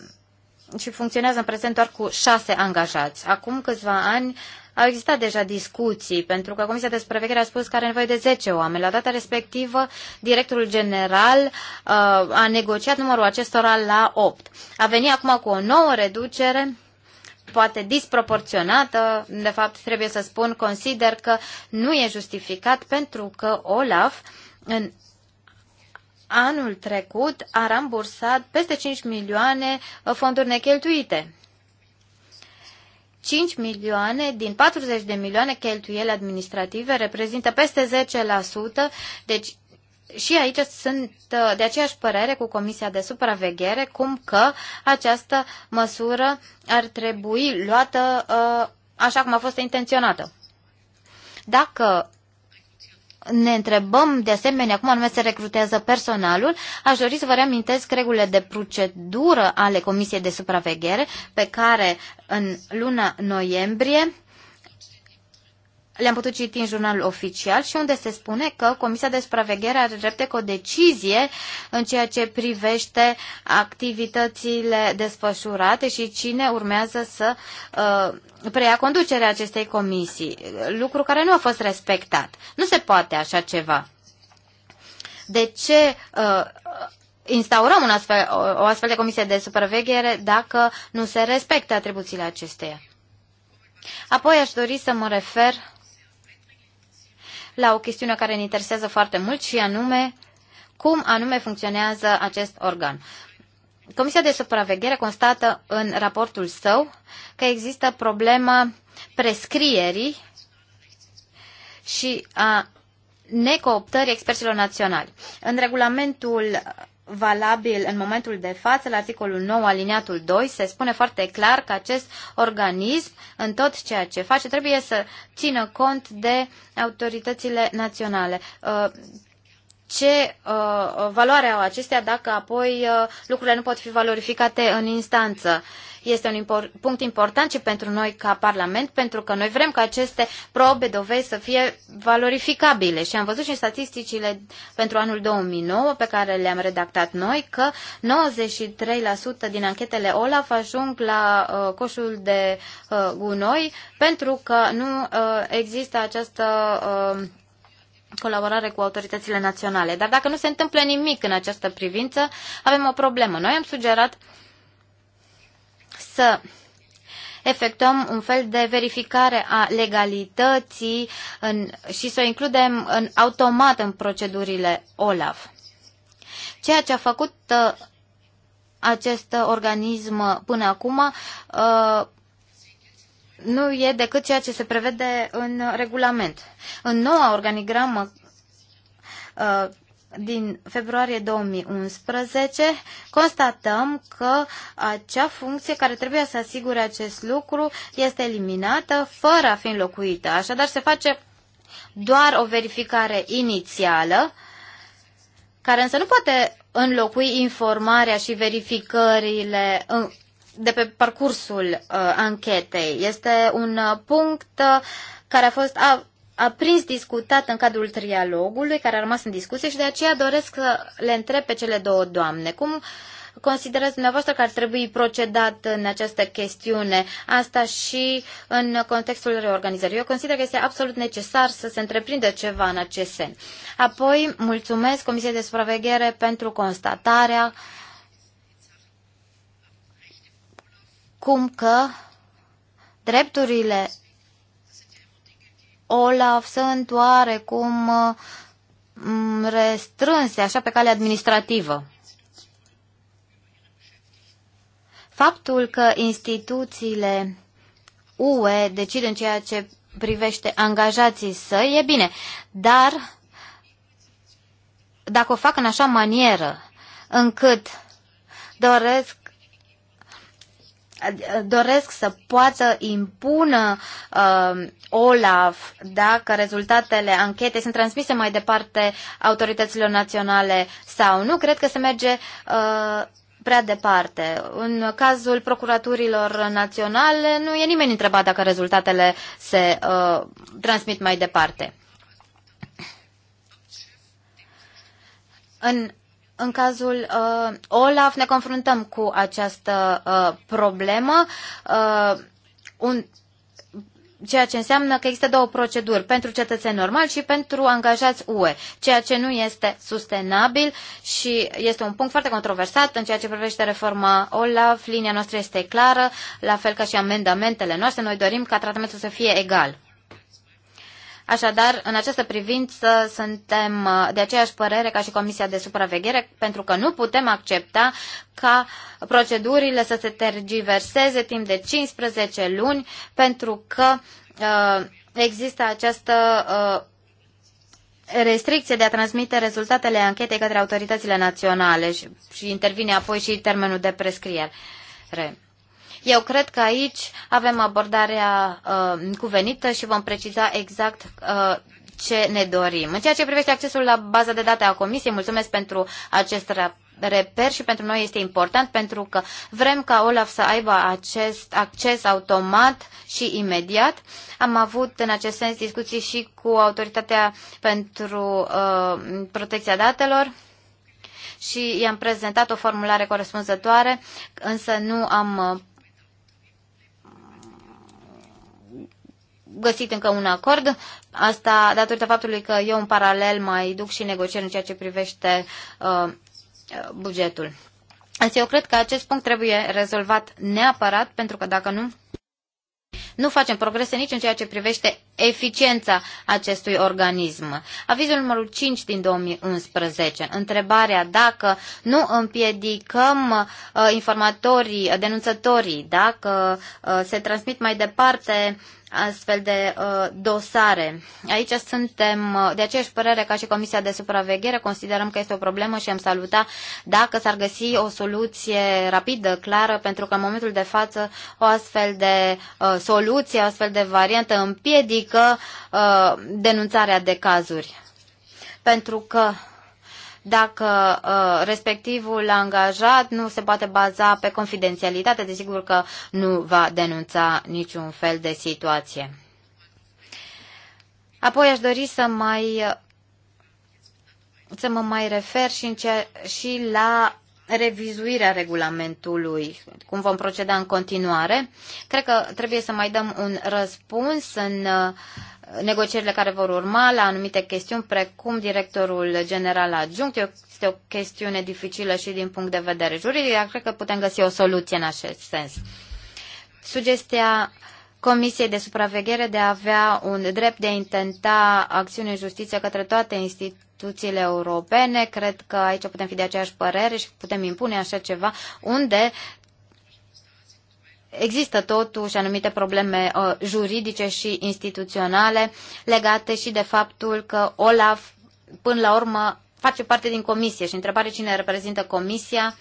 și funcționează în prezent doar cu șase angajați. Acum câțiva ani au existat deja discuții, pentru că Comisia de Supraveghere a spus că are nevoie de 10 oameni. La data respectivă, directorul general uh, a negociat numărul acestora la 8. A venit acum cu o nouă reducere, poate disproporționată, de fapt trebuie să spun, consider că nu e justificat pentru că Olaf în anul trecut a rambursat peste 5 milioane uh, fonduri necheltuite. 5 milioane din 40 de milioane cheltuieli administrative reprezintă peste 10%, deci și aici sunt uh, de aceeași părere cu Comisia de Supraveghere, cum că această măsură ar trebui luată uh, așa cum a fost intenționată. Dacă ne întrebăm de asemenea cum anume se recrutează personalul, aș dori să vă reamintesc regulile de procedură ale Comisiei de Supraveghere pe care în luna noiembrie le-am putut citi în jurnalul oficial și unde se spune că Comisia de Supraveghere are drepte cu o decizie în ceea ce privește activitățile desfășurate și cine urmează să uh, preia conducerea acestei comisii, lucru care nu a fost respectat. Nu se poate așa ceva. De ce uh, instaurăm un astfel, o, o astfel de comisie de supraveghere dacă nu se respectă atribuțiile acesteia? Apoi aș dori să mă refer la o chestiune care ne interesează foarte mult și anume cum anume funcționează acest organ. Comisia de supraveghere constată în raportul său că există problema prescrierii și a necooptării experților naționali. În regulamentul valabil în momentul de față, la articolul 9, aliniatul 2, se spune foarte clar că acest organism, în tot ceea ce face, trebuie să țină cont de autoritățile naționale. Uh, ce uh, valoare au acestea dacă apoi uh, lucrurile nu pot fi valorificate în instanță. Este un impor- punct important și pentru noi ca Parlament, pentru că noi vrem ca aceste probe, dovezi să fie valorificabile. Și am văzut și în statisticile pentru anul 2009 pe care le-am redactat noi că 93% din anchetele OLAF ajung la uh, coșul de uh, gunoi pentru că nu uh, există această. Uh, colaborare cu autoritățile naționale. Dar dacă nu se întâmplă nimic în această privință, avem o problemă. Noi am sugerat să efectuăm un fel de verificare a legalității în, și să o includem în, automat în procedurile OLAF. Ceea ce a făcut uh, acest organism până acum uh, nu e decât ceea ce se prevede în regulament. În noua organigramă uh, din februarie 2011, constatăm că acea funcție care trebuie să asigure acest lucru este eliminată fără a fi înlocuită. Așadar, se face doar o verificare inițială, care însă nu poate înlocui informarea și verificările de pe parcursul uh, anchetei. Este un uh, punct uh, care a fost a, a prins discutat în cadrul trialogului, care a rămas în discuție și de aceea doresc să le întreb pe cele două doamne. Cum considerați dumneavoastră că ar trebui procedat în această chestiune, asta și în contextul reorganizării? Eu consider că este absolut necesar să se întreprindă ceva în acest sens. Apoi, mulțumesc Comisiei de Supraveghere pentru constatarea uh, cum că drepturile Olaf sunt oarecum mm, restrânse, așa, pe cale administrativă. Faptul că instituțiile UE decid în ceea ce privește angajații săi e bine, dar dacă o fac în așa manieră încât doresc doresc să poată impună uh, OLAF dacă rezultatele anchetei sunt transmise mai departe autorităților naționale sau nu. Cred că se merge uh, prea departe. În cazul procuraturilor naționale nu e nimeni întrebat dacă rezultatele se uh, transmit mai departe. În în cazul uh, Olaf ne confruntăm cu această uh, problemă, uh, un, ceea ce înseamnă că există două proceduri, pentru cetățeni normali și pentru angajați UE, ceea ce nu este sustenabil și este un punct foarte controversat în ceea ce privește reforma OLAF. Linia noastră este clară, la fel ca și amendamentele noastre. Noi dorim ca tratamentul să fie egal. Așadar, în această privință suntem uh, de aceeași părere ca și Comisia de Supraveghere, pentru că nu putem accepta ca procedurile să se tergiverseze timp de 15 luni, pentru că uh, există această uh, restricție de a transmite rezultatele anchetei către autoritățile naționale și, și intervine apoi și termenul de prescriere. Eu cred că aici avem abordarea uh, cuvenită și vom preciza exact uh, ce ne dorim. În ceea ce privește accesul la baza de date a Comisiei, mulțumesc pentru acest raport reper și pentru noi este important pentru că vrem ca Olaf să aibă acest acces automat și imediat. Am avut în acest sens discuții și cu Autoritatea pentru uh, Protecția Datelor și i-am prezentat o formulare corespunzătoare, însă nu am uh, găsit încă un acord. Asta datorită faptului că eu în paralel mai duc și negocieri în ceea ce privește uh, uh, bugetul. Însă eu cred că acest punct trebuie rezolvat neapărat, pentru că dacă nu, nu facem progrese nici în ceea ce privește eficiența acestui organism. Avizul numărul 5 din 2011, întrebarea dacă nu împiedicăm uh, informatorii, denunțătorii, dacă uh, se transmit mai departe astfel de uh, dosare. Aici suntem uh, de aceeași părere ca și Comisia de Supraveghere, considerăm că este o problemă și am salutat dacă s-ar găsi o soluție rapidă, clară, pentru că în momentul de față o astfel de uh, soluție, o astfel de variantă împiedică implică uh, denunțarea de cazuri. Pentru că dacă uh, respectivul angajat nu se poate baza pe confidențialitate, desigur că nu va denunța niciun fel de situație. Apoi aș dori să mai să mă mai refer și, în ce, și la revizuirea regulamentului, cum vom proceda în continuare. Cred că trebuie să mai dăm un răspuns în uh, negocierile care vor urma la anumite chestiuni, precum directorul general adjunct. Este o chestiune dificilă și din punct de vedere juridic, dar cred că putem găsi o soluție în acest sens. Sugestia Comisiei de Supraveghere de a avea un drept de a intenta acțiune în justiție către toate instituțiile instituțiile europene. Cred că aici putem fi de aceeași părere și putem impune așa ceva unde Există totuși anumite probleme uh, juridice și instituționale legate și de faptul că Olaf, până la urmă, face parte din comisie și întrebare cine reprezintă comisia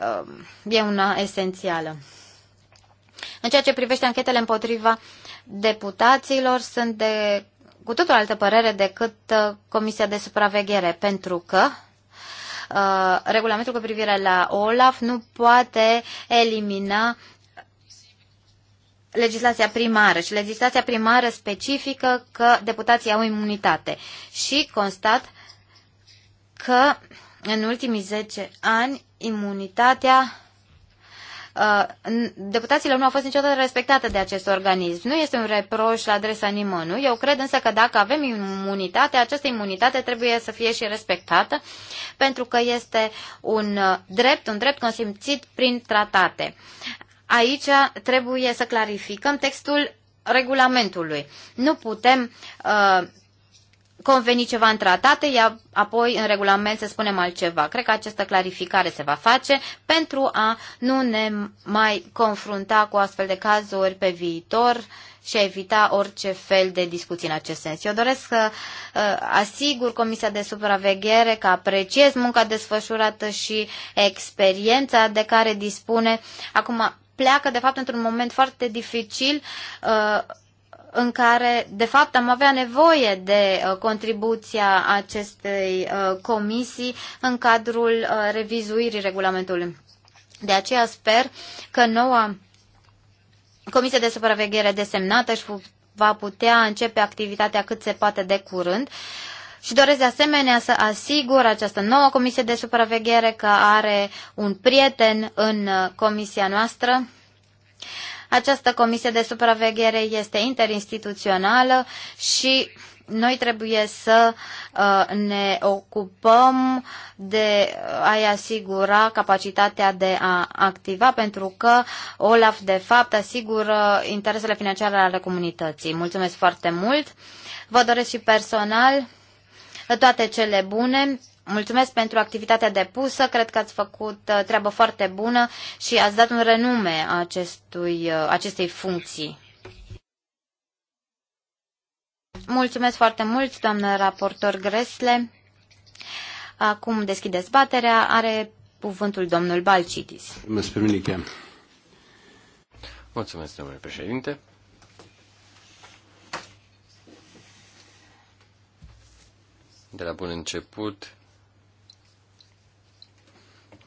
uh, e una esențială. În ceea ce privește anchetele împotriva deputaților, sunt de cu totul altă părere decât uh, Comisia de Supraveghere, pentru că uh, regulamentul cu privire la OLAF nu poate elimina legislația primară și legislația primară specifică că deputații au imunitate și constat că în ultimii 10 ani imunitatea Uh, deputațiile nu au fost niciodată respectate de acest organism. Nu este un reproș la adresa nimănui. Eu cred însă că dacă avem imunitate, această imunitate trebuie să fie și respectată, pentru că este un uh, drept, un drept consimțit prin tratate. Aici trebuie să clarificăm textul regulamentului. Nu putem uh, conveni ceva în tratate, iar apoi în regulament să spunem altceva. Cred că această clarificare se va face pentru a nu ne mai confrunta cu astfel de cazuri pe viitor și a evita orice fel de discuții în acest sens. Eu doresc să uh, asigur Comisia de Supraveghere că apreciez munca desfășurată și experiența de care dispune. Acum pleacă, de fapt, într-un moment foarte dificil uh, în care, de fapt, am avea nevoie de uh, contribuția acestei uh, comisii în cadrul uh, revizuirii regulamentului. De aceea sper că noua comisie de supraveghere desemnată își va putea începe activitatea cât se poate de curând și doresc de asemenea să asigur această nouă comisie de supraveghere că are un prieten în comisia noastră. Această comisie de supraveghere este interinstituțională și noi trebuie să uh, ne ocupăm de a-i asigura capacitatea de a activa, pentru că OLAF, de fapt, asigură interesele financiare ale comunității. Mulțumesc foarte mult! Vă doresc și personal toate cele bune Mulțumesc pentru activitatea depusă, cred că ați făcut uh, treabă foarte bună și ați dat un renume acestui, uh, acestei funcții. Mulțumesc foarte mult, doamnă raportor Gresle. Acum deschid dezbaterea. Are cuvântul domnul Balcitis. Mulțumesc, domnule președinte. De la bun început,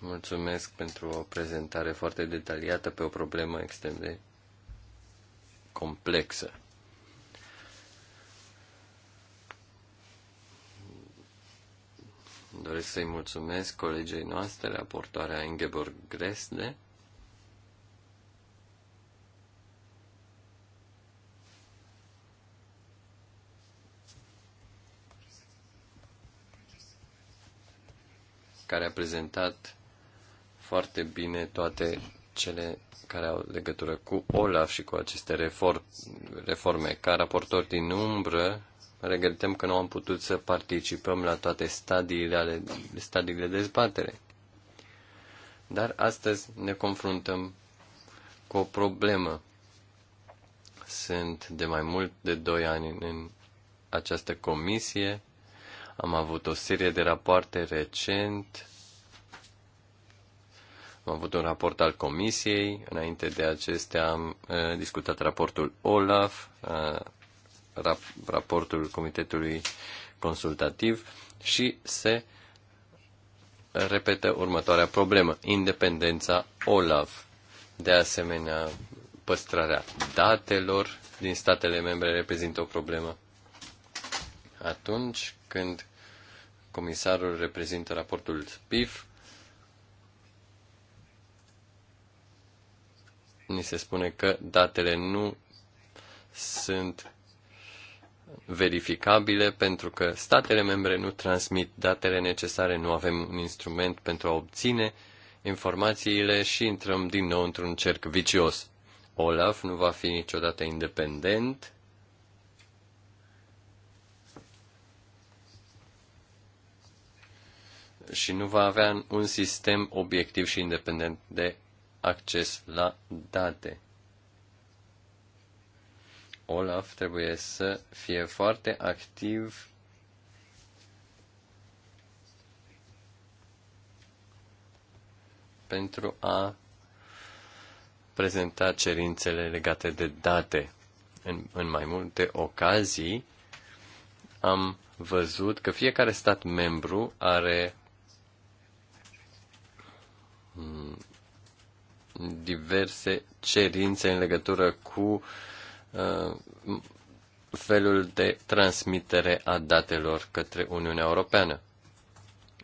Mulțumesc pentru o prezentare foarte detaliată pe o problemă extrem de complexă. Doresc să-i mulțumesc colegei noastre, raportoarea Ingeborg Gresle. care a prezentat foarte bine toate cele care au legătură cu OLAF și cu aceste reforme, reforme. Ca raportor din umbră, regretăm că nu am putut să participăm la toate stadiile, ale, stadiile dezbatere. Dar astăzi ne confruntăm cu o problemă. Sunt de mai mult de 2 ani în această comisie. Am avut o serie de rapoarte recent am avut un raport al Comisiei, înainte de acestea am eh, discutat raportul OLAF, eh, raportul Comitetului Consultativ și se repetă următoarea problemă, independența OLAF. De asemenea, păstrarea datelor din statele membre reprezintă o problemă. Atunci când comisarul reprezintă raportul PIF, ni se spune că datele nu sunt verificabile pentru că statele membre nu transmit datele necesare, nu avem un instrument pentru a obține informațiile și intrăm din nou într-un cerc vicios. Olaf nu va fi niciodată independent. Și nu va avea un sistem obiectiv și independent de acces la date. Olaf trebuie să fie foarte activ pentru a prezenta cerințele legate de date. În, în mai multe ocazii am văzut că fiecare stat membru are mm, diverse cerințe în legătură cu uh, felul de transmitere a datelor către Uniunea Europeană.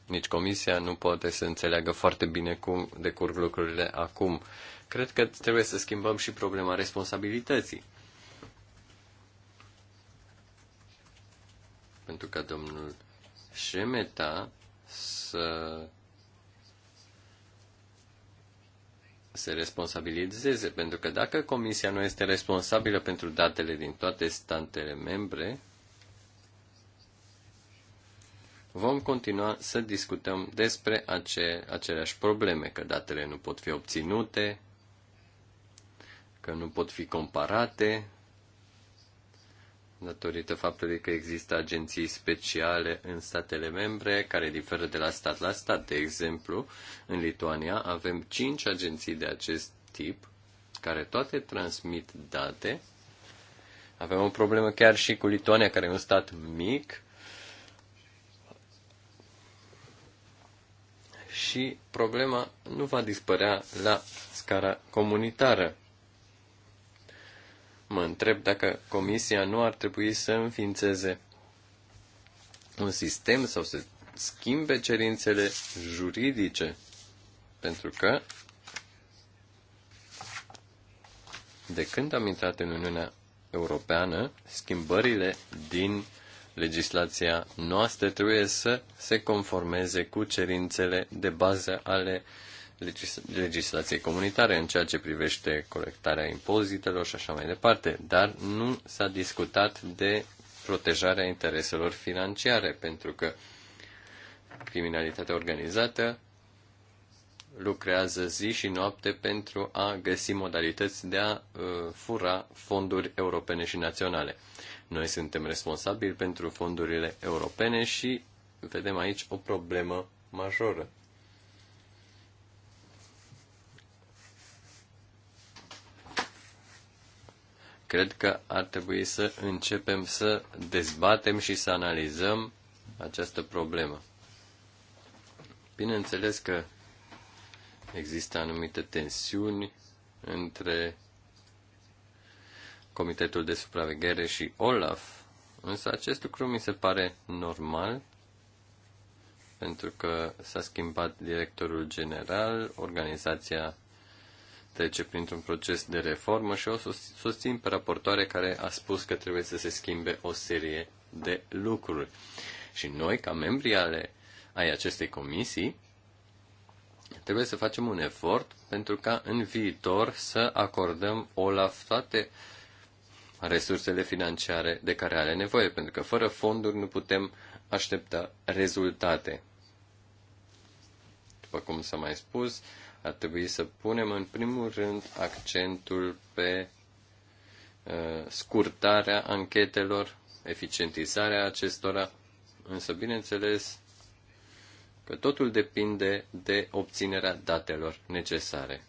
Nici Comisia nu poate să înțeleagă foarte bine cum decurg lucrurile acum. Cred că trebuie să schimbăm și problema responsabilității. Pentru ca domnul Șemeta să se responsabilizeze, pentru că dacă Comisia nu este responsabilă pentru datele din toate statele membre, vom continua să discutăm despre ace- aceleași probleme, că datele nu pot fi obținute, că nu pot fi comparate datorită faptului că există agenții speciale în statele membre care diferă de la stat la stat. De exemplu, în Lituania avem cinci agenții de acest tip care toate transmit date. Avem o problemă chiar și cu Lituania, care e un stat mic. Și problema nu va dispărea la scara comunitară mă întreb dacă Comisia nu ar trebui să înființeze un sistem sau să schimbe cerințele juridice, pentru că de când am intrat în Uniunea Europeană, schimbările din legislația noastră trebuie să se conformeze cu cerințele de bază ale uh, legis- legislației comunitare în ceea ce privește colectarea impozitelor și așa mai departe, dar nu s-a discutat de protejarea intereselor financiare, pentru că criminalitatea organizată lucrează zi și noapte pentru a găsi modalități de a uh, fura fonduri europene și naționale. Noi suntem responsabili pentru fondurile europene și vedem aici o problemă majoră. Cred că ar trebui să începem să dezbatem și să analizăm această problemă. Bineînțeles că există anumite tensiuni între Comitetul de Supraveghere și OLAF, însă acest lucru mi se pare normal pentru că s-a schimbat directorul general, organizația trece printr-un proces de reformă și o susțin pe raportoare care a spus că trebuie să se schimbe o serie de lucruri. Și noi, ca membri ale ai acestei comisii, trebuie să facem un efort pentru ca în viitor să acordăm OLAF toate resursele financiare de care are nevoie, pentru că fără fonduri nu putem aștepta rezultate. După cum s-a mai spus, uh, ar trebui să punem în primul rând accentul pe uh, scurtarea anchetelor, eficientizarea acestora, însă bineînțeles că totul depinde de obținerea datelor necesare.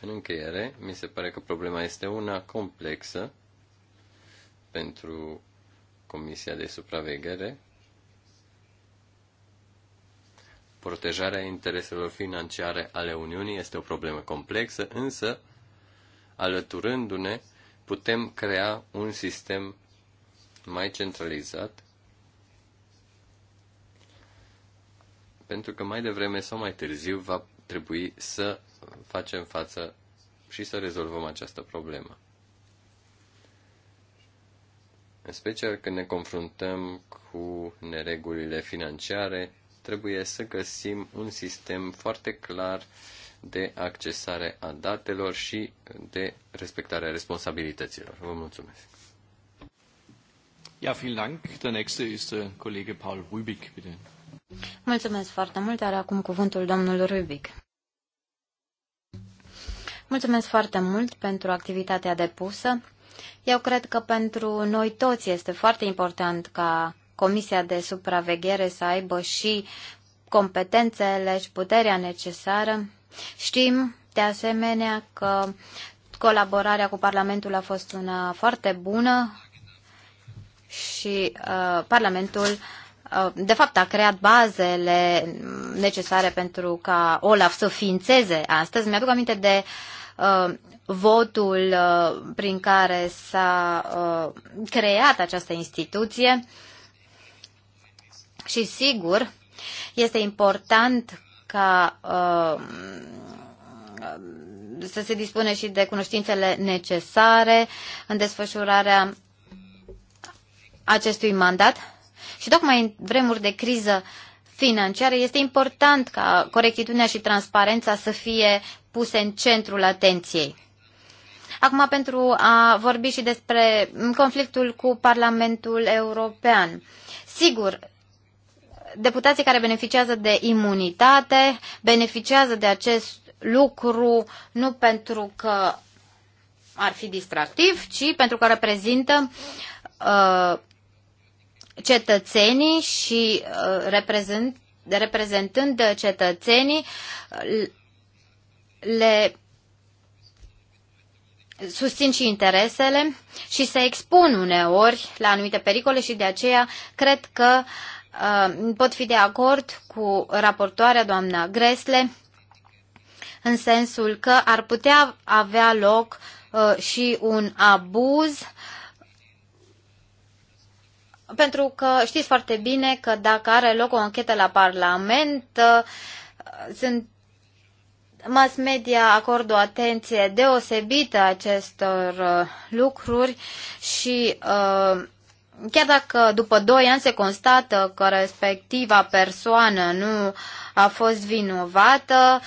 În încheiere, mi se pare că problema este una complexă pentru Comisia de Supraveghere protejarea intereselor financiare ale Uniunii este o problemă complexă, însă, alăturându-ne, putem crea un sistem mai centralizat, pentru că mai devreme sau mai târziu va trebui să facem față și să rezolvăm această problemă. În special când ne confruntăm cu neregulile financiare trebuie să găsim un sistem foarte clar de accesare a datelor și de respectarea responsabilităților. Vă mulțumesc. Ja, vielen Dank. Der nächste ist der äh, Kollege Paul Rübig, bitte. Mulțumesc foarte mult. Are acum cuvântul domnul Rübig. Mulțumesc foarte mult pentru activitatea depusă. Eu cred că pentru noi toți este foarte important ca Comisia de Supraveghere să aibă și competențele și puterea necesară. Știm, de asemenea, că colaborarea cu Parlamentul a fost una foarte bună și uh, Parlamentul uh, de fapt, a creat bazele necesare pentru ca Olaf să ființeze astăzi. Mi-aduc aminte de uh, votul uh, prin care s-a uh, creat această instituție. Uh, și sigur, este important ca uh, să se dispune și de cunoștințele necesare în desfășurarea acestui mandat. Și tocmai în vremuri de criză financiară este important ca corectitudinea și transparența să fie puse în centrul atenției. Acum, pentru a vorbi și despre conflictul cu Parlamentul European. Sigur, deputații care beneficiază de imunitate beneficiază de acest lucru nu pentru că ar fi distractiv, ci pentru că reprezintă uh, cetățenii și uh, reprezent, reprezentând cetățenii uh, le susțin și interesele și se expun uneori la anumite pericole și de aceea cred că uh, Uh, pot fi de acord cu raportoarea doamna Gresle în sensul că ar putea avea loc uh, și un abuz pentru că știți foarte bine că dacă are loc o anchetă la Parlament, uh, sunt mass media acordă o atenție deosebită acestor lucruri și uh, chiar dacă după 2 ani se constată că respectiva persoană nu a fost vinovată,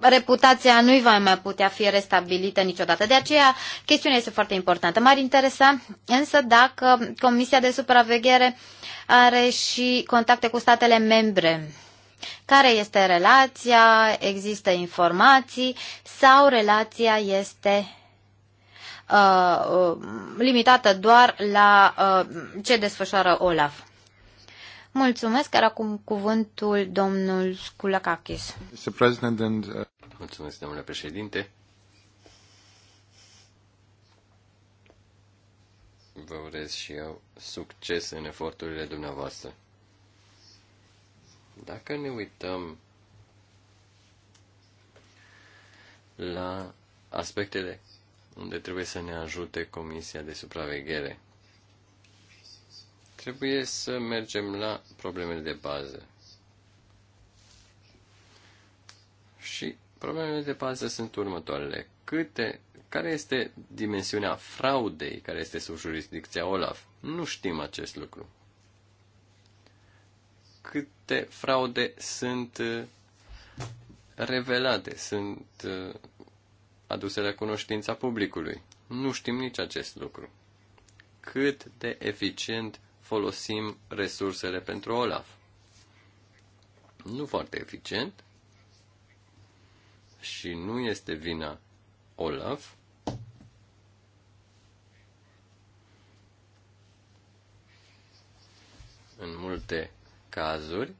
reputația nu-i va mai putea fi restabilită niciodată. De aceea, chestiunea este foarte importantă. M-ar interesa însă dacă Comisia de Supraveghere are și contacte cu statele membre. Care este relația? Există informații? Sau relația este Uh, uh, limitată doar la uh, ce desfășoară Olaf. Mulțumesc, era acum cuvântul domnul Sculacakis. Mulțumesc, domnule președinte. Vă urez și eu succes în eforturile dumneavoastră. Dacă ne uităm la aspectele unde trebuie să ne ajute Comisia de Supraveghere. Trebuie să mergem la problemele de bază. Și problemele de bază sunt următoarele. Câte, care este dimensiunea fraudei care este sub jurisdicția OLAF? Nu știm acest lucru. Câte fraude sunt uh, revelate, sunt uh, aduse la cunoștința publicului. Nu știm nici acest lucru. Cât de eficient folosim resursele pentru OLAF? Nu foarte eficient și nu este vina OLAF, în multe cazuri,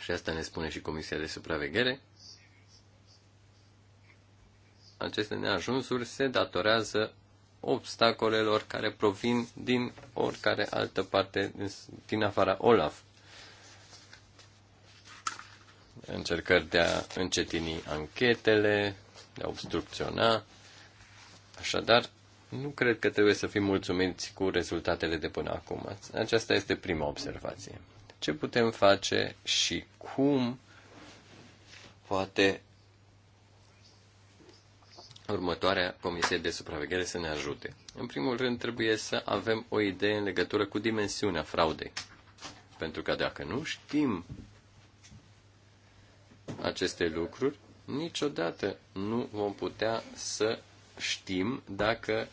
și asta ne spune și Comisia de Supraveghere, aceste neajunsuri se datorează obstacolelor care provin din oricare altă parte din afara OLAF. Încercări de a încetini anchetele, de a obstrucționa. Așadar, nu cred că trebuie să fim mulțumiți cu rezultatele de până acum. Aceasta este prima observație. Ce putem face și cum poate următoarea comisie de supraveghere să ne ajute. În primul rând, trebuie să avem o idee în legătură cu dimensiunea fraudei. Pentru că dacă nu știm aceste lucruri, niciodată nu vom putea să știm dacă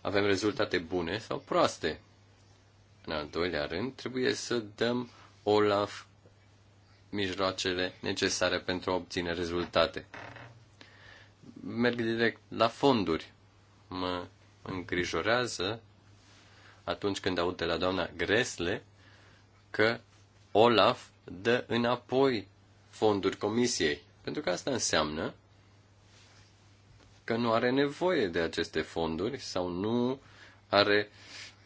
avem rezultate bune sau proaste. În al doilea rând, trebuie să dăm Olaf mijloacele necesare pentru a obține rezultate merg direct la fonduri. Mă îngrijorează atunci când aud de la doamna Gresle că Olaf dă înapoi fonduri comisiei. Pentru că asta înseamnă că nu are nevoie de aceste fonduri sau nu are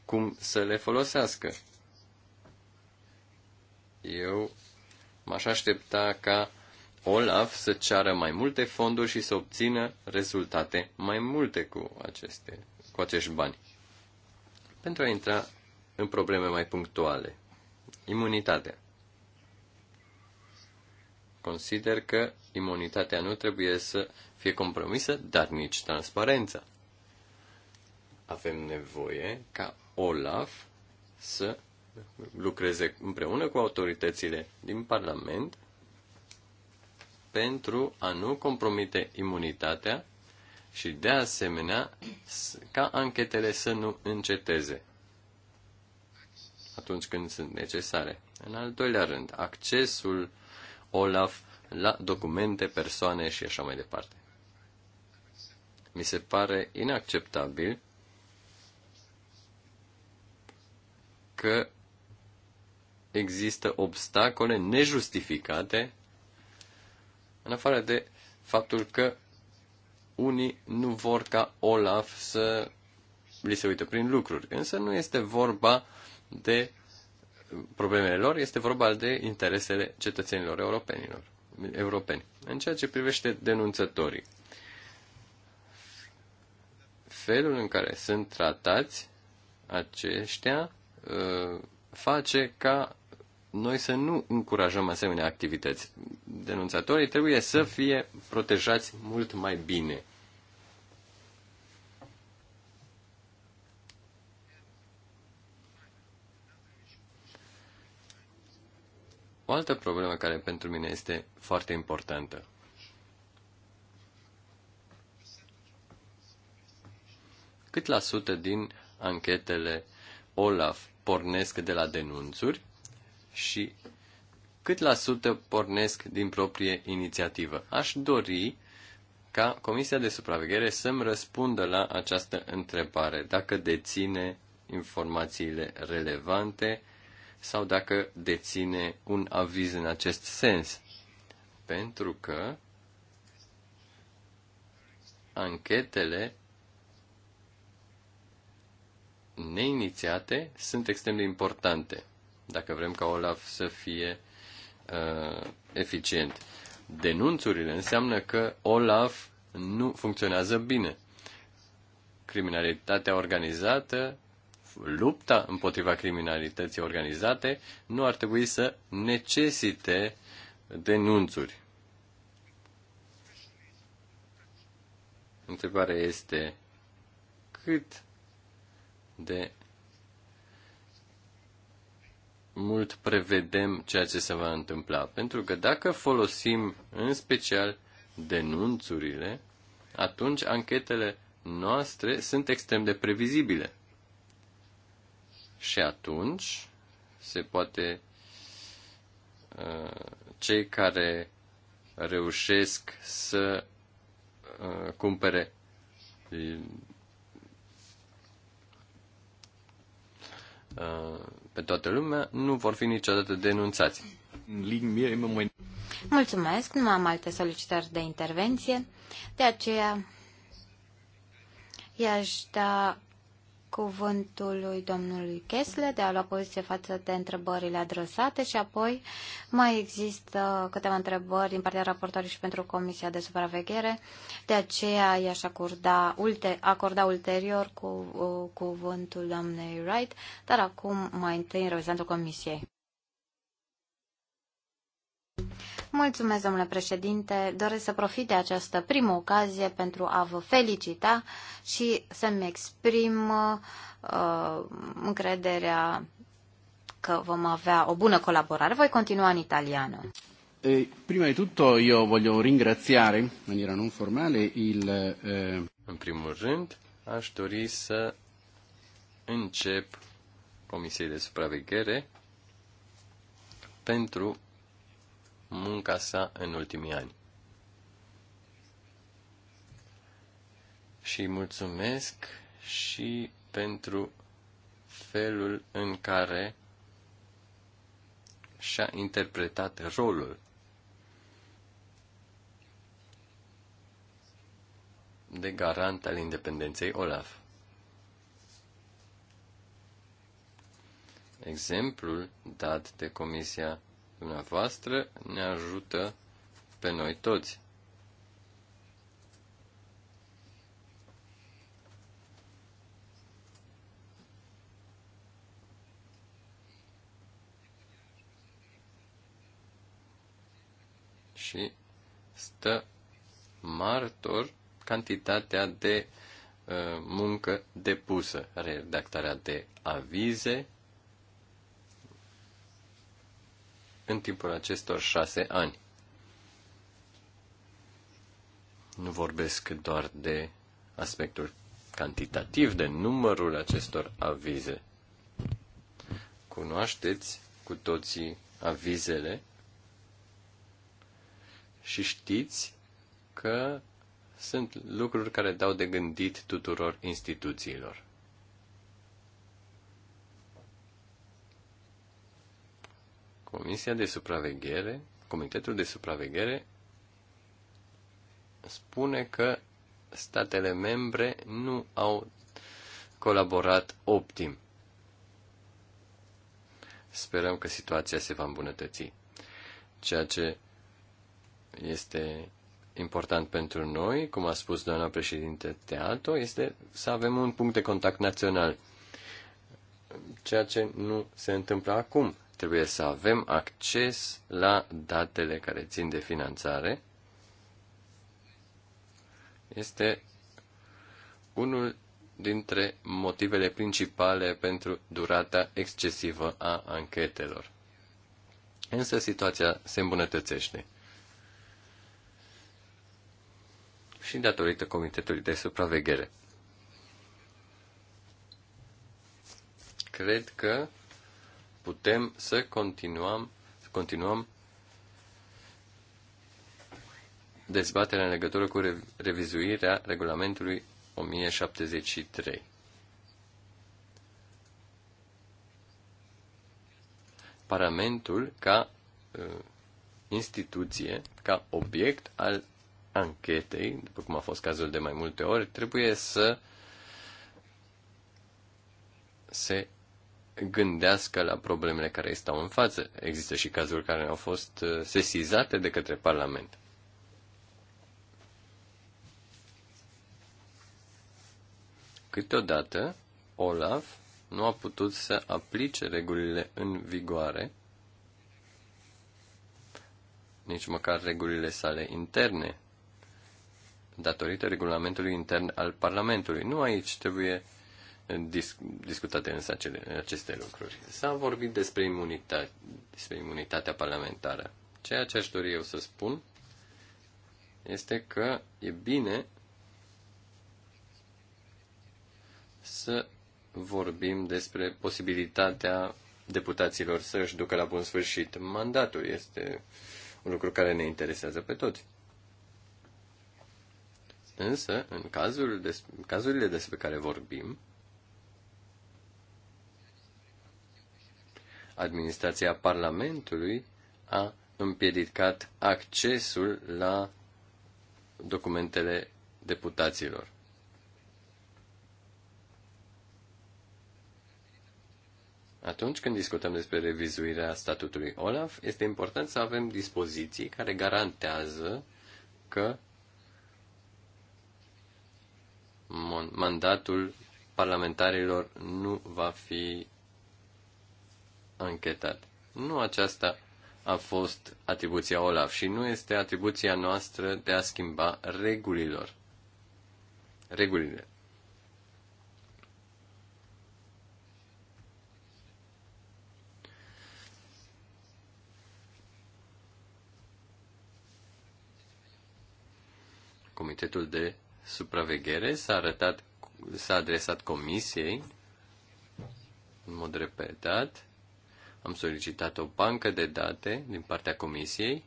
cum să le folosească. Eu m-aș aștepta ca Olaf să ceară mai multe fonduri și să obțină rezultate mai multe cu, aceste, cu acești bani. Pentru a intra în probleme mai punctuale. Imunitatea. Consider că imunitatea nu trebuie să fie compromisă, dar nici transparența. Avem nevoie ca Olaf să lucreze împreună cu autoritățile din Parlament pentru a nu compromite imunitatea și, de asemenea, ca anchetele să nu înceteze atunci când sunt necesare. În al doilea rând, accesul OLAF la documente, persoane și așa mai departe. Mi se pare inacceptabil că există obstacole nejustificate în afară de faptul că unii nu vor ca Olaf să li se uită prin lucruri. Însă nu este vorba de problemele lor, este vorba de interesele cetățenilor europenilor, europeni. În ceea ce privește denunțătorii, felul în care sunt tratați aceștia uh, face ca noi să nu încurajăm asemenea activități. Denunțatorii trebuie să fie protejați mult mai bine. O altă problemă care pentru mine este foarte importantă. Cât la sută din anchetele OLAF pornesc de la denunțuri și cât la sută pornesc din proprie inițiativă. Aș dori ca Comisia de Supraveghere să-mi răspundă la această întrebare, dacă deține informațiile relevante sau dacă deține un aviz în acest sens. Pentru că anchetele neinițiate sunt extrem de importante dacă vrem ca Olaf să fie uh, eficient. Denunțurile înseamnă că Olaf nu funcționează bine. Criminalitatea organizată, lupta împotriva criminalității organizate, nu ar trebui să necesite denunțuri. Întrebarea este cât de mult prevedem ceea ce se va întâmpla. Pentru că dacă folosim în special denunțurile, atunci anchetele noastre sunt extrem de previzibile. Și atunci se poate uh, cei care reușesc să uh, cumpere Uh, pe toată lumea, nu vor fi niciodată denunțați. Mulțumesc, nu am alte solicitări de intervenție, de aceea i-aș da cuvântul lui domnului Kessler de a lua poziție față de întrebările adresate și apoi mai există câteva întrebări din partea raportorului și pentru Comisia de Supraveghere. De aceea i-aș acorda, ulte, acorda ulterior cu cu uh, cuvântul doamnei Wright, dar acum mai întâi în reprezentantul Comisiei. Mulțumesc, domnule președinte. Doresc să profit de această primă ocazie pentru a vă felicita și să-mi exprim uh, încrederea că vom avea o bună colaborare. Voi continua în italiană. E, prima di tutto io voglio ringraziare maniera non formale il... Eh, în primul rând aș dori să încep Comisiei de Supraveghere pentru munca sa în ultimii ani. Și mulțumesc și pentru felul în care și-a interpretat rolul. de garant al independenței Olaf. Exemplul dat de Comisia dumneavoastră ne ajută pe noi toți. Și stă martor cantitatea de uh, muncă depusă, redactarea de avize, în timpul acestor șase ani. Nu vorbesc doar de aspectul cantitativ, de numărul acestor avize. Cunoașteți cu toții avizele și știți că sunt lucruri care dau de gândit tuturor instituțiilor. Comisia de supraveghere, Comitetul de supraveghere spune că statele membre nu au colaborat optim. Sperăm că situația se va îmbunătăți. Ceea ce este important pentru noi, cum a spus doamna președinte Teato, este să avem un punct de contact național. Ceea ce nu se întâmplă acum. Trebuie să avem acces la datele care țin de finanțare. Este unul dintre motivele principale pentru durata excesivă a anchetelor. Însă situația se îmbunătățește. Și datorită Comitetului de Supraveghere. Cred că putem să continuăm, să continuăm dezbaterea în legătură cu revizuirea regulamentului 1073. Parlamentul ca uh, instituție, ca obiect al anchetei, după cum a fost cazul de mai multe ori, trebuie să se gândească la problemele care stau în față. Există și cazuri care au fost uh, sesizate de către Parlament. Câteodată, Olaf nu a putut să aplice regulile în vigoare, nici măcar regulile sale interne, datorită regulamentului intern al Parlamentului. Nu aici trebuie disc, discutate însă acele, aceste lucruri. S-a vorbit despre, imunitate, despre imunitatea parlamentară. Ceea ce aș dori eu să spun este că e bine să vorbim despre posibilitatea deputaților să își ducă la bun sfârșit mandatul. Este un lucru care ne interesează pe toți. Însă, în cazul des- cazurile despre care vorbim, administrația Parlamentului a împiedicat accesul la documentele deputaților. Atunci când discutăm despre revizuirea statutului OLAF, este important să avem dispoziții care garantează că mandatul parlamentarilor nu va fi anchetat. Nu aceasta a fost atribuția Olaf și nu este atribuția noastră de a schimba regulilor. Regulile. Comitetul de supraveghere s-a arătat s-a adresat comisiei în mod repetat am solicitat o bancă de date din partea Comisiei,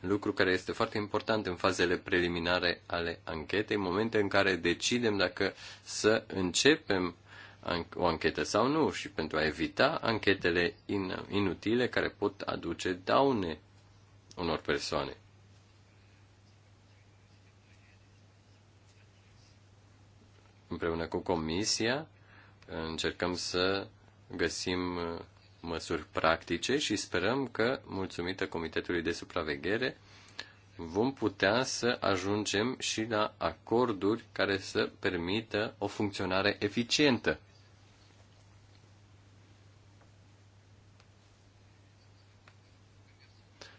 lucru care este foarte important în fazele preliminare ale anchetei, momente în care decidem dacă să începem o anchetă sau nu și pentru a evita anchetele inutile care pot aduce daune unor persoane. Împreună cu comisia încercăm să găsim măsuri practice și sperăm că, mulțumită Comitetului de Supraveghere, vom putea să ajungem și la acorduri care să permită o funcționare eficientă.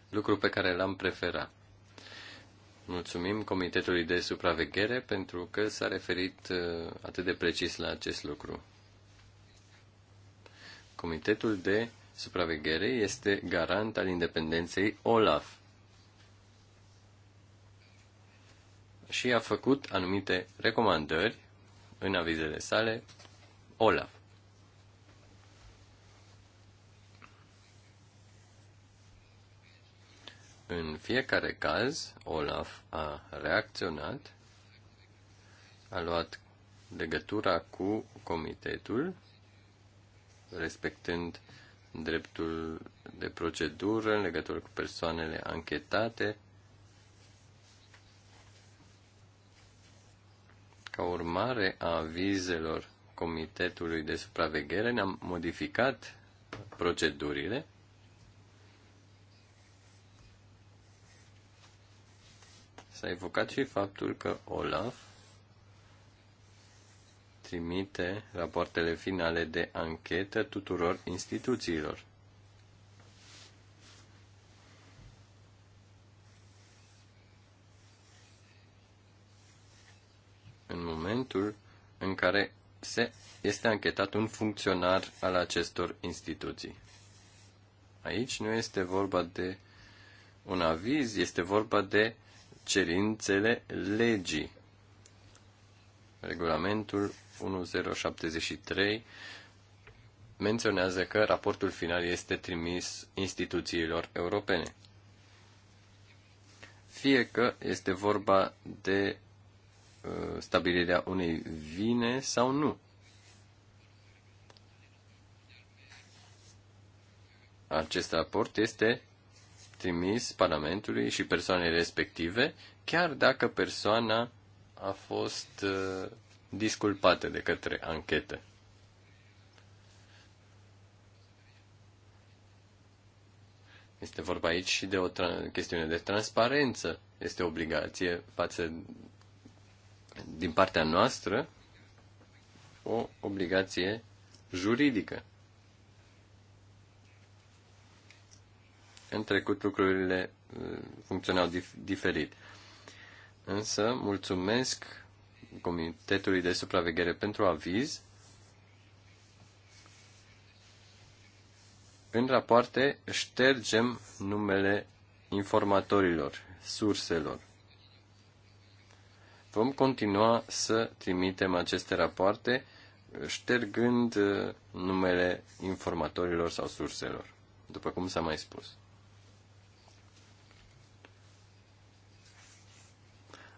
Lucru pe care l-am preferat. Mulțumim Comitetului de Supraveghere pentru că s-a referit uh, atât de precis la acest lucru. Comitetul de supraveghere este garant al independenței OLAF și a făcut anumite recomandări în avizele sale OLAF. În fiecare caz, Olaf a reacționat, a luat legătura cu comitetul respectând dreptul de procedură în legătură cu persoanele anchetate. Ca urmare a avizelor Comitetului de Supraveghere, ne-am modificat procedurile s-a evocat și faptul că Olaf trimite rapoartele finale de anchetă tuturor instituțiilor. În momentul în care se este anchetat un funcționar al acestor instituții. Aici nu este vorba de un aviz, este vorba de cerințele legii. Regulamentul 1073 menționează că raportul final este trimis instituțiilor europene. Fie că este vorba de uh, stabilirea unei vine sau nu. Acest raport este trimis Parlamentului și persoanei respective, chiar dacă persoana a fost uh, disculpate de către anchetă. Este vorba aici și de o chestiune de transparență. Este obligație față din partea noastră o obligație juridică. În trecut lucrurile uh, funcționau dif- diferit. Însă, mulțumesc Comitetului de Supraveghere pentru Aviz în rapoarte ștergem numele informatorilor, surselor. Vom continua să trimitem aceste rapoarte ștergând uh, numele informatorilor sau surselor, după cum s-a mai spus.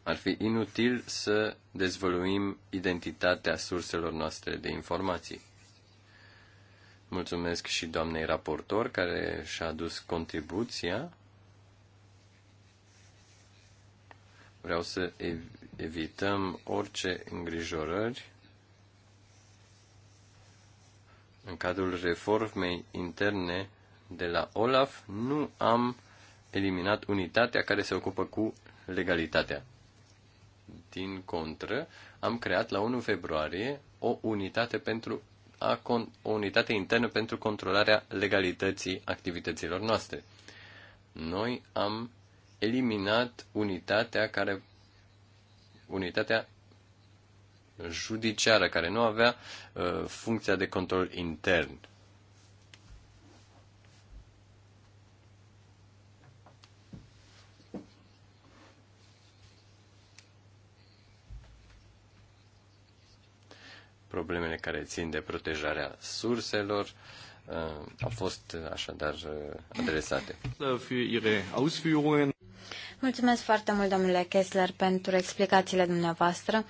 Ar fi inutil să dezvăluim identitatea surselor noastre de informații. Mulțumesc și doamnei raportor care și-a adus contribuția. Vreau să evităm orice îngrijorări în cadrul reformei interne de la Olaf, nu am eliminat unitatea care se ocupă cu legalitatea din contră, am creat la 1 februarie o unitate pentru a con- o unitate internă pentru controlarea legalității activităților noastre. Noi am eliminat unitatea care unitatea judiciară care nu avea uh, funcția de control intern. problemele care țin de protejarea surselor uh, au fost uh, așadar uh, adresate. Mulțumesc foarte mult, domnule Kessler, pentru explicațiile dumneavoastră.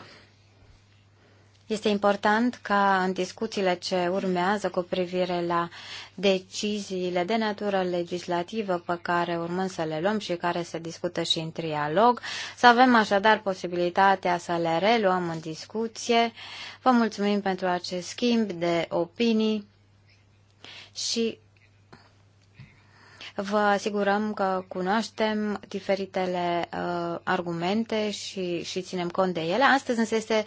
Este important ca în discuțiile ce urmează cu privire la deciziile de natură legislativă pe care urmăm să le luăm și care se discută și în trialog, să avem așadar posibilitatea să le reluăm în discuție. Vă mulțumim pentru acest schimb de opinii și vă asigurăm că cunoaștem diferitele uh, argumente și, și ținem cont de ele. Astăzi însă este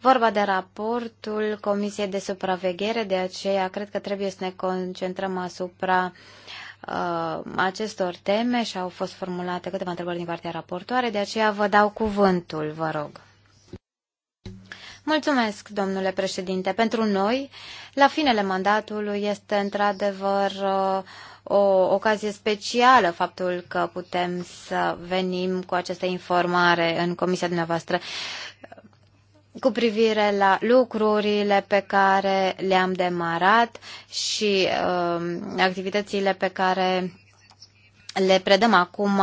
vorba de raportul Comisiei de Supraveghere, de aceea cred că trebuie să ne concentrăm asupra uh, acestor teme și au fost formulate câteva întrebări din partea raportoare, de aceea vă dau cuvântul, vă rog. Mulțumesc, domnule președinte. Pentru noi, la finele mandatului este într-adevăr uh, o ocazie specială faptul că putem să venim cu această informare în comisia dumneavoastră cu privire la lucrurile pe care le-am demarat și uh, activitățile pe care le predăm acum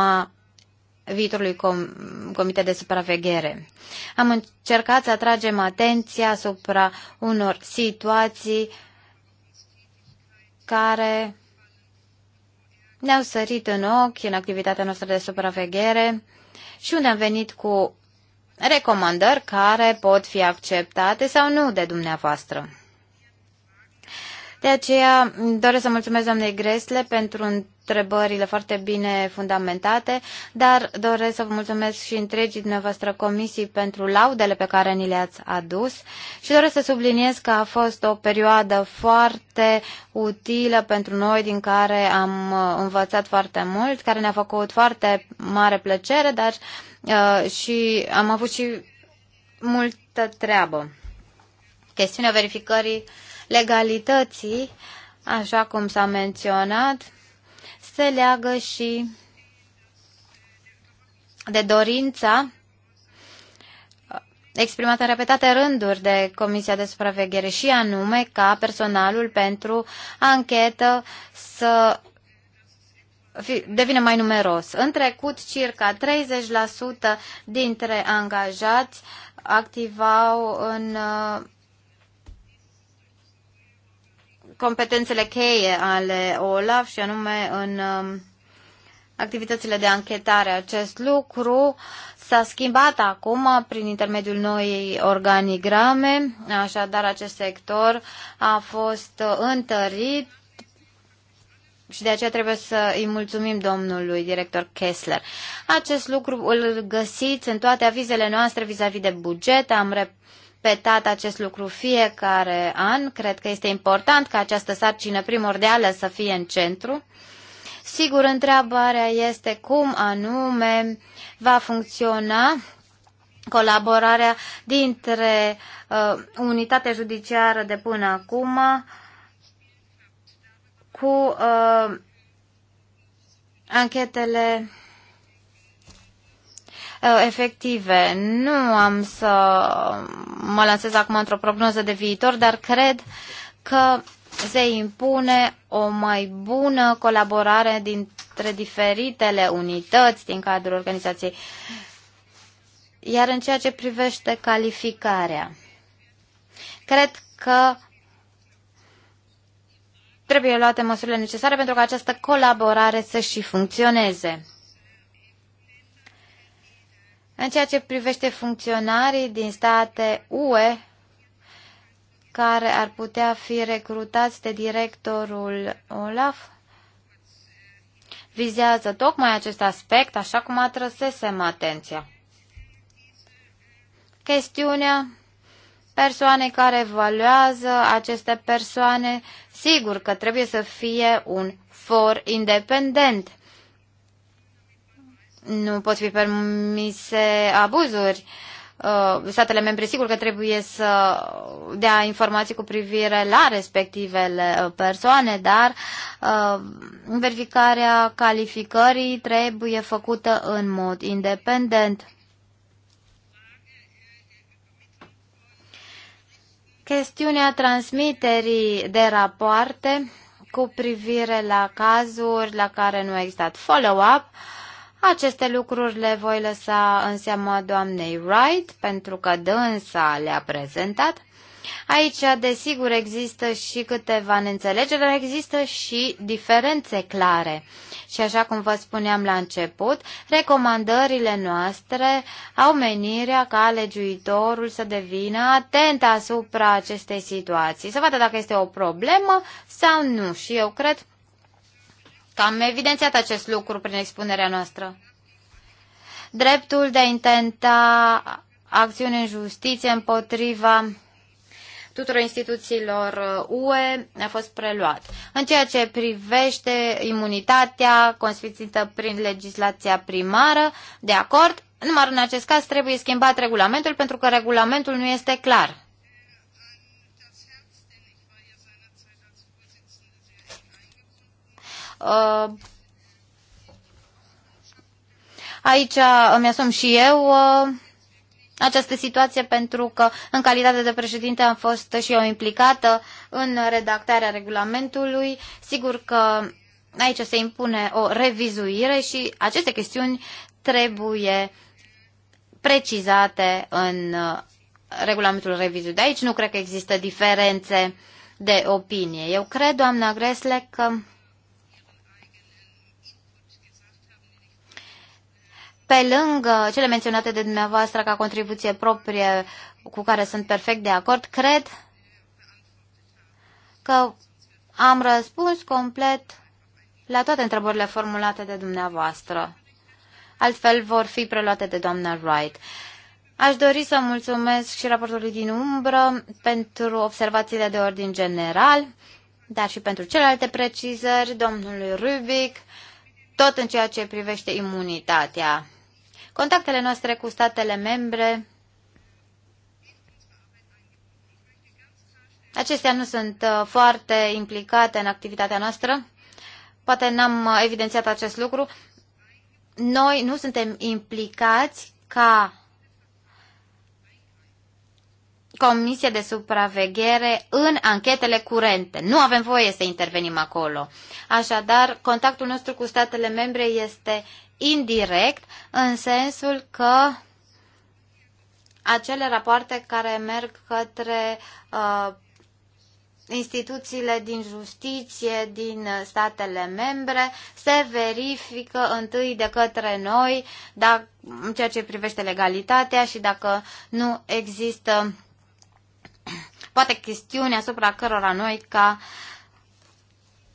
viitorului com- Comitet de Supraveghere. Am încercat să atragem atenția asupra unor situații care ne-au sărit în ochi în activitatea noastră de supraveghere și unde am venit cu recomandări care pot fi acceptate sau nu de dumneavoastră. De aceea doresc să mulțumesc doamnei Gresle pentru întrebările foarte bine fundamentate, dar doresc să vă mulțumesc și întregii dumneavoastră comisii pentru laudele pe care ni le-ați adus și doresc să subliniez că a fost o perioadă foarte utilă pentru noi, din care am uh, învățat foarte mult, care ne-a făcut foarte mare plăcere, dar uh, și am avut și multă treabă. Chestiunea verificării legalității, așa cum s-a menționat, se leagă și de dorința exprimată în repetate rânduri de Comisia de Supraveghere și anume ca personalul pentru anchetă să devine mai numeros. În trecut, circa 30% dintre angajați activau în uh, competențele cheie ale OLAF și anume în um, activitățile de anchetare. Acest lucru s-a schimbat acum prin intermediul noii organigrame, așadar acest sector a fost întărit și de aceea trebuie să îi mulțumim domnului director Kessler. Acest lucru îl găsiți în toate avizele noastre vis-a-vis -vis de buget. Am rep- repetat acest lucru fiecare an. Cred că este important ca această sarcină primordială să fie în centru. Sigur, întrebarea este cum anume va funcționa colaborarea dintre uh, unitatea judiciară de până acum cu uh, anchetele Uh, efective. Nu am să mă lansez acum într-o prognoză de viitor, dar cred că se impune o mai bună colaborare dintre diferitele unități din cadrul organizației. Iar în ceea ce privește calificarea, cred că trebuie luate măsurile necesare pentru ca această colaborare să și funcționeze. În ceea ce privește funcționarii din state UE care ar putea fi recrutați de directorul Olaf, vizează tocmai acest aspect, așa cum atrăsesem atenția. Chestiunea persoane care evaluează aceste persoane, sigur că trebuie să fie un for independent nu pot fi permise abuzuri. Uh, statele membre sigur că trebuie să dea informații cu privire la respectivele uh, persoane, dar uh, verificarea calificării trebuie făcută în mod independent. Chestiunea transmiterii de rapoarte cu privire la cazuri la care nu a existat follow-up uh, aceste lucruri le voi lăsa în seama doamnei Wright, pentru că dânsa le-a prezentat. Aici, desigur, există și câteva neînțelegeri, dar există și diferențe clare. Și așa cum vă spuneam la început, recomandările noastre au menirea ca legiuitorul să devină atent asupra acestei situații, să vadă dacă este o problemă sau nu. Și eu cred că am evidențiat acest lucru prin expunerea noastră. Dreptul de a intenta acțiune în justiție împotriva tuturor instituțiilor UE a fost preluat. În ceea ce privește imunitatea consfințită prin legislația primară, de acord, numai în acest caz trebuie schimbat regulamentul pentru că regulamentul nu este clar. Uh, aici îmi asum și eu uh, această situație pentru că în calitate de președinte am fost și eu implicată în redactarea regulamentului. Sigur că aici se impune o revizuire și aceste chestiuni trebuie precizate în uh, regulamentul revizuit. De aici nu cred că există diferențe de opinie. Eu cred, doamna Gresle, că pe lângă cele menționate de dumneavoastră ca contribuție proprie cu care sunt perfect de acord, cred că am răspuns complet la toate întrebările formulate de dumneavoastră. Altfel vor fi preluate de doamna Wright. Aș dori să mulțumesc și raportului din umbră pentru observațiile de ordin general, dar și pentru celelalte precizări, domnului Rubic, tot în ceea ce privește imunitatea contactele noastre cu statele membre. Acestea nu sunt uh, foarte implicate în activitatea noastră. Poate n-am uh, evidențiat acest lucru. Noi nu suntem implicați ca comisie de supraveghere în anchetele curente. Nu avem voie să intervenim acolo. Așadar, contactul nostru cu statele membre este indirect, în sensul că acele rapoarte care merg către uh, instituțiile din justiție din statele membre se verifică întâi de către noi dacă, în ceea ce privește legalitatea și dacă nu există poate chestiuni asupra cărora noi ca uh,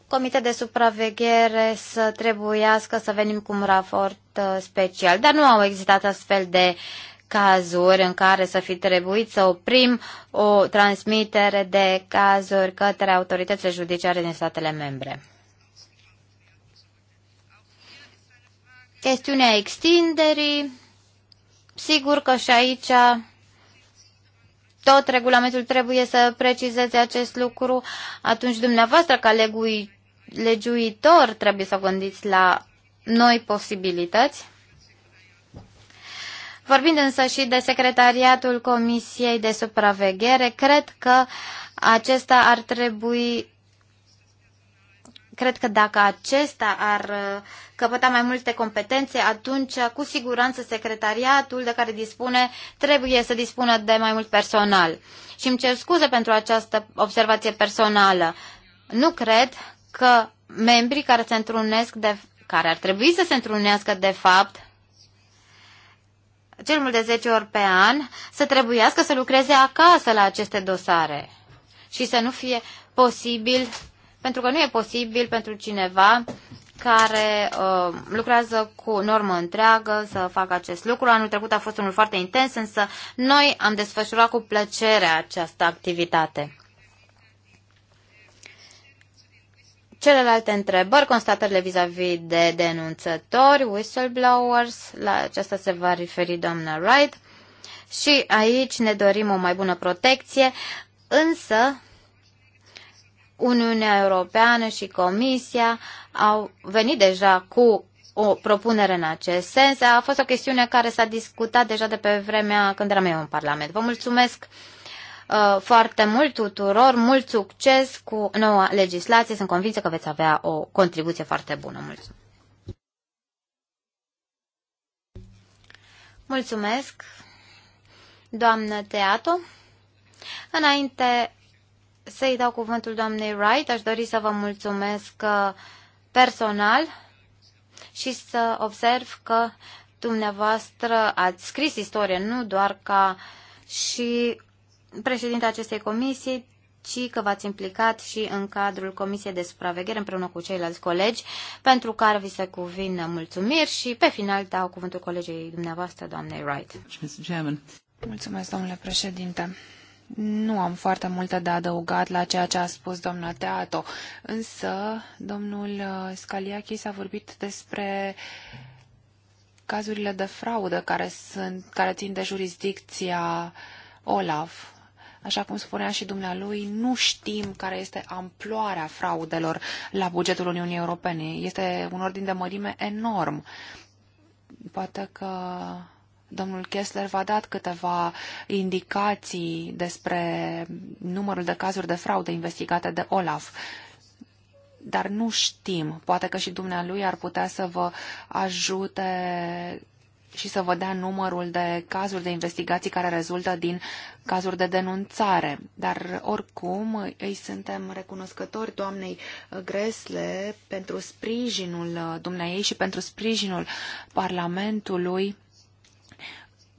comitet de supraveghere să trebuiască să venim cu un raport uh, special. Dar nu au existat astfel de cazuri în care să fi trebuit să oprim o transmitere de cazuri către autoritățile judiciare din statele membre. Chestiunea extinderii, sigur că și aici tot regulamentul trebuie să precizeze acest lucru, atunci dumneavoastră ca legui legiuitor trebuie să gândiți la noi posibilități. Vorbind însă și de secretariatul Comisiei de Supraveghere, cred că acesta ar trebui cred că dacă acesta ar uh, căpăta mai multe competențe, atunci uh, cu siguranță secretariatul de care dispune trebuie să dispună de mai mult personal. Și îmi cer scuze pentru această observație personală. Nu cred că membrii care se întrunesc de, care ar trebui să se întrunească de fapt cel mult de 10 ori pe an, să trebuiască să lucreze acasă la aceste dosare și să nu fie posibil, pentru că nu e posibil pentru cineva care uh, lucrează cu normă întreagă să facă acest lucru. Anul trecut a fost unul foarte intens, însă noi am desfășurat cu plăcere această activitate. celelalte întrebări, constatările vis-a-vis -vis de denunțători, whistleblowers, la aceasta se va referi doamna Wright. Și aici ne dorim o mai bună protecție, însă Uniunea Europeană și Comisia au venit deja cu o propunere în acest sens. A fost o chestiune care s-a discutat deja de pe vremea când eram eu în Parlament. Vă mulțumesc! Uh, foarte mult tuturor, mult succes cu noua legislație. Sunt convinsă că veți avea o contribuție foarte bună. Mulțumesc! Mulțumesc, doamnă Teato. Înainte să-i dau cuvântul doamnei Wright, aș dori să vă mulțumesc uh, personal și să observ că dumneavoastră ați scris istorie nu doar ca și președinte acestei comisii, ci că v-ați implicat și în cadrul Comisiei de Supraveghere împreună cu ceilalți colegi, pentru care vi se cuvin mulțumiri și pe final dau cuvântul colegii dumneavoastră, doamnei Wright. Mulțumesc, domnule președinte. Nu am foarte multe de adăugat la ceea ce a spus domnul Teato, însă domnul uh, Scaliachi s-a vorbit despre cazurile de fraudă care, sunt, care țin de jurisdicția OLAF Așa cum spunea și dumnealui, nu știm care este amploarea fraudelor la bugetul Uniunii Europene. Este un ordin de mărime enorm. Poate că domnul Kessler v-a dat câteva indicații despre numărul de cazuri de fraude investigate de Olaf dar nu știm. Poate că și dumnealui ar putea să vă ajute și să vă dea numărul de cazuri de investigații care rezultă din cazuri de denunțare. Dar, oricum, îi suntem recunoscători doamnei Gresle pentru sprijinul dumneai și pentru sprijinul Parlamentului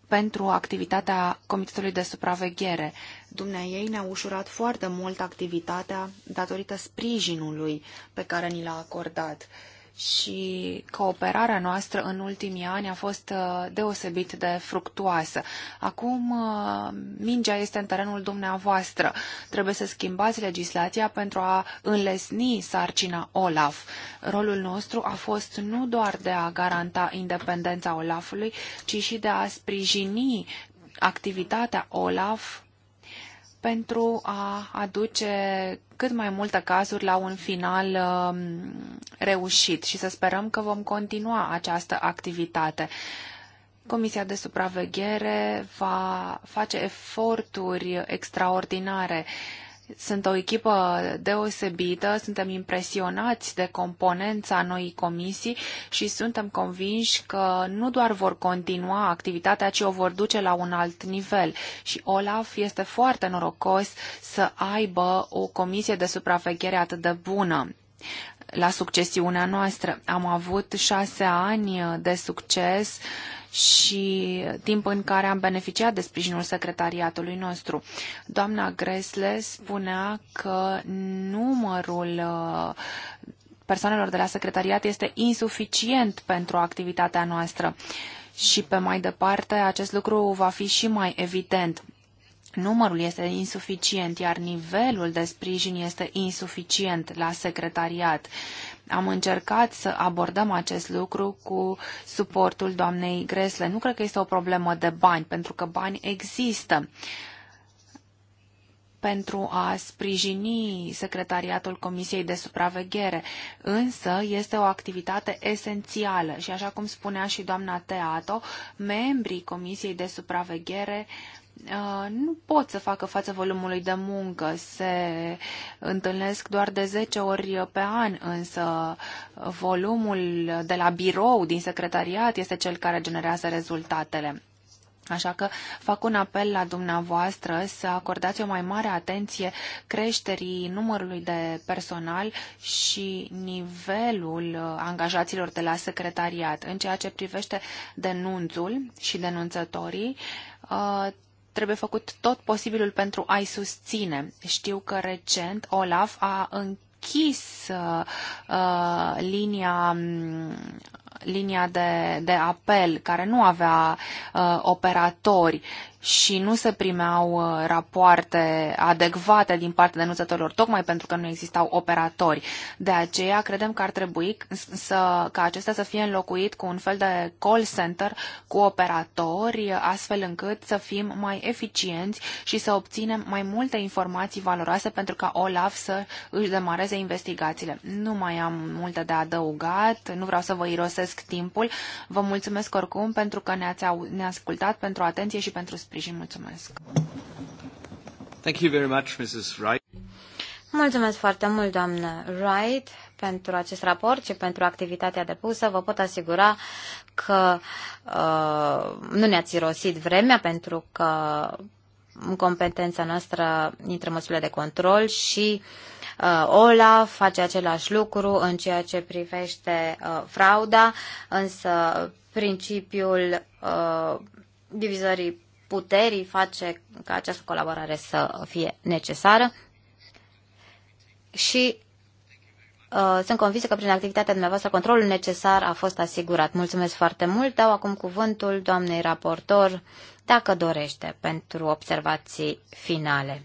pentru activitatea Comitetului de Supraveghere. Dumnea ei ne-a ușurat foarte mult activitatea datorită sprijinului pe care ni l-a acordat. Uh, și cooperarea noastră în ultimii ani a fost uh, deosebit de fructuoasă. Acum uh, mingea este în terenul dumneavoastră. Trebuie să schimbați legislația pentru a înlesni sarcina OLAF. Rolul nostru a fost nu doar de a garanta independența OLAF-ului, ci și de a sprijini activitatea OLAF pentru a aduce cât mai multe cazuri la un final um, reușit și să sperăm că vom continua această activitate. Comisia de supraveghere va face eforturi extraordinare sunt o echipă deosebită, suntem impresionați de componența noii comisii și suntem convinși că nu doar vor continua activitatea, ci o vor duce la un alt nivel. Și Olaf este foarte norocos să aibă o comisie de supraveghere atât de bună la succesiunea noastră. Am avut șase ani de succes și timp în care am beneficiat de sprijinul secretariatului nostru. Doamna Gresle spunea că numărul uh, persoanelor de la secretariat este insuficient pentru activitatea noastră. Și pe mai departe, acest lucru va fi și mai evident. Numărul este insuficient, iar nivelul de sprijin este insuficient la secretariat. Am încercat să abordăm acest lucru cu suportul doamnei Gresle. Nu cred că este o problemă de bani, pentru că bani există pentru a sprijini secretariatul Comisiei de Supraveghere, însă este o activitate esențială și, așa cum spunea și doamna Teato, membrii Comisiei de Supraveghere uh, Uh, nu pot să facă față volumului de muncă. Se întâlnesc doar de 10 ori pe an, însă volumul de la birou, din secretariat, este cel care generează rezultatele. Așa că fac un apel la dumneavoastră să acordați o mai mare atenție creșterii numărului de personal și nivelul angajaților de la secretariat. În ceea ce privește denunțul și denunțătorii, uh, trebuie făcut tot posibilul pentru a-i susține. Știu că recent Olaf a închis uh, linia mm, linia de, de apel care nu avea uh, operatori și nu se primeau uh, rapoarte adecvate din partea denunțătorilor, tocmai pentru că nu existau operatori. De aceea credem că ar trebui să, ca acesta să fie înlocuit cu un fel de call center cu operatori, astfel încât să fim mai eficienți și să obținem mai multe informații valoroase pentru ca OLAF să își demareze investigațiile. Nu mai am multe de adăugat, nu vreau să vă irosesc timpul. Vă mulțumesc oricum pentru că ne-ați ne ascultat, pentru atenție și pentru sprijin. Mulțumesc! Thank you very much, Mrs. Wright. Mulțumesc foarte mult, doamnă Wright, pentru acest raport și pentru activitatea depusă. Vă pot asigura că uh, nu ne-ați irosit vremea pentru că în competența noastră intră măsurile de control și uh, OLAF face același lucru în ceea ce privește uh, frauda, însă principiul uh, divizării puterii face ca această colaborare să fie necesară și uh, sunt convinsă că prin activitatea dumneavoastră controlul necesar a fost asigurat. Mulțumesc foarte mult. Dau acum cuvântul doamnei raportor, dacă dorește, pentru observații finale.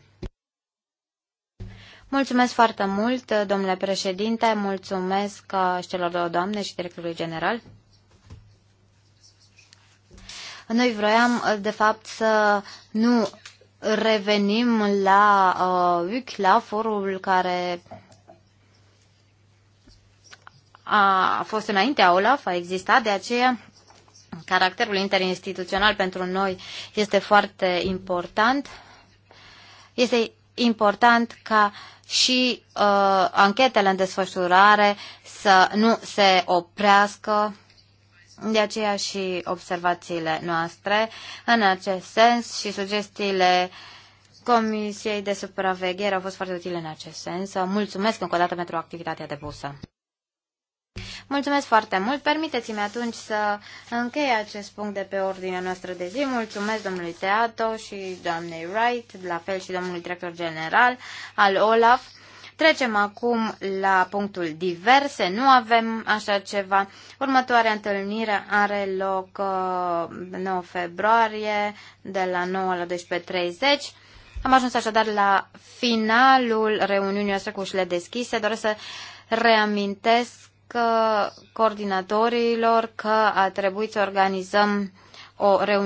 Mulțumesc foarte mult, domnule președinte, mulțumesc uh, celor două doamne și directorului general. Noi vroiam, de fapt, să nu revenim la uh, la forul care a fost înaintea OLAF, a existat, de aceea caracterul interinstituțional pentru noi este foarte important. Este important ca și uh, anchetele în desfășurare să nu se oprească de aceea și observațiile noastre în acest sens și sugestiile Comisiei de Supraveghere au fost foarte utile în acest sens. Mulțumesc încă o dată pentru activitatea depusă. Mulțumesc foarte mult. Permiteți-mi atunci să închei acest punct de pe ordinea noastră de zi. Mulțumesc domnului Teato și doamnei Wright, la fel și domnului director general al OLAF. Trecem acum la punctul diverse. Nu avem așa ceva. Următoarea întâlnire are loc 9 uh, februarie de la 9 la 12.30. Am ajuns așadar la finalul reuniunii noastre cu ușile deschise. Doresc să reamintesc uh, coordonatorilor că a trebuit să organizăm o reuniune